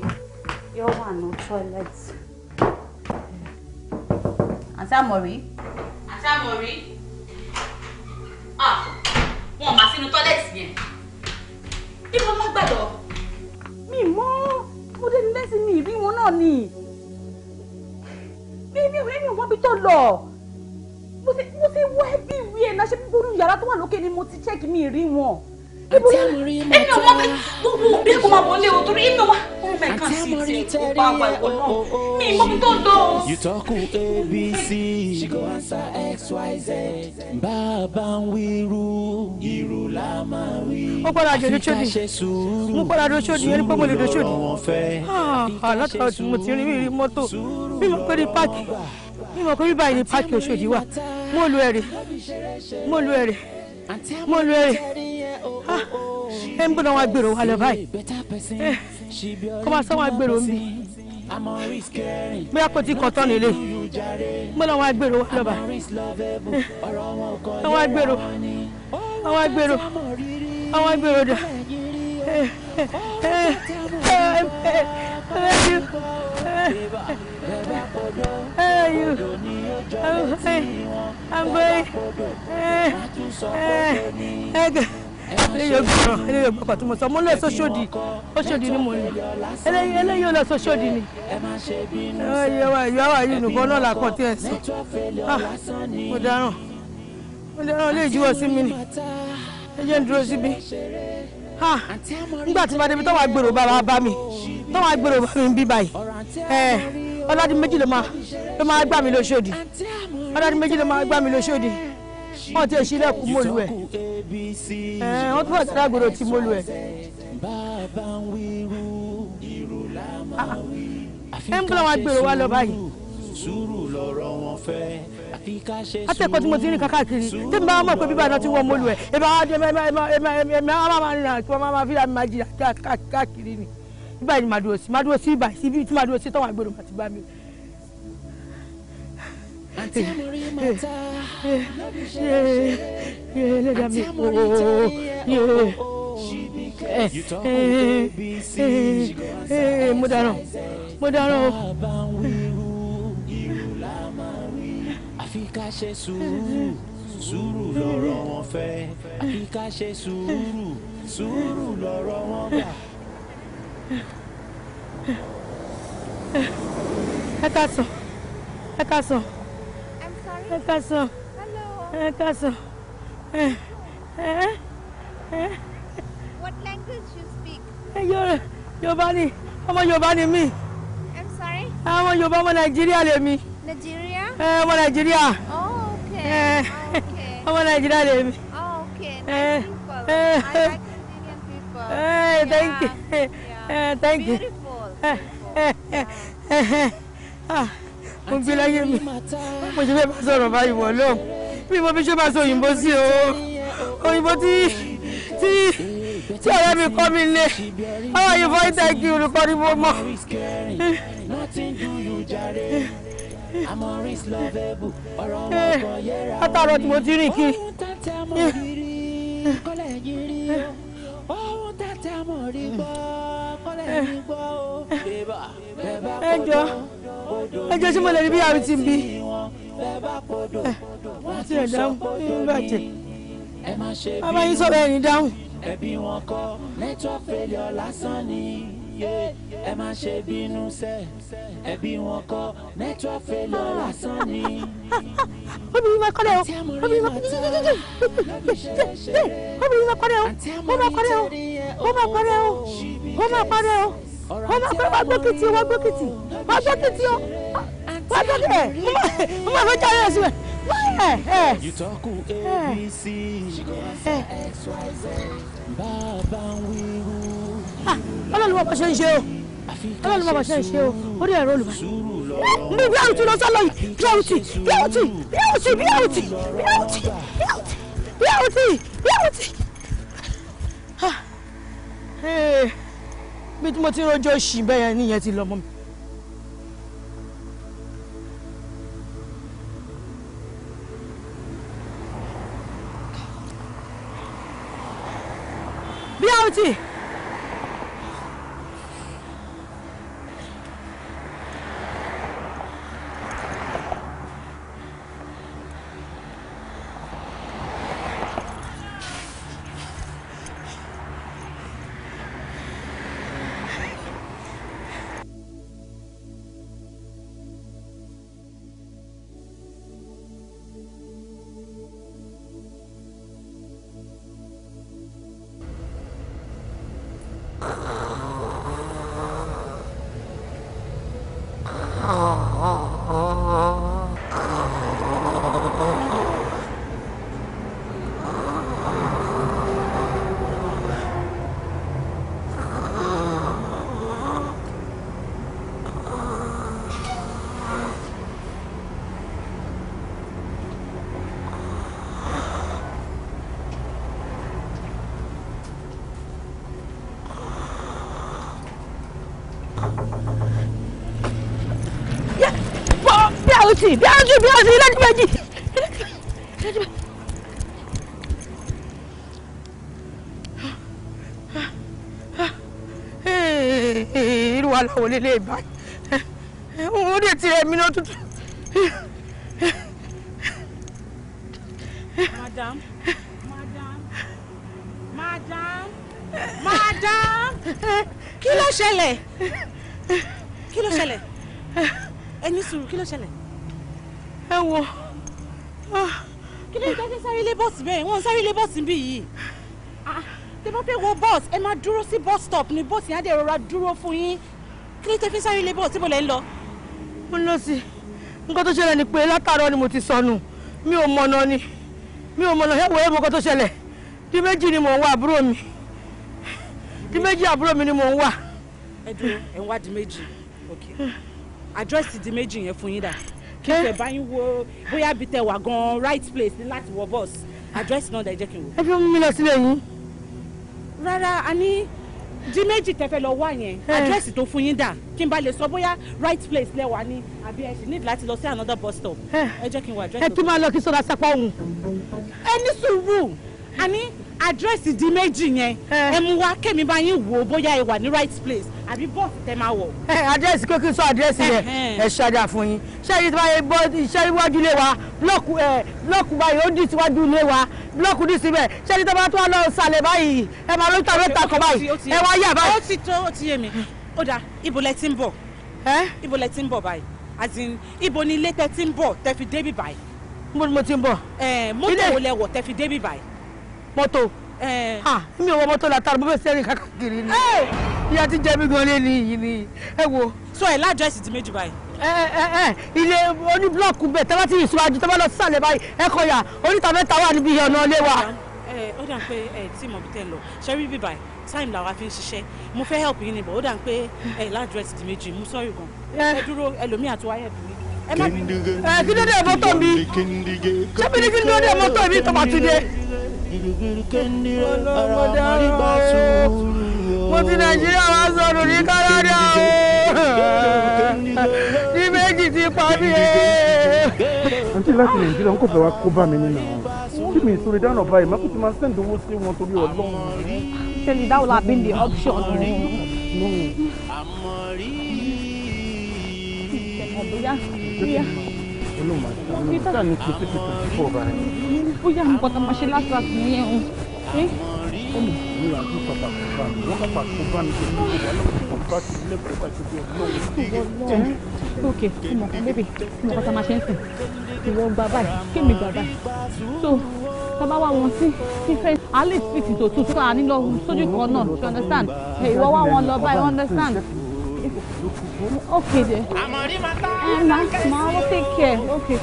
yọ wà ní toilet àǹtí àmọ̀rí. Dámọ̀rí wọn máa sínú tọ́lẹ̀tì yẹn ibo ló gbàdọ̀. mi mọ mo dé ní lẹ́sìn mi ìrí wọn náà ni mi mi rí mi wọ́n bí tó lọ mo ti wọ ẹbí rí ẹ̀ náà ṣe bí ború yàrá tó wà lókè ni mo ti check mi ìrí wọn àti àmọ̀rí máa tẹ́ wá. gbogbo òbí kò you talk abc she go answer xyz. bàbá ń wíru ìrù la máa wí. ó gbọ́dọ̀ àjò lóṣòdì mo gbọ́dọ̀ àjò lóṣòdì ẹni pé mo lè lóṣòdì. látọ̀ ah, ah, mo ti rí rí mọ́tò bí mo pé ní páàkì bí mo pé ní báyìí ní páàkì Òṣòdì wà mo lu ẹ̀rì mo lu ẹ̀rì mo lu ẹ̀rì ẹ ń gbọ́dọ̀ wá gbèrò wa lọ báyìí kó máa sọ wá gbèrò ń bì bí a kò ti kọ̀tọ́ nílé gbọ́dọ̀ wá gbèrò wa lọ báyìí àwọn agbèrò àwọn agbèrò àwọn agbèrò dà you. I'm, I'm, I'm going eléyìí ọgbọ̀n eléyìí ọgbọ̀n pàtó mo sọ mo lọ sọ́sọ́dì sọ́sọ́dì ni mo ní eléyìí eléyìí ó lọ sọ́sọ́dì ni ìyáwá yìí nìkan náà là kàn tí ẹ sùn ah, mo dáràn mo dáràn lè juwọ́ sí mi ni ẹ jẹ́ ń dúró síbi ah, nígbà tí bàdé mi tọ́wọ́ agbèrò bàbá bá mi tọ́wọ́ agbèrò bá mi bí báyìí eh, ọlọ́dún méjì ló máa gbà mí lóṣòdì ọlọ́dún méjì ló máa gbà mí lóṣòdì wọn ti ṣílẹ̀kùn mọ́lù ẹ̀ ẹ̀ wọ́n tún bá tẹ̀lé àgbèrò tí mọ́lù ẹ̀. ẹ ń bọ́lá wọn gbèrò wa lọ báyìí. sùúrù lọ̀rọ̀ wọn fẹ́ àfi ká ṣe sùúrù. àtẹ̀kọ́ tí mo ti rìn kákàkiri tí mo bá mọ̀ pé bíbá náà ti wọ mọ́lù ẹ̀ ẹ̀ bá wà á dé ẹ̀ máa máa rìnrìn àti wọn máa fi àmì máa jìyà káàkiri ni bíbá yìí màdùrọ̀ sí màdùrọ̀ sí ibà sí ibi tí màdùrọ̀ sí tọ́wọ́ àgbèrò màtí bá mi àti àmọ̀rí màtá lábì ṣe é ṣe é àti àmọ̀rí torí ẹ̀ ọ̀ọ́ mo dáràn mo dáràn o. Oh. àfi ká ṣe sùúrù sùúrù lọ́rọ̀ wọn fẹ́ àfi ká ṣe sùúrù sùúrù lọ́rọ̀ wọn gbà. ẹ ká sọ ẹ ká sọ ẹ Hello. ẹ What language you speak? Yorùbá ni ọmọ Yorùbá ni mí. I'm sorry. ọmọ Yorùbá ọmọ Nàìjíríà lèmi. Nàìjíríà. ẹ ọmọ Nàìjíríà. Oh okay. ẹ ọmọ Nàìjíríà mi. Oh okay. Nice people. I like Nigerian people. Hey, thank you. Yeah. thank you. Beautiful. Beautiful. mo gbé láyé mi mo ṣe fẹ́ bá sọ̀rọ̀ báyìí wọ̀ lọ́ọ̀ bí mo fi ṣe bá sọ òyìnbó sí o òyìnbó tí tí tí ọ̀rẹ́ mi kọ́ mi lé ọ̀rọ̀ yìí fọ́ ìtẹ́kì olùkọ́ ni mo mọ̀. látàrọ tí mo ti rìn kí. ẹ jọ ẹ jẹ́ sí mo lè rí bí àrùn ti ń bí ẹ ti ẹ̀ dáhùn ní bàjẹ́ bàbá yín sọ̀rọ̀ ẹ̀yìn dáhùn. ẹbí wọn kọ network failure lásán ni ẹ má ṣe bínú sẹ ẹbí wọn kọ network failure lásán ni. obìnrin máa kọ́lẹ̀ o obìnrin máa kọ́lẹ̀ o obìnrin máa kọ́lẹ̀ o ó máa kọ́lẹ̀ o ó máa kọ́lẹ̀ o ó máa kọ́lẹ̀ o ó máa kọ́lẹ̀ wá gbókìtì wá gbókìtì wá gbókìtì o wá dọ́dọ̀ ẹ̀ mo máa lọ jáde ẹ̀sìn rẹ̀ wáyà ẹ̀. ìtọ́kù abc bàbá ń wíru. ọlọ́run mọ̀ bá ṣe ń ṣe o ọlọ́run mọ̀ bá ṣe ń ṣe o orí ẹ̀rọ olùbá. mo bí àwùjọ lọ sọ́lọ́ yìí bí àwùjọ bí àwùjọ bí àwùjọ bí àwùjọ bí àwùjọ bí àwùjọ bí àwùjọ. Ah. Eh. bí mo ti rojọ́ ṣì bẹ́ẹ̀ yẹn nìyẹn ti lọ́mọ mi. 对。sí bí a sí bí a sí lẹ́nu méjì. irú wa làwọn olè lè bá ti ẹ̀mí náà tútù. madam madam madam madam kí ló ṣẹlẹ̀. wọlé bọ́ọ̀sì bí yìí ah, tẹ bá fẹ́ wo bọ́ọ̀sì ẹ máa dúró sí bus stop ní bọ́ọ̀sì yẹn á dẹ̀ rọra dúró fún yín kí ni tẹ fi sáré lé bọ́ọ̀sì bọ́ọ̀lẹ́ ń lọ. mo ń lọ sí i nǹkan tó ṣẹlẹ̀ ni pé látàárọ̀ ni mo ti sọnù mi ò mọ̀nà ni mi ò mọ̀nà ẹ̀wọ̀ ẹ̀wọ̀ nǹkan tó ṣẹlẹ̀ di méjì ni mò ń wá àbúrò mi di méjì àbúrò mi ni mò ń wá. ẹ dúró ẹ ń wá di méjì okay àdírẹ́sì di méjì yẹn fún yín dà kí eh? ẹ bá yín wo bóyá bí tẹ wà gan right place ní láti wọ bọ́ọ̀sì àdírẹ́sì náà dẹ̀ jẹ́ kí n wò. ẹ fi mú mi lọ sílé yín. rárá a ní jí méjì tẹ́fẹ́ lọ wá yẹn àdírẹ́sì eh. tó fún yín dà kí n bá lè sọ bóyá right place lẹ́wà ni àbí ẹ need láti lọ sí another bus stop eh. ẹ jẹ́ kí n wò àdírẹ́sì. ẹ tún máa lọ kí sọ́dọ̀ sápá òun. ẹ ní sùúrù a ní àdírẹ́sì di méjì yẹn eh. ẹ mú wá kẹ́mi bá yín wò ó bóyá ẹ wà ní right place àbí bọ́ọ̀sì tẹ máa wọ̀. ẹ eh, àdírẹ́sì kí o kí n sọ àdírẹ́sì yẹn eh, ẹ ṣáájà fún yín ṣáájú tí wọ́n yẹ bọ́ iṣẹ́ iwájú ilé wa blọ́ọ̀kù ẹ blọ́ọ̀kù báyìí ó dì síwájú ilé wa blọ́ọ̀kù dì síbẹ̀ ṣáájú tí wọ́n tó wá lọ sàlẹ̀ báyìí ẹ máa lóta mẹ́ta kọ báyìí ẹ wá yà báyìí. ó ti tó ó ti yé mi ó dà ibo ti ń bọ̀ ibo ti ń bọ̀ báyìí as in ibo ni ilé tẹ ti ń bọ̀ tẹ fi débì báyìí. mo ti ń bọ̀. ẹ mọ́tò wo lẹ wọ̀ tẹ fi débì báyìí mọ́tò mi ò wọ mọ́tò látara bó bẹ́ẹ̀ sẹ́rìn káàkiri ni ìyá ti jẹ́ mi gan lé ní yìí ni ẹ wo. so ẹ lájọ ẹsìn ti méjì báyìí. ẹ ẹ ẹ ilé oní blọọkù bẹ́ẹ̀ tẹ ti ìṣúwájú tẹ bá lọ sísàlẹ̀ báyìí ẹ kọyà oníta mẹ́ta wà níbi ọ̀nà ilé ó dà pé ẹ tí mo bí tẹ lọ ṣe rí bíbá time làwa fi ń ṣiṣẹ́ mo fẹ́ help yín ni ó dà pé ẹ lájọ ẹsìn ti méjì mú sọ́ọ̀rì gan ẹ dúró ẹlòmíà tó wáyé ẹ̀bùn mi kí ló dé mọ́tò mi ṣé bí ní kí ló dé mọ́tò mi tó bá ti dé gírígírí kéde ara mọ̀rí gbà sùúrù. mo ti nàìjíríà wá sọnù ní kánádà o ní méjì ti pa mí o. E. àǹtí láti nàìjíríà ń kò fẹ́ wá kó bá mi nínú àwọn kí mi ìtòrí dáná báyìí má máa send owó sí wọn torí ọlọ́run. ṣèlú that would have been the option. No. Yeah ló máa ṣe àwọn ìtàdà ní kí títí tó fọ́ ọba rẹ̀. bóyá nǹkan tá a máa ṣe láti láti ní ẹ̀hún. ó lè ní àti pàpà kó bá mi wọ́n pàpà kó bá mi pẹ̀lú ìwà lọ́wọ́ tó bá ti lé pẹ̀lú àti bí ọlọ́run. ok mo bébè mo kọ́ tá a máa ṣe ń sìn ìwọ gba báyìí kémi so tọ́ba wá wọn alice fit tó tún sáà nílọ sójú kan náà you understand ìwọ wá wọn lọ báyìí understand. Okay then. Emma, ma will take care. Okay.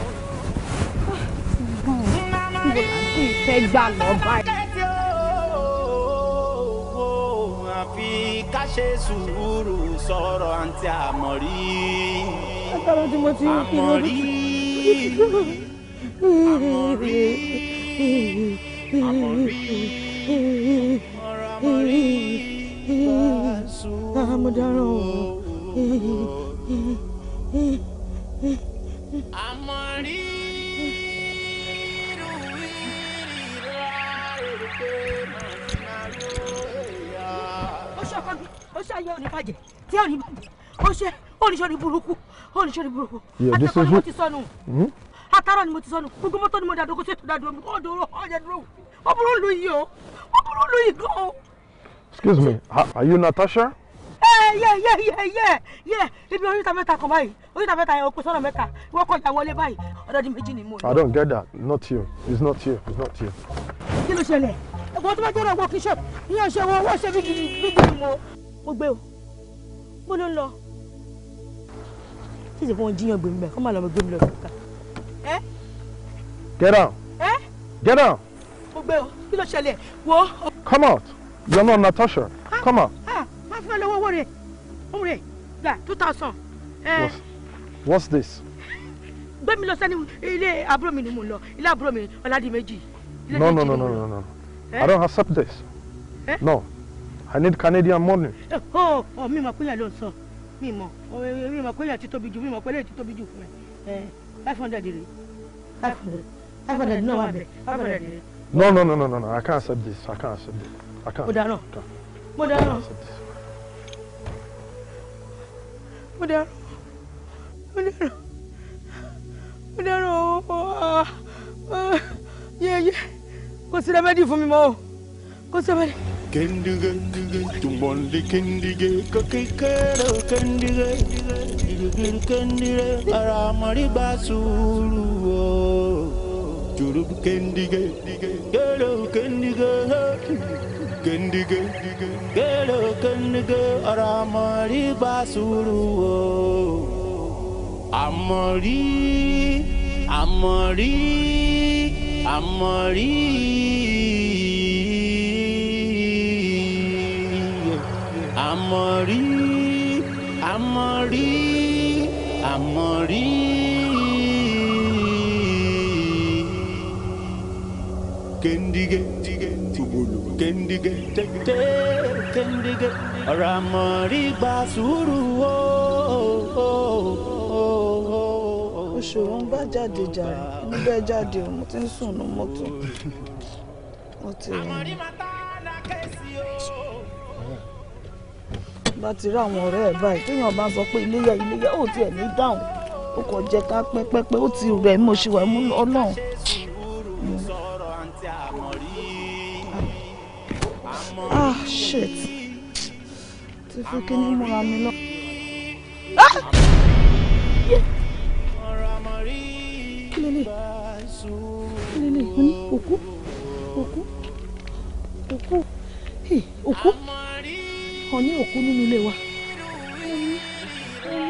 Ìfẹ́ gbà lọ báyìí. Àfi ká ṣe sùúrù sọ̀rọ̀ àǹtí àmọ̀rí. Àtàlọ́ tí mo ti ń kí lórí. Àmọ̀rí. Àmọ̀rí. Àmọ̀rí. Àmọ̀rí. Àmọ̀rí. Àmọ̀rí. Àmọ̀rí oníṣòrí ni mo ti sọnù gbogbo mọ́tò ni mo dàdúró kó ṣètò dàdúró mi kó dòrò ọjà dúró ó burú lu yìí o ó burú lu yìí gan o. excuse me are you Natasha yẹ yẹ yẹ yẹ yẹ ibi oríta mẹ́ta kan báyìí oríta mẹ́ta yẹn o pèsè ọ̀nà mẹ́ta ìwọ kọjá wọlé báyìí ọ̀dọ́dún méjì ni mo. I don't get that not here it's not here it's not here. kí ló ṣẹlẹ̀ ẹ̀gbọ́n tó bá jẹ́ ọ̀gbọ́n kí ṣọ́ọ̀bù ìyẹn ṣe wọ́n wọ́n ṣe bí gidi mo mo gbé o mo ló ń lọ. ṣèṣe fún wọn jíyàn gbèmí bẹ́ẹ̀ kọ́ máa lọ gbèmí lọ síta. Get down. Eh? Get down. Mo gbé o, kí ló ṣẹlẹ̀? Wo. Come out. You're not Natasha. Ah. Come out. Ah wá fún ẹ lọ́wọ́ owó rẹ owó what's this. gbé mi lọ sẹ́ni ilé mi ni mò ń lọ ilé àbúrò mi Ọládìméjì. no no no no no no eh? I don't accept this eh? no I need Canadian money. ọ ọ mi mọ̀ pé yẹn ló ń sọ mi mọ̀ mi mọ̀ pé yẹn ti tóbi jù mi mọ̀ pé yẹn ti tóbi jù fún ẹ five hundred rẹ. five hundred five hundred náà wà bẹ no no no no no I can't accept this I can't accept this I can't. mo dáná mo dáná mo dárò mo dárò mo dárò yeye kò sí rẹmẹdì fún mi mọ́ o kò sí rẹmẹdì. kẹ́ndígẹ́ tùmọ̀lì kẹ́ndígẹ́ kékeré kẹ́ndígẹ́ kẹ́ndígẹ́ ara mọ̀rí bá sùúrù o jùrù kẹ́ndígẹ́ kẹ́ndígẹ́ kẹ́ndígẹ́ gendige gero gendige ọ̀rọ̀ àmọ̀rí gba sùúrù o àmọ̀rí àmọ̀rí àmọ̀rí. àmọ̀rí àmọ̀rí àmọ̀rí. gendige tẹ́gídígẹ́ tẹ́gídígẹ́ ọ̀rọ̀ àmọ̀rí gba sùúrù o. oṣù òun bá jáde jàre níbẹ̀ jáde mo ti ń sùn ní mọ́tò mo ti rìn bá ti rí àwọn ọ̀rẹ́ ẹ̀ báyìí téèyàn bá ń sọ pé iléyà iléyà ó tiẹ̀ ní dáhùn ó kàn jẹ́ ká pẹ́pẹ́pẹ́ ó ti rẹ̀ mo ṣe wà mú ọlọ́run. Ah, shit. Ti fucking kíní múra mi lọ. Kí lélẹ̀? Kí lélẹ̀? Mo ní òkú? Òkú? Òkú? Òkú? Ọ̀ ní òkú nínú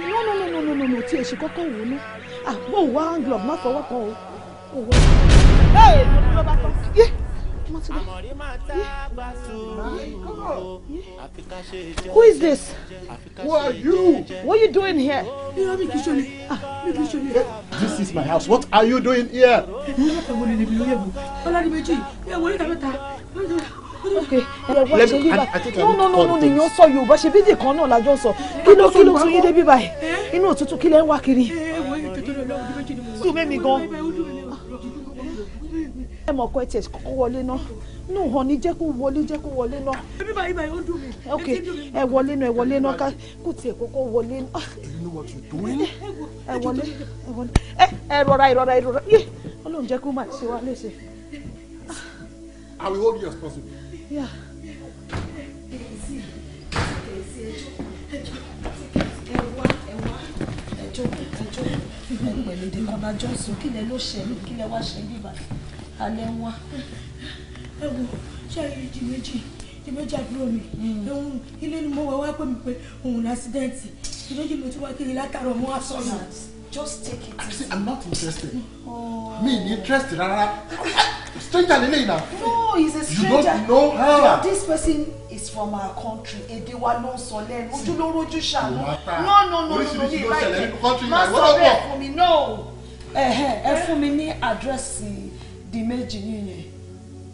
no, no, No, no, no, no, no, no, no, tí èsì kọ́kọ́ wò ó ná. Àbọ̀ ah, wá hand glove má fọwọ́ kan o. Òwò. Ẹ̀ ẹ̀ ló bá tọ́. Who is this? Who are you? What are you doing here? Ah, this is my house. What are you doing here? Okay. Let me, I, I think no, no, no, no, nìyẹn sọ Yorùbá ṣe bí nìkan náà lájọ sọ. Kí ló kí ló tún yín débi báyìí? Inú òtútù kí lẹ ń wá kiri? Sùn mẹ́mi gan ẹ mọ̀ ọkọ ẹ tiẹ̀ kọ́kọ́ wọlé náà nù hàn ní jẹ́ kó wọlé jẹ́ kó wọlé náà. ẹbí báyìí báyìí ó dùn mí. ok ẹ wọlé náà ẹ wọlé náà ká kó tiẹ̀ kọ́kọ́ wọlé náà. ẹ wọlé ẹ wọlé ẹ rọra ìrọra ìrọra yé ọlọ́run jẹ́ kó máa ṣe wá léṣe. I will hold you as responsible. Yeah. ẹjọ́ ẹjọ́ ẹgbẹ̀lódé kan bá jọ́sùn kílẹ̀ ló ṣẹlẹ̀ kílẹ̀ wá ṣẹlẹ̀ báyìí alẹ́ ń ẹ wo ṣé ẹ rí jìméjì jìméjì àbúrò mi hmm. ẹ̀hún ilé ni mo wá wá pè mí pé òun ní àṣídẹ́ǹtì jìméjì mo ti wá kiri látàrọ̀ mọ́ aṣọ mi. just take it easy. i'm not interested. Oh. me ni interest rárá. stranger lele yìí na. no he's a stranger. you don't know her. Yeah, this person is from our country. èdè wa ló ń sọ lẹ́nu ojúlówó ojú ṣàánú. no no no no no mi láì kẹ́ máa sọ bẹ́ẹ̀ fún mi no. ẹ fún mi ní àdírẹ́sì di méjì yìnyín.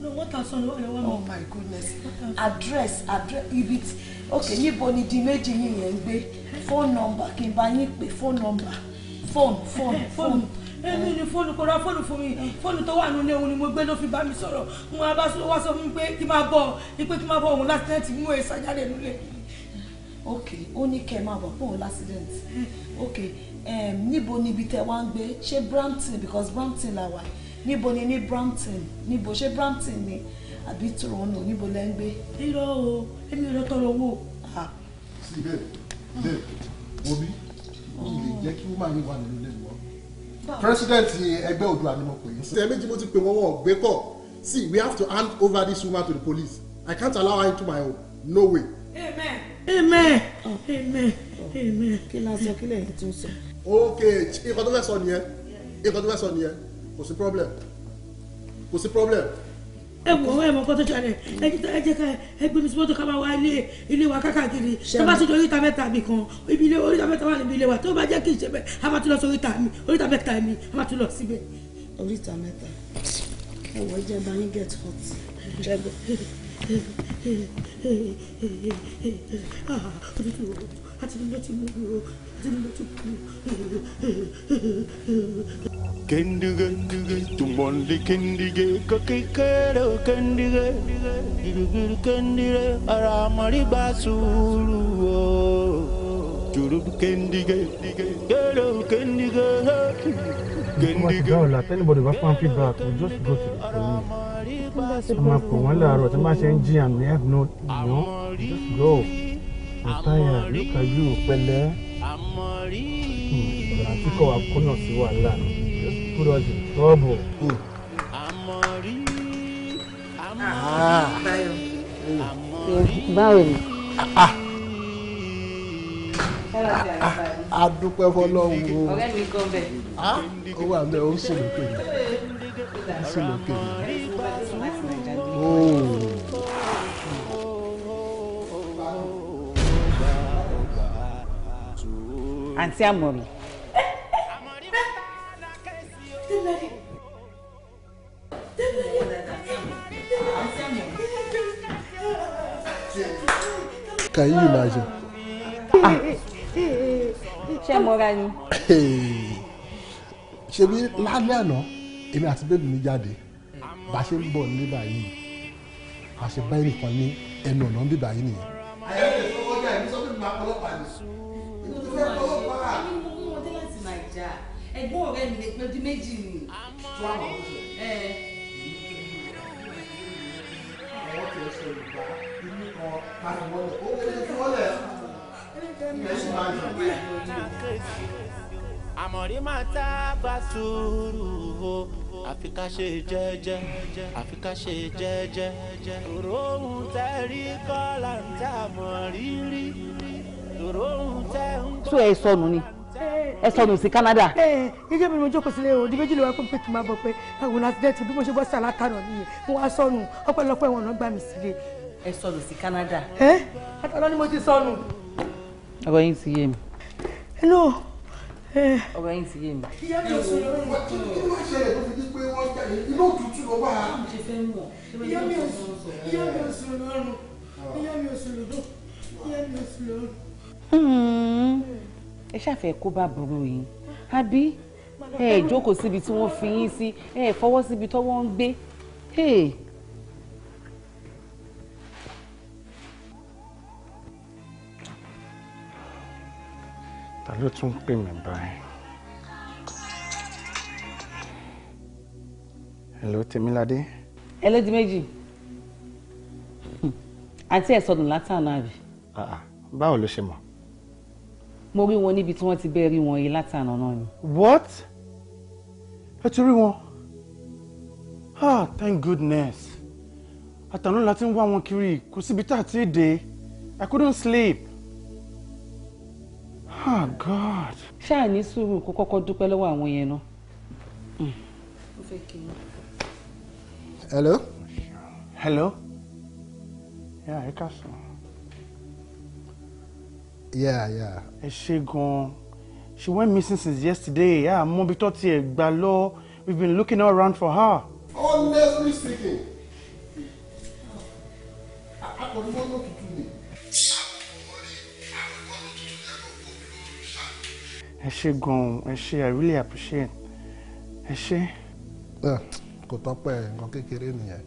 no what are some lọ́wọ́ lọ́wọ́ mi. oh my goodness address address ibi tí okay, níbo ni di méjì yìnyín ń gbé phone number kí n bá yín pè phone number phone phone eh, phone èmi eh, ni fóònù kò ra fóònù fún mi fóònù mm. tó wà nínú ewu ni mo gbé ló fi bá mi sọ̀rọ̀ wọn a bá wá sọ fún mi pé kí máa bọ̀ ipe kí máa bọ̀ òun lásìdẹ́ǹtì mú èsà jáde nílé. ok ó ní kẹ́ ẹ máa bọ̀ fún òun lásìdẹ́ǹtì mm. ok um, níbo níbi tẹ́ wá ń gbé ṣé Brampton because Brampton la wà yìí níbo ni ní Brampton níbo ṣé Brampton ni àbí Toronto níbo lẹ́ ń gbé. irọ́ o èmi ò lọ tọrọ owó. sí bẹ́ẹ̀ bẹ́ẹ̀ bí o lè jẹ́ kí woman wà nínú ilé wọn. president ẹgbẹ́ Oòduà ni mo pè é. ṣe méjì mo ti pè wọ́n wọ́n gbé kọ́ see we have to hand over this woman to the police I can't allow her into my home no way. amen amen oh. amen amen. kí ló ń sọ kí lè tún sọ. ok nǹkan sọ nìyẹn nǹkan sọ nìyẹn kò sí problem kò sí problem. ẹ wò ẹ mọ nǹkan tó ṣẹlẹ̀ ẹ jẹ ká ẹ gbé mi sí mọ́tò ká wá ilé ilé wa kákàkiri tó bá sọjọ oríta mẹ́ta mi kan ibi ilé oríta mẹ́ta wà níbi ilé wa tó bá jẹ kí n ṣe bẹ a máa tún lọ sí oríta mi oríta mẹ́ta mi a máa tún lọ síbẹ̀. oríta mẹ́ta ẹ wọ jẹ bá get hot jẹ ah òtútù àti ló kendige tumbondi kendige kakikero kendige girugir kendire aramari basuru jurub kendige kero kendige kendige if anybody wants fan feedback we just go to the phone i'm up for one hour i'm not saying g and we have no you know just go i'm tired look at you pẹ̀lẹ́ àti kọ́ wa kúnà sí wàhálà put us in trouble. Ah, báwo ni. Ah, ah. a dúpẹ́ fọlọ́run o ọ̀rẹ́ mi gan bẹ́ẹ̀. ó wà bẹ́ẹ̀ ó sùn lókè mi ó sùn lókè mi. àǹtí àmọ̀rí. Can you imagine? Ah. ṣé mọ́ra ni. ṣebí lálẹ́ àná èmi àti bébì mi jáde bá a ṣe ń bọ̀ ní báyìí a ṣe bá ẹnìkan ní ẹnu ọ̀nà bíbá yìí nìyẹn. àyẹ̀wò ìfowópamọ́ ìbísọ́bí mi máa ń pọlọ́pàá ni fẹ́ kọ́wọ́ pa. ẹni mo mú wọn dé láti nàìjà ẹ̀gbọ́n ọ̀rẹ́ mi lè pẹ́ di méjì ni. tó àwọn ọ̀sẹ̀. ẹ àwọn tí ó ṣe ìgbà inú kan pariwo wọlé ó wọlé tí wọlé ilẹ̀ ṣì máa yọ. àmọ̀rí máa tá bá sùúrù o àfi ká ṣe jẹ́jẹ́ àfi ká ṣe jẹ́jẹ́ òróhùn tẹ́rí kọ́ ń tà mọ́ rírì so ẹ sọnù ni ẹ sọnù sí Canada. ẹ mi ni mo jókòó sílé o dìbẹ́jì lè wá pé kí n máa bọ̀ pé àwọn accident bí mo ṣe bọ́ sí alátàrọ̀ nìyẹn mo wá sọnù ọpẹ́lọpẹ́ wọn náà gbà mí sílé. ẹ sọnù sí Canada. ẹ àtàlọ́ ni mo ti sọnù. ọ̀rọ̀ yín ti yé mi. inú ọ̀rọ̀ yín ti yé mi. ìyá mi ò sọ lórí ìwà tó ní wọ́n ṣẹlẹ̀ ìyá mi ò sọ lórí ìyá mi ò sọ lórí ìyá mi ò sọ lórí Hmm. ẹ ṣàfẹ́ kó bá burú yín àbí ẹ jókòó síbi tí wọ́n fi yín sí ẹ fọwọ́ síbi tọ́wọ́ ń gbé. ta ló tún pè mí báyìí. hello Tèmiládé. ẹlẹ́dì méjì àǹtí ẹ̀ sọnù látàánú àbí. Ah, ah. báwo ló ṣe mọ̀ mo rí wọn níbi tí wọ́n ti bẹ́ẹ̀ rí wọn yìí látànà náà ni. what ẹ ti rí wọn ah thank goodness àtànà la ti ń wá wọn kiri kò síbi tá a ti dé i couldn't sleep ah god. ṣáà ní sùúrù kó kọ́kọ́ dúpẹ́ lọ́wọ́ àwọn yẹn náà. hello. hello. Yeah, á rí ká yeah yeah. ẹ ṣe gan she went missing since yesterday ah mo bi tó tiẹ̀ gbà lọ we've been looking all around for her. honestly speaking akọni mo lọ tutù ni. ẹ ṣe gan-an ẹ ṣe i really appreciate ẹ ṣe. Ah, kò tọ́pẹ́ nǹkan kékeré nìyẹn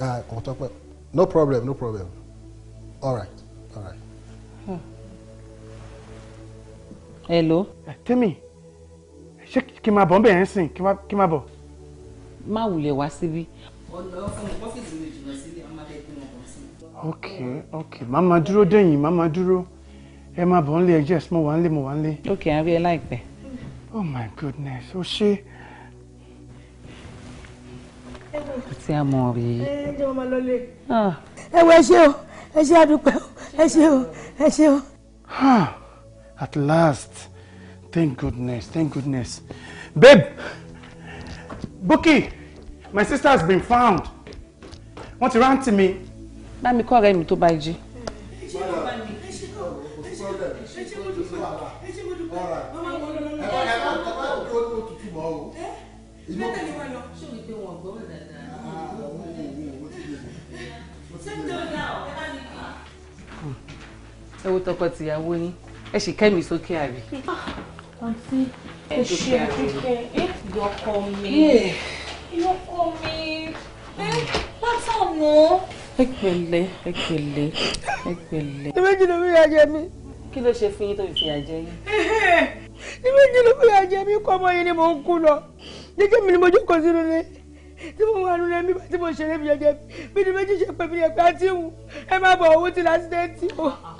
ah, kò tọ́pẹ́ no problem no problem all right all right. Hmm. Hello. Eh, Tẹ́mi, ṣé kí n máa bọ̀ ń bẹ̀ yẹn sìn kí n máa bọ̀? Má wulẹ̀ wá síbí. Ọ̀nà ọkọ mi pọ́fíìsì mi jùlọ sílé, a máa fẹ́ kí wọ́n bọ̀ sí. Ok, ok, màá máa dúró dẹ̀yìn, màá máa dúró. Ẹ máa bọ̀ ń lé ẹjẹ́ mo wà ń lé mo wà ń lé. Ok, à ń rí ẹ láìpẹ́. Oh my goodness, ó ṣe. Kò tí a mọ̀ rí. Ẹ jẹ́ wọn máa lọ lé. Ah. Ẹ wọ ẹ ṣé o ẹ ṣe àdúpẹ́ o ẹ ṣe o ẹ ṣe o. at last thank goodness thank goodness babe Buki my sister has been found wọ́n ti rántí mi. bá mi kọ́ ọ̀rẹ́ mi tó bá jí. ìlú ẹ wo tọkọ-tìyàwó yín ẹ sì kẹ́mi sókè àrí. Ah, àǹtí ẹ ṣe àdúkẹ́ ẹ eh, yọkọ mi yọkọ mi ẹ eh, látànà. ẹ pẹ̀lẹ́ ẹ pẹ̀lẹ́ ẹ pẹ̀lẹ́. ìbejì ló fi àjẹ mi. kí ló ṣe fún yín tó fi fi àjẹ yín. ìbejì ló fi àjẹ mi kọ́ ọmọ yìí ni mò ń kú lọ jẹ́jẹ́ mi ni mo jókòó sínú ilé tí mo wà nínú ẹmí tí mo ṣeré mi jẹjẹ bí ni méjì ṣe pè mí yẹn pé àti ìwù ẹ má bọ̀ owó ti lásìdẹ́ǹtì o. Ah,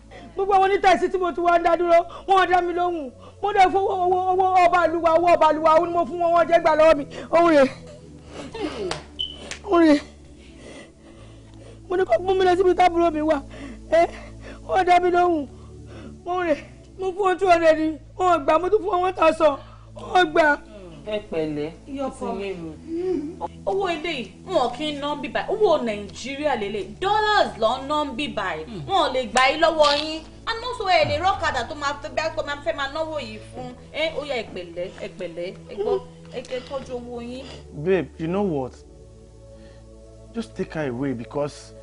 gbogbo àwọn onítàìsí tí mo ti wá ń dá dúró wọn dá mi lóhùn mo dẹ̀ fún owó owó ọba àlùwà owó ọba àlùwà ó ní mo fún wọn wọn jẹ́ gbà lọ́wọ́ mi òun rè òun rè mo ní kó mú mi lọ síbi tábúrò mi wà ẹ wọn dá mi lóhùn òun rè mo fún wọn two hundred ni wọn gbà mo tún fún wọn one thousand wọn gbà ẹ pẹ̀lẹ́ ìyọkọ mi owó ilé yìí wọn kì í ná ń bíbà owó nàìjíríà lélẹ̀ dollars ló ń ná ń bíbà ẹ̀ wọn ò lè gbà yín lọ́wọ́ yín anọ́sọ ẹ̀ lè rọ́kadà tó máa fẹ́ bá tó máa fẹ́ máa náwó yìí fún ẹ ó yá ẹ pẹ̀lẹ́ ẹ pẹ̀lẹ́ ẹ gbọ́ tọ́jú owó yín. babe you know what just take her away because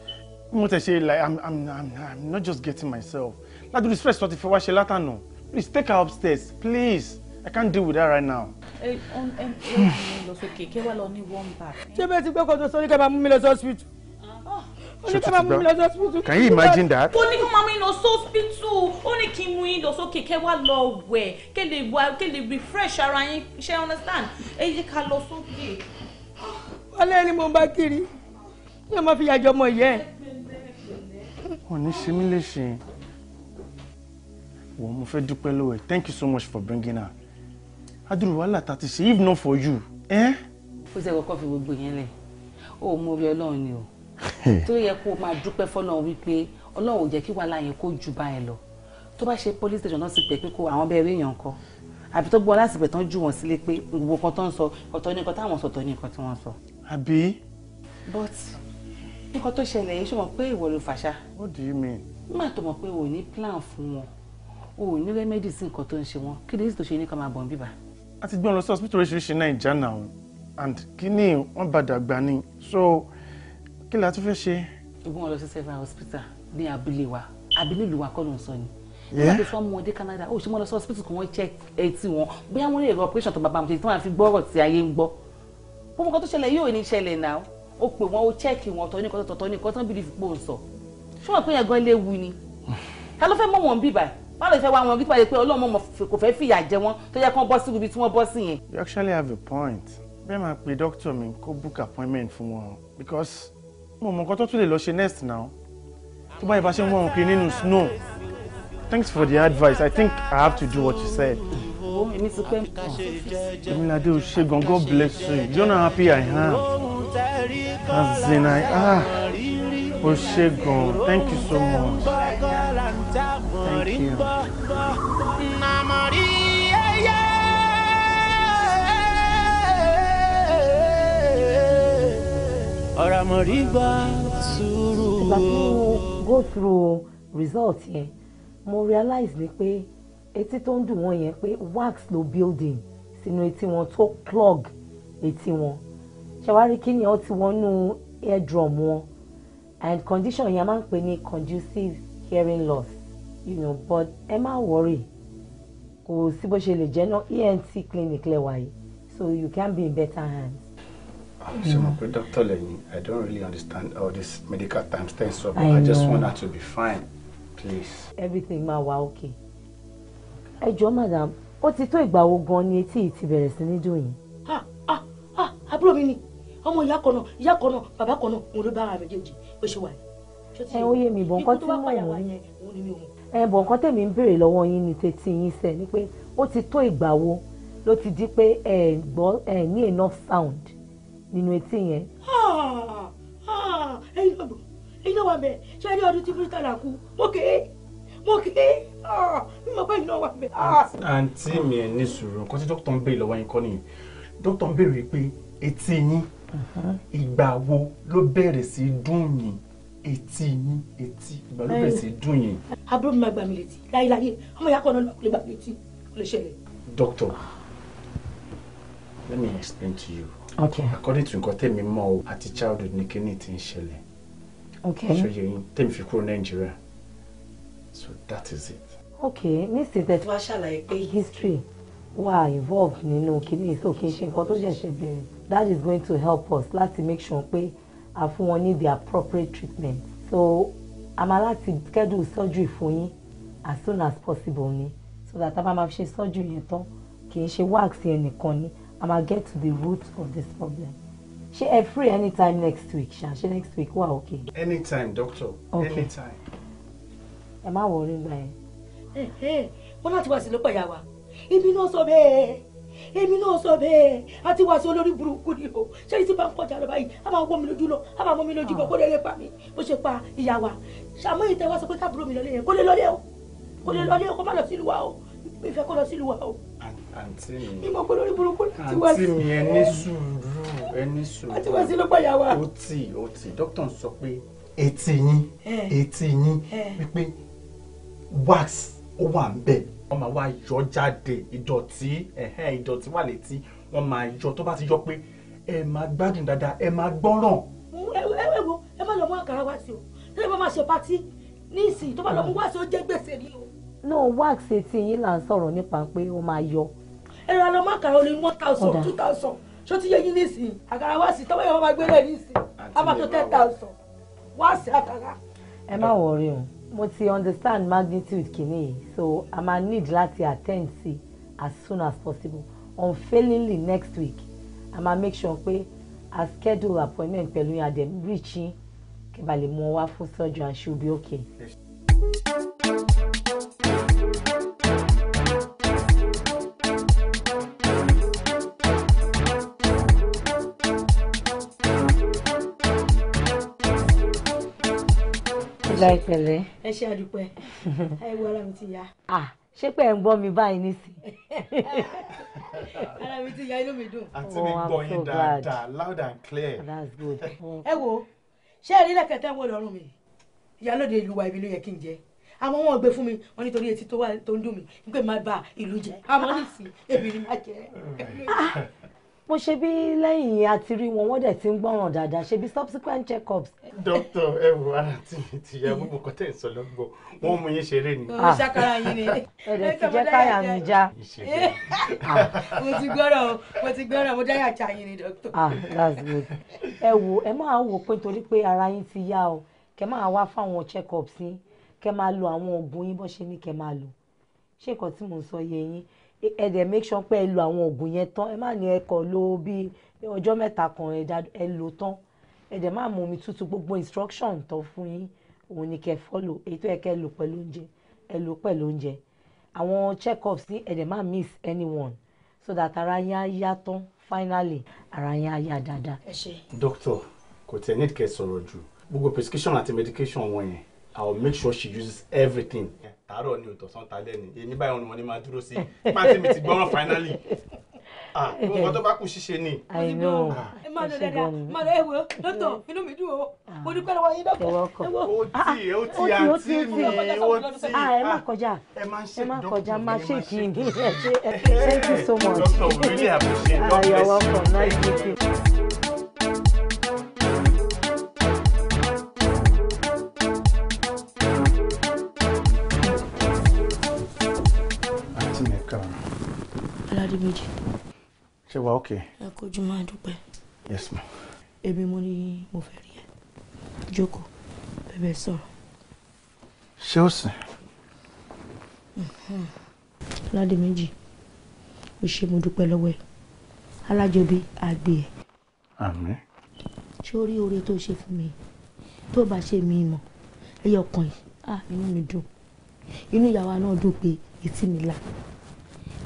mo tẹ ṣe like i'm i'm i'm not just getting myself ladu respect sọ ti fẹ́ wá ṣe látànà please take her upstairs please i can't deal with that right now ṣé bẹ́ẹ̀ ti gbẹ́kọ̀ọ́ tó sọ ní kẹ́ ah. máa mú mi lọ sí hospital. Can you imagine that? Ó ní kí máa mú yín lọ sọ́spítù, ó ní kí mú yín lọ sókè kẹ́ wá lọ wẹ̀, kẹ́ lè wá kẹ́ lè refresh ara yín, ṣe understand? Ẹ ká lọ sókè. Wálé ni mo bá kiri, yóò máa fi yàjọ ọmọ ìyá ẹ̀. ṣe mí léṣe. Wọ́n mo fẹ́ dúpẹ́ lọ́wọ́ ẹ̀. Thank you so much for bringing her adúrú wàhálà tá a ti ṣe if not for you. ó ṣe kọ́kọ́ fi gbogbo yẹn lẹ̀ ó mú orí ọlọ́run ni o tó yẹ kó o máa dúpẹ́ fọlọ́run wípé ọlọ́run ò jẹ́ kí wàhálà yẹn kó jù bá ẹ lọ tó bá ṣe police station náà sì pẹ́ pé kó àwọn bẹ́ẹ̀ rí èèyàn kan àbí tó gbọ́ lásìkò tán jù wọ́n sílé pé gbogbo kan tó ń sọ ọ̀tọ̀ ní nǹkan táwọn sọ̀tọ̀ ní nǹkan tí wọ́n sọ. àbí. but nǹkan tó ṣẹlẹ̀ yìí ṣùgbọ́n pé ìwọ ló fàṣà. what do you mean. má tó mọ̀ pé o ò ní plan fún wọn o ò ní remedy sí nǹkan tó ń ṣe wọn kí lè sì tó ṣe ní ká máa bọ̀ ń bíbá a ti gbọ́n lọ sí hospital oríṣiríṣi nàìjà náà and kíní wọ́n bá dàgbà ni so kí la tún fẹ́ ṣe. ìgbọ́n wọn several hospital ní abúlé wa àbí nílùú wa kọ́ ló ń sọ ni ìgbà tó fọ́ ọmọdé Canada ó ṣe mọ́ lọ sí hospital kí wọ́n check etí wọn bóyá wọ́n lè rọ operation tó bàbá mi ṣe tí wọ́n fi gbọ́rọ̀ tí ayé ń gbọ́ gbogbo nǹkan tó ṣẹlẹ̀ yóò ní ṣẹlẹ̀ náà ó pè wọ́n ó check wọn tọ́ ní kọ́tọ́ tọ́ ní kọ́tọ́ bí báwo lè wọn kí tó pé ọlọ́mọ kò fẹ́ fìyà jẹ wọn tó yẹ kán bọ́ sí ibi tí wọ́n bọ́ sí yẹn. you actually have a point bẹ́ẹ̀ máa pe doctor mi kó book appointment fún wọn because mo mọ nǹkan tó tún lè lọ ṣe next now tó bá yẹ bá ṣe ń wọ àwọn nínú snow thanks for the advice i think i have to do what you said. owó oh, èmi ti pẹ́. emilade o ṣe gan god bless you you know how happy i am as in i ah o ṣe gan thank you so much. Thank you. ọ̀rọ̀ àmọ̀rí bá sùúrù. ìgbà tí go through results yẹn mo realize ni pé etí tó ń dùn wọ́n yẹn pé wax ló building sínú etí wọn tó clog etí wọn ṣàwárí kí ni ó ti wọnú drum wọn and condition yẹn a máa ń pè ní conducive hearing loss you know but ẹ má worry kò sí bó ṣe lè jẹ́ náà ENT clinic lẹ́wà yìí so you can be in better hands. ṣe mo pe doctor lẹ́yìn i don't really understand all this medical terms ten so but i, just want her to be fine please. everything máa wà okay. ẹ jọ̀ọ́ madam ó ti tó ìgbà wo gan ni etí yìí ti bẹ̀rẹ̀ sí ní dùn yìí. ah ah ah àbúrò mi ni ọmọ ìyá kan náà ìyá kan náà bàbá kan náà òun ló bá ara méjèèjì bó ṣe wà yìí ẹ ó yé mi bọ̀ nǹkan tí mò ń mú ẹ bọ̀ nǹkan tèmi ń béèrè lọ́wọ́ yín ní tètè yín sẹ̀ ni pé ó ti tó ìgbà wo ló ti di pé ẹ gbọ́ ẹ ní enough sound nínú etí yẹn. ẹyin náà bọ̀ ẹyin náà wà bẹ́ẹ̀ ṣé ẹni ọdún tí bíríta là kú mo kè é mo kè é mi mọ̀ pé ẹyin náà wà bẹ́ẹ̀. àǹtí mi ẹ̀ ní sùúrù nǹkan tí dókítà ń béèrè lọ́wọ́ yín kọ́ nìyẹn dókítà ń béèrè pé etí yín ìgbà wo ló bẹ̀rẹ̀ sí dùn yín etí yín etí ìgbà ló dùn yín. àbúrò mi máa gbà mí létí láyéláyé ọmọ ìyá kan náà lè gbà mí létí kò lè ṣẹlẹ̀. doctor let me explain to you. okay according to nǹkan tẹ̀mí mọ́ o àti childhood ní kíní ti ń ṣẹlẹ̀. okay ṣòye yín tẹ̀mí fi kúrò nàìjíríà so that is it. okay nísìsiyìí tẹ̀ tí wàá ṣàlàyé pé history wà involved nínú kíní so kì í ṣe nǹkan tó ṣẹ̀ṣẹ̀ bẹ̀rẹ̀ that is going to help us láti make sure pé a fún wọn ní the appropriate treatment so a máa láti schedule surgery fún yín as soon as possible ni so that a bá máa ṣe surgery yẹn tán kì í ṣe wax yẹn nìkan ni a máa get to the root of this problem ṣé ẹ free anytime next week ṣá ṣé next week wà okay. anytime doctor okay. anytime. ẹ má wọrí gbà yẹn. wọ́n láti wá sí ló pẹ̀yà wa ibi náà sọ bẹ́ẹ̀ èmi náà sọ bẹ́ẹ̀ àti wàásù olórí burúkú ni o ṣé ní ti bá ń kọjá lọ báyìí a máa wọ́ mi lójú lọ a máa mọ́ mi lójú bọ̀ kó lè lè pa mi bó ṣe pa ìyá wa ṣàmú ìtẹ́ wá sọ pé káàbùrò mi lọ́lé yẹn kó lè lọ́lé o kó lè lọ́lé o kó má lọ sílùú wa o mi fẹ́ kó lọ sílùú wa o. àǹtí mi mi pé lórí burúkú ti wá sí. mi ẹ sùúrù ẹ sùúrù. àti wá sí ló pàyà wa. ó tì ó tì wọ́n máa wá yọ jáde ìdọ̀tí ẹ̀hẹ́n ìdọ̀tí wà létí wọ́n máa yọ tó bá ti yọ pé ẹ máa gbádùn dáadáa ẹ máa gbọ́ràn. ẹ ẹ wo ẹ má lọ mú àkàrà wá sí o tẹ́lẹ̀ bá máa ṣe pátí ní ìsìn tó bá lọ mú wá sí o jẹ́ gbèsè ni o. náà wax etí yín là ń sọ̀rọ̀ nípa pé ó máa yọ. ẹ ra lọ mú àkàrà olè one thousand two thousand ṣó ti yẹ yín ní ìsìn àkàrà wá sí tọ́wọ́ yẹn wọ́n máa gbé lẹ̀ ní ìsìn ten thousand wá sí àkàrà. ẹ má wọrí o mo ti understand magnitude kìíní yìí so i ma need láti attend sí as soon as possible unfailingly next week i ma make sure pé i schedule appointment pẹ̀lú yín adem reach yín kí n bá lè mú ọ wá surgery and she be okay. Yes. láìpẹ̀lẹ́. ẹ ṣe àdúpẹ́ ẹ wo ara mi ti yá. ṣé pé ẹ ń gbọ́ mi báyìí nísìnyí. ara mi ti yá inú mi dùn. àti mi oh, gbọ́ yín dáadáa loud and clear. that's good. ẹ wo ṣé ẹ rí lẹ́kẹ̀tẹ́ wo lọ́rùn mi ìyálòde ìlú wa ibi ló yẹ kí n jẹ àmọ́ wọn gbé fún mi wọn nítorí etí tó ń dùn mí nígbà máa ba ìlú jẹ àmọ́ nísìnyí èmi ni máa jẹ mo ṣe bí lẹ́yìn àti rí wọn wọ́n dẹ̀ ti ń gbọ́ràn dáadáa ṣe bí subsequent check-ups. dókítà ẹ wo ara tí mi ti yẹ gbogbo kọtẹ ìsọlọgbọ wọn mú yín ṣeré ni. o ṣàkàrà yín ni. ẹ lè ti jẹ káyà mi já. mo ti gbọ́rọ̀ mo ti gbọ́rọ̀ mo dáyà já yín ni dókítà. ah that's good. ẹ wo ẹ máa wò pé nítorí pé ara yín ti yá o kẹ máa wá fáwọn check-ups yín kẹ máa lo àwọn oògùn yín bó ṣe ní kẹ máa lò ṣé nǹkan tí mò sọ yẹ yín ẹ dẹ̀ make sure pé ẹ lo àwọn oògùn yẹn tán ẹ má ní ẹ kàn lo bíi ọjọ́ mẹ́ta kan ẹ lò tán ẹ dẹ̀ má mu omi tútù gbogbo instruction tán fún yín òun ni kẹ́ follow èyí tó yẹ kẹ́ lò pẹ̀lú oúnjẹ ẹ lò pẹ̀lú oúnjẹ àwọn check-ups ní ẹ dẹ̀ má miss anyone so that ara yín á yá tán finally ara yín á yá dáadáa. doctor kò tẹ̀ need kẹ́ sọ̀rọ̀ jù gbogbo prescription àti medication wọn i will make sure she uses everything. Yeah tàárọ̀ ni òtọ̀sán talẹ́ ni èmi báyìí wọn ni wọn ni máa dúró sí pàǹtí mi ti gbọ́ràn finally ah nǹkan tó bá kù ṣíṣe ni. i know ah, ẹ máa lọ dáadáa máa lọ ẹwọ dókítà inú mi dùn o ah. mo dúpẹ́ lọ́wọ́ yín dókítà ẹwọ. o ti o ti ah, àǹtí mi o ti ah ẹ má kọjá ẹ má kọjá má ṣe kí n thank you so much. dókítà we really appreciate it. ah you are welcome nice meeting you. Adébèjì. ṣé wàá òkè. ok kojú máa dúpẹ́. yes ma. èmi mo ní mo fẹ́ rí ẹ jókòó bẹ́ẹ̀ sọ̀rọ̀. ṣé ó sìn. Ládèméjì o ṣé mo dúpẹ́ lọ́wọ́ ẹ alájọbí àgbè ẹ. àmín. ṣé o rí oore tó ṣe fún mi tó bá ṣe mí mọ̀ ẹyọ kan yìí ah, inú mi dùn inú ìyàwó náà dùn pé etí mi là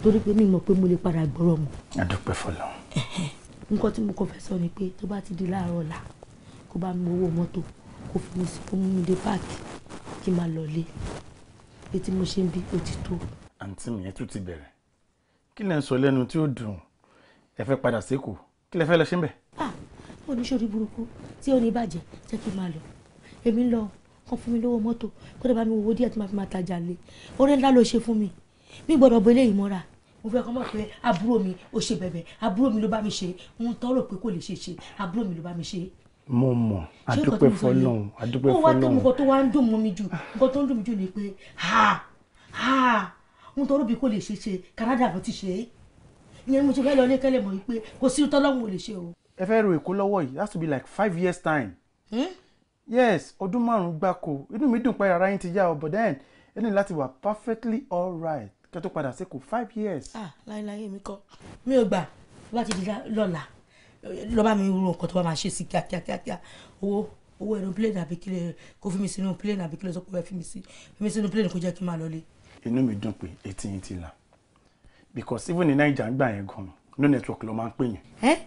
torí pé mi mọ̀ pé mo lè padà gbọ́rọ̀ mọ́. adúpẹ́ fọlọ́. nǹkan tí mo kàn fẹ́ sọ ni pé tó bá ti di láàárọ̀ ọ̀la kó bá mi owó mọ́tò kó fi mi sí kó mú mi dé páàkì kí n máa lọ lé etí mo ṣe ń bí ó ti tó. àǹtí mi yẹn tún ti bẹ̀rẹ̀ kí lẹ ń sọ lẹ́nu tí ó dùn ẹ fẹ́ padà sékòó kí lẹ fẹ́ lọ ṣe ń bẹ̀. ó ah, ní sórí burúkú tí ó ní bàjẹ́ jẹ́ kí n máa lọ èmi ń lọ kàn fún mi lówó mọ́tò kó dẹ̀ mi wo díẹ̀ tí màá fi máa tajà lé oore ńlá ló ṣe fún mi mi gbọ́dọ̀ bọ eléyìí mọ́ra mo fẹ́ kọ́ mọ̀ pé àbúrò mi ó ṣe bẹ̀bẹ̀ àbúrò mi ló bá mi ṣe ń tọrọ pé kò lè ṣe ṣe àbúrò mi ló bá mi ṣe. mo mọ àdúpẹ́ fọ́lọ́run àdúpẹ́ fọ́lọ́run. ó wá tó nǹkan tó wá ń dùn mọ́ mi jù nǹkan tó ń dùn mí jù ni pé ha ha ń tọrọ bí kò lè ṣe ṣe Canada ló ti ṣe é ìyẹn mo ṣe fẹ́ lọ ní kẹ́lẹ́ mọ̀ wípé kò sí tọ́lọ́run ò lè ṣe o. ẹ fẹ́ ro èkó lọ́wọ́ yìí that will be like five years time. Hmm? yes ọdún márùn-ún gbáko inú mi dùn pé ara yín ti yá ọ but then ẹ ní láti wà perfectly alright kẹ́ tó padà sí kò five years. ah láyéláyé mi kọ mi ò gbà tó bá ti di lọ́la lọ́ba mi rú nǹkan tó bá máa ṣe sí kíákíákíá owó owó ẹnu plane àbí kílẹ̀ kó fi mi sínú plane àbí kílẹ̀ sọ pé fi mi sí fi mi sínú plane kó jẹ́ kí n máa lọlé. inú mi dùn pé etí yín ti là because even in naija ń gbà yẹn gan no network ló máa ń pè yẹn.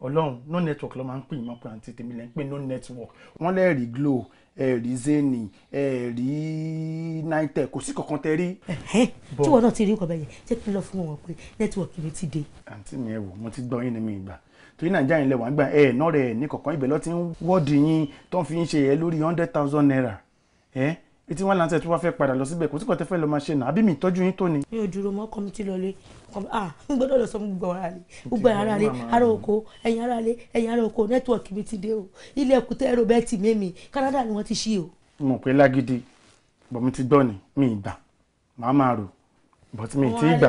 ọlọ́run no network ló máa ń pè yín mọ́ pé àǹtí tèmi lẹ́ ń pè no network wọ́n lẹ́ẹ̀rí glow ẹ̀rí zeni ẹ̀rí naitẹ kò sí kankan tẹ rí. tí wọn náà ti rí nǹkan bẹ́ẹ̀ yẹn jẹ́ kí n lọ fún wọn pé nẹ́tíwọ̀kì mi ti dé. àǹtí mi ẹ wò mo ti gbọ́ yín ni mi ìgbà torí nàìjíríà ilẹ̀ wà ń gbà ẹ̀ náà rẹ̀ ní kọ̀ọ̀kan ibẹ̀ lọ́ọ́ ti ń wọ́ọ̀dì yín tó ń fi ń ṣe ẹ lórí hundred thousand naira ẹ̀ etí wọn lanṣẹ tí wọn fẹ́ padà lọ síbẹ̀ kò sí kọtẹ fẹ́ lọ máa ṣe nà àbí mi ìtọ́jú yín tó ni. mi ò dúró mọ́ kọmitì lọlé ah n gbọ́dọ̀ lọ sọ fún gbogbo ara rẹ gbogbo ara rẹ ara oko ẹ̀yin ara rẹ ẹ̀yin ara oko nẹ́tíwọ̀kì mi ti dé o ilé ẹkùn robert mẹmi Canada ni wọ́n ti ṣí o. mo pè lágídí bọ̀ mi ti gbọ́ ni mi ì gbà màá máa rò bọ̀ tí mi ì tí ì gbà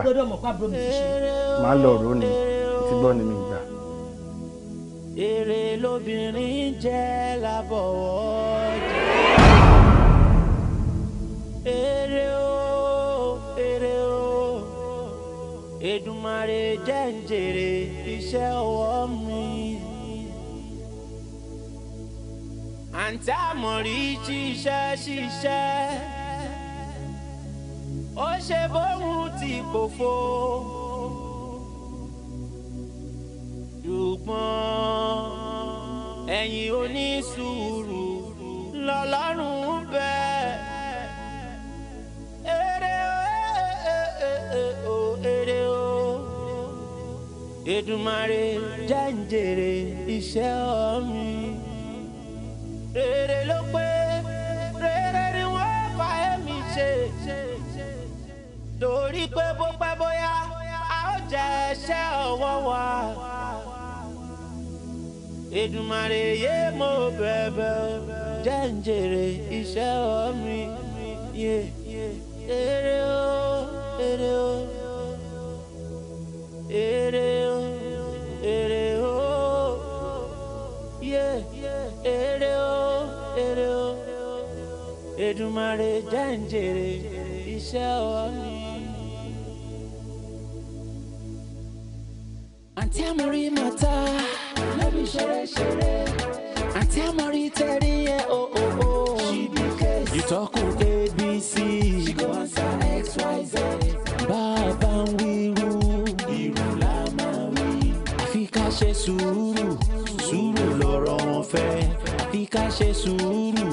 màá lọ rò ni mi ti gbọ́ ni mi ì gbà. èrè lobìnrin jẹ́ lábọ̀wọ́ èrè o èrè o Èdùmàrè jẹ́ n jèrè iṣẹ́ ọwọ́ mi. àǹtí àmọ̀rí ṣiṣẹ́ ṣiṣẹ́ ó ṣe bóun ti pòfo ṣùgbọ́n ẹ̀yìn onísùúrù lọ́lọ́run bẹ́ẹ̀. Èdùmàrè jẹ́ n jèrè iṣẹ́ mi. Rere ló pé rere ni wọ́n fa èmi ṣe. Torí pé bó pẹ́ bóyá a ó jẹ iṣẹ́ ọwọ́ wa. Èdùmàrè yé mo bẹ̀bẹ̀ o jẹ́ n jèrè iṣẹ́ ọwọ́ o ere o èrè o èrè o yé èrè o èrè o Èdùmàrè jẹ́ n jèrè iṣẹ́ ọwọ́ mi. àǹtí àmọ́rí mọ́tà lóbi ṣeré ṣeré àǹtí àmọ́rí tẹ̀rí ẹ̀ o o o. ìtọ́kùn dé. ṣe sùúrù sùúrù lọ̀rọ̀ wọn fẹ́ àfi ká ṣe sùúrù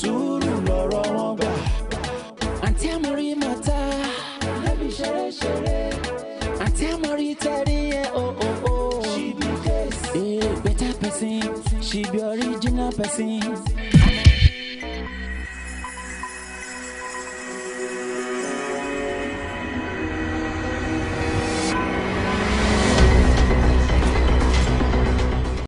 sùúrù lọ̀rọ̀ wọn gbà. àǹtí àmọ́rí mọ́ta lẹ́bi ṣeré ṣeré àǹtí àmọ́rí tẹ̀rí ẹ̀ o o o. she be case. Eh, a better person she be original person.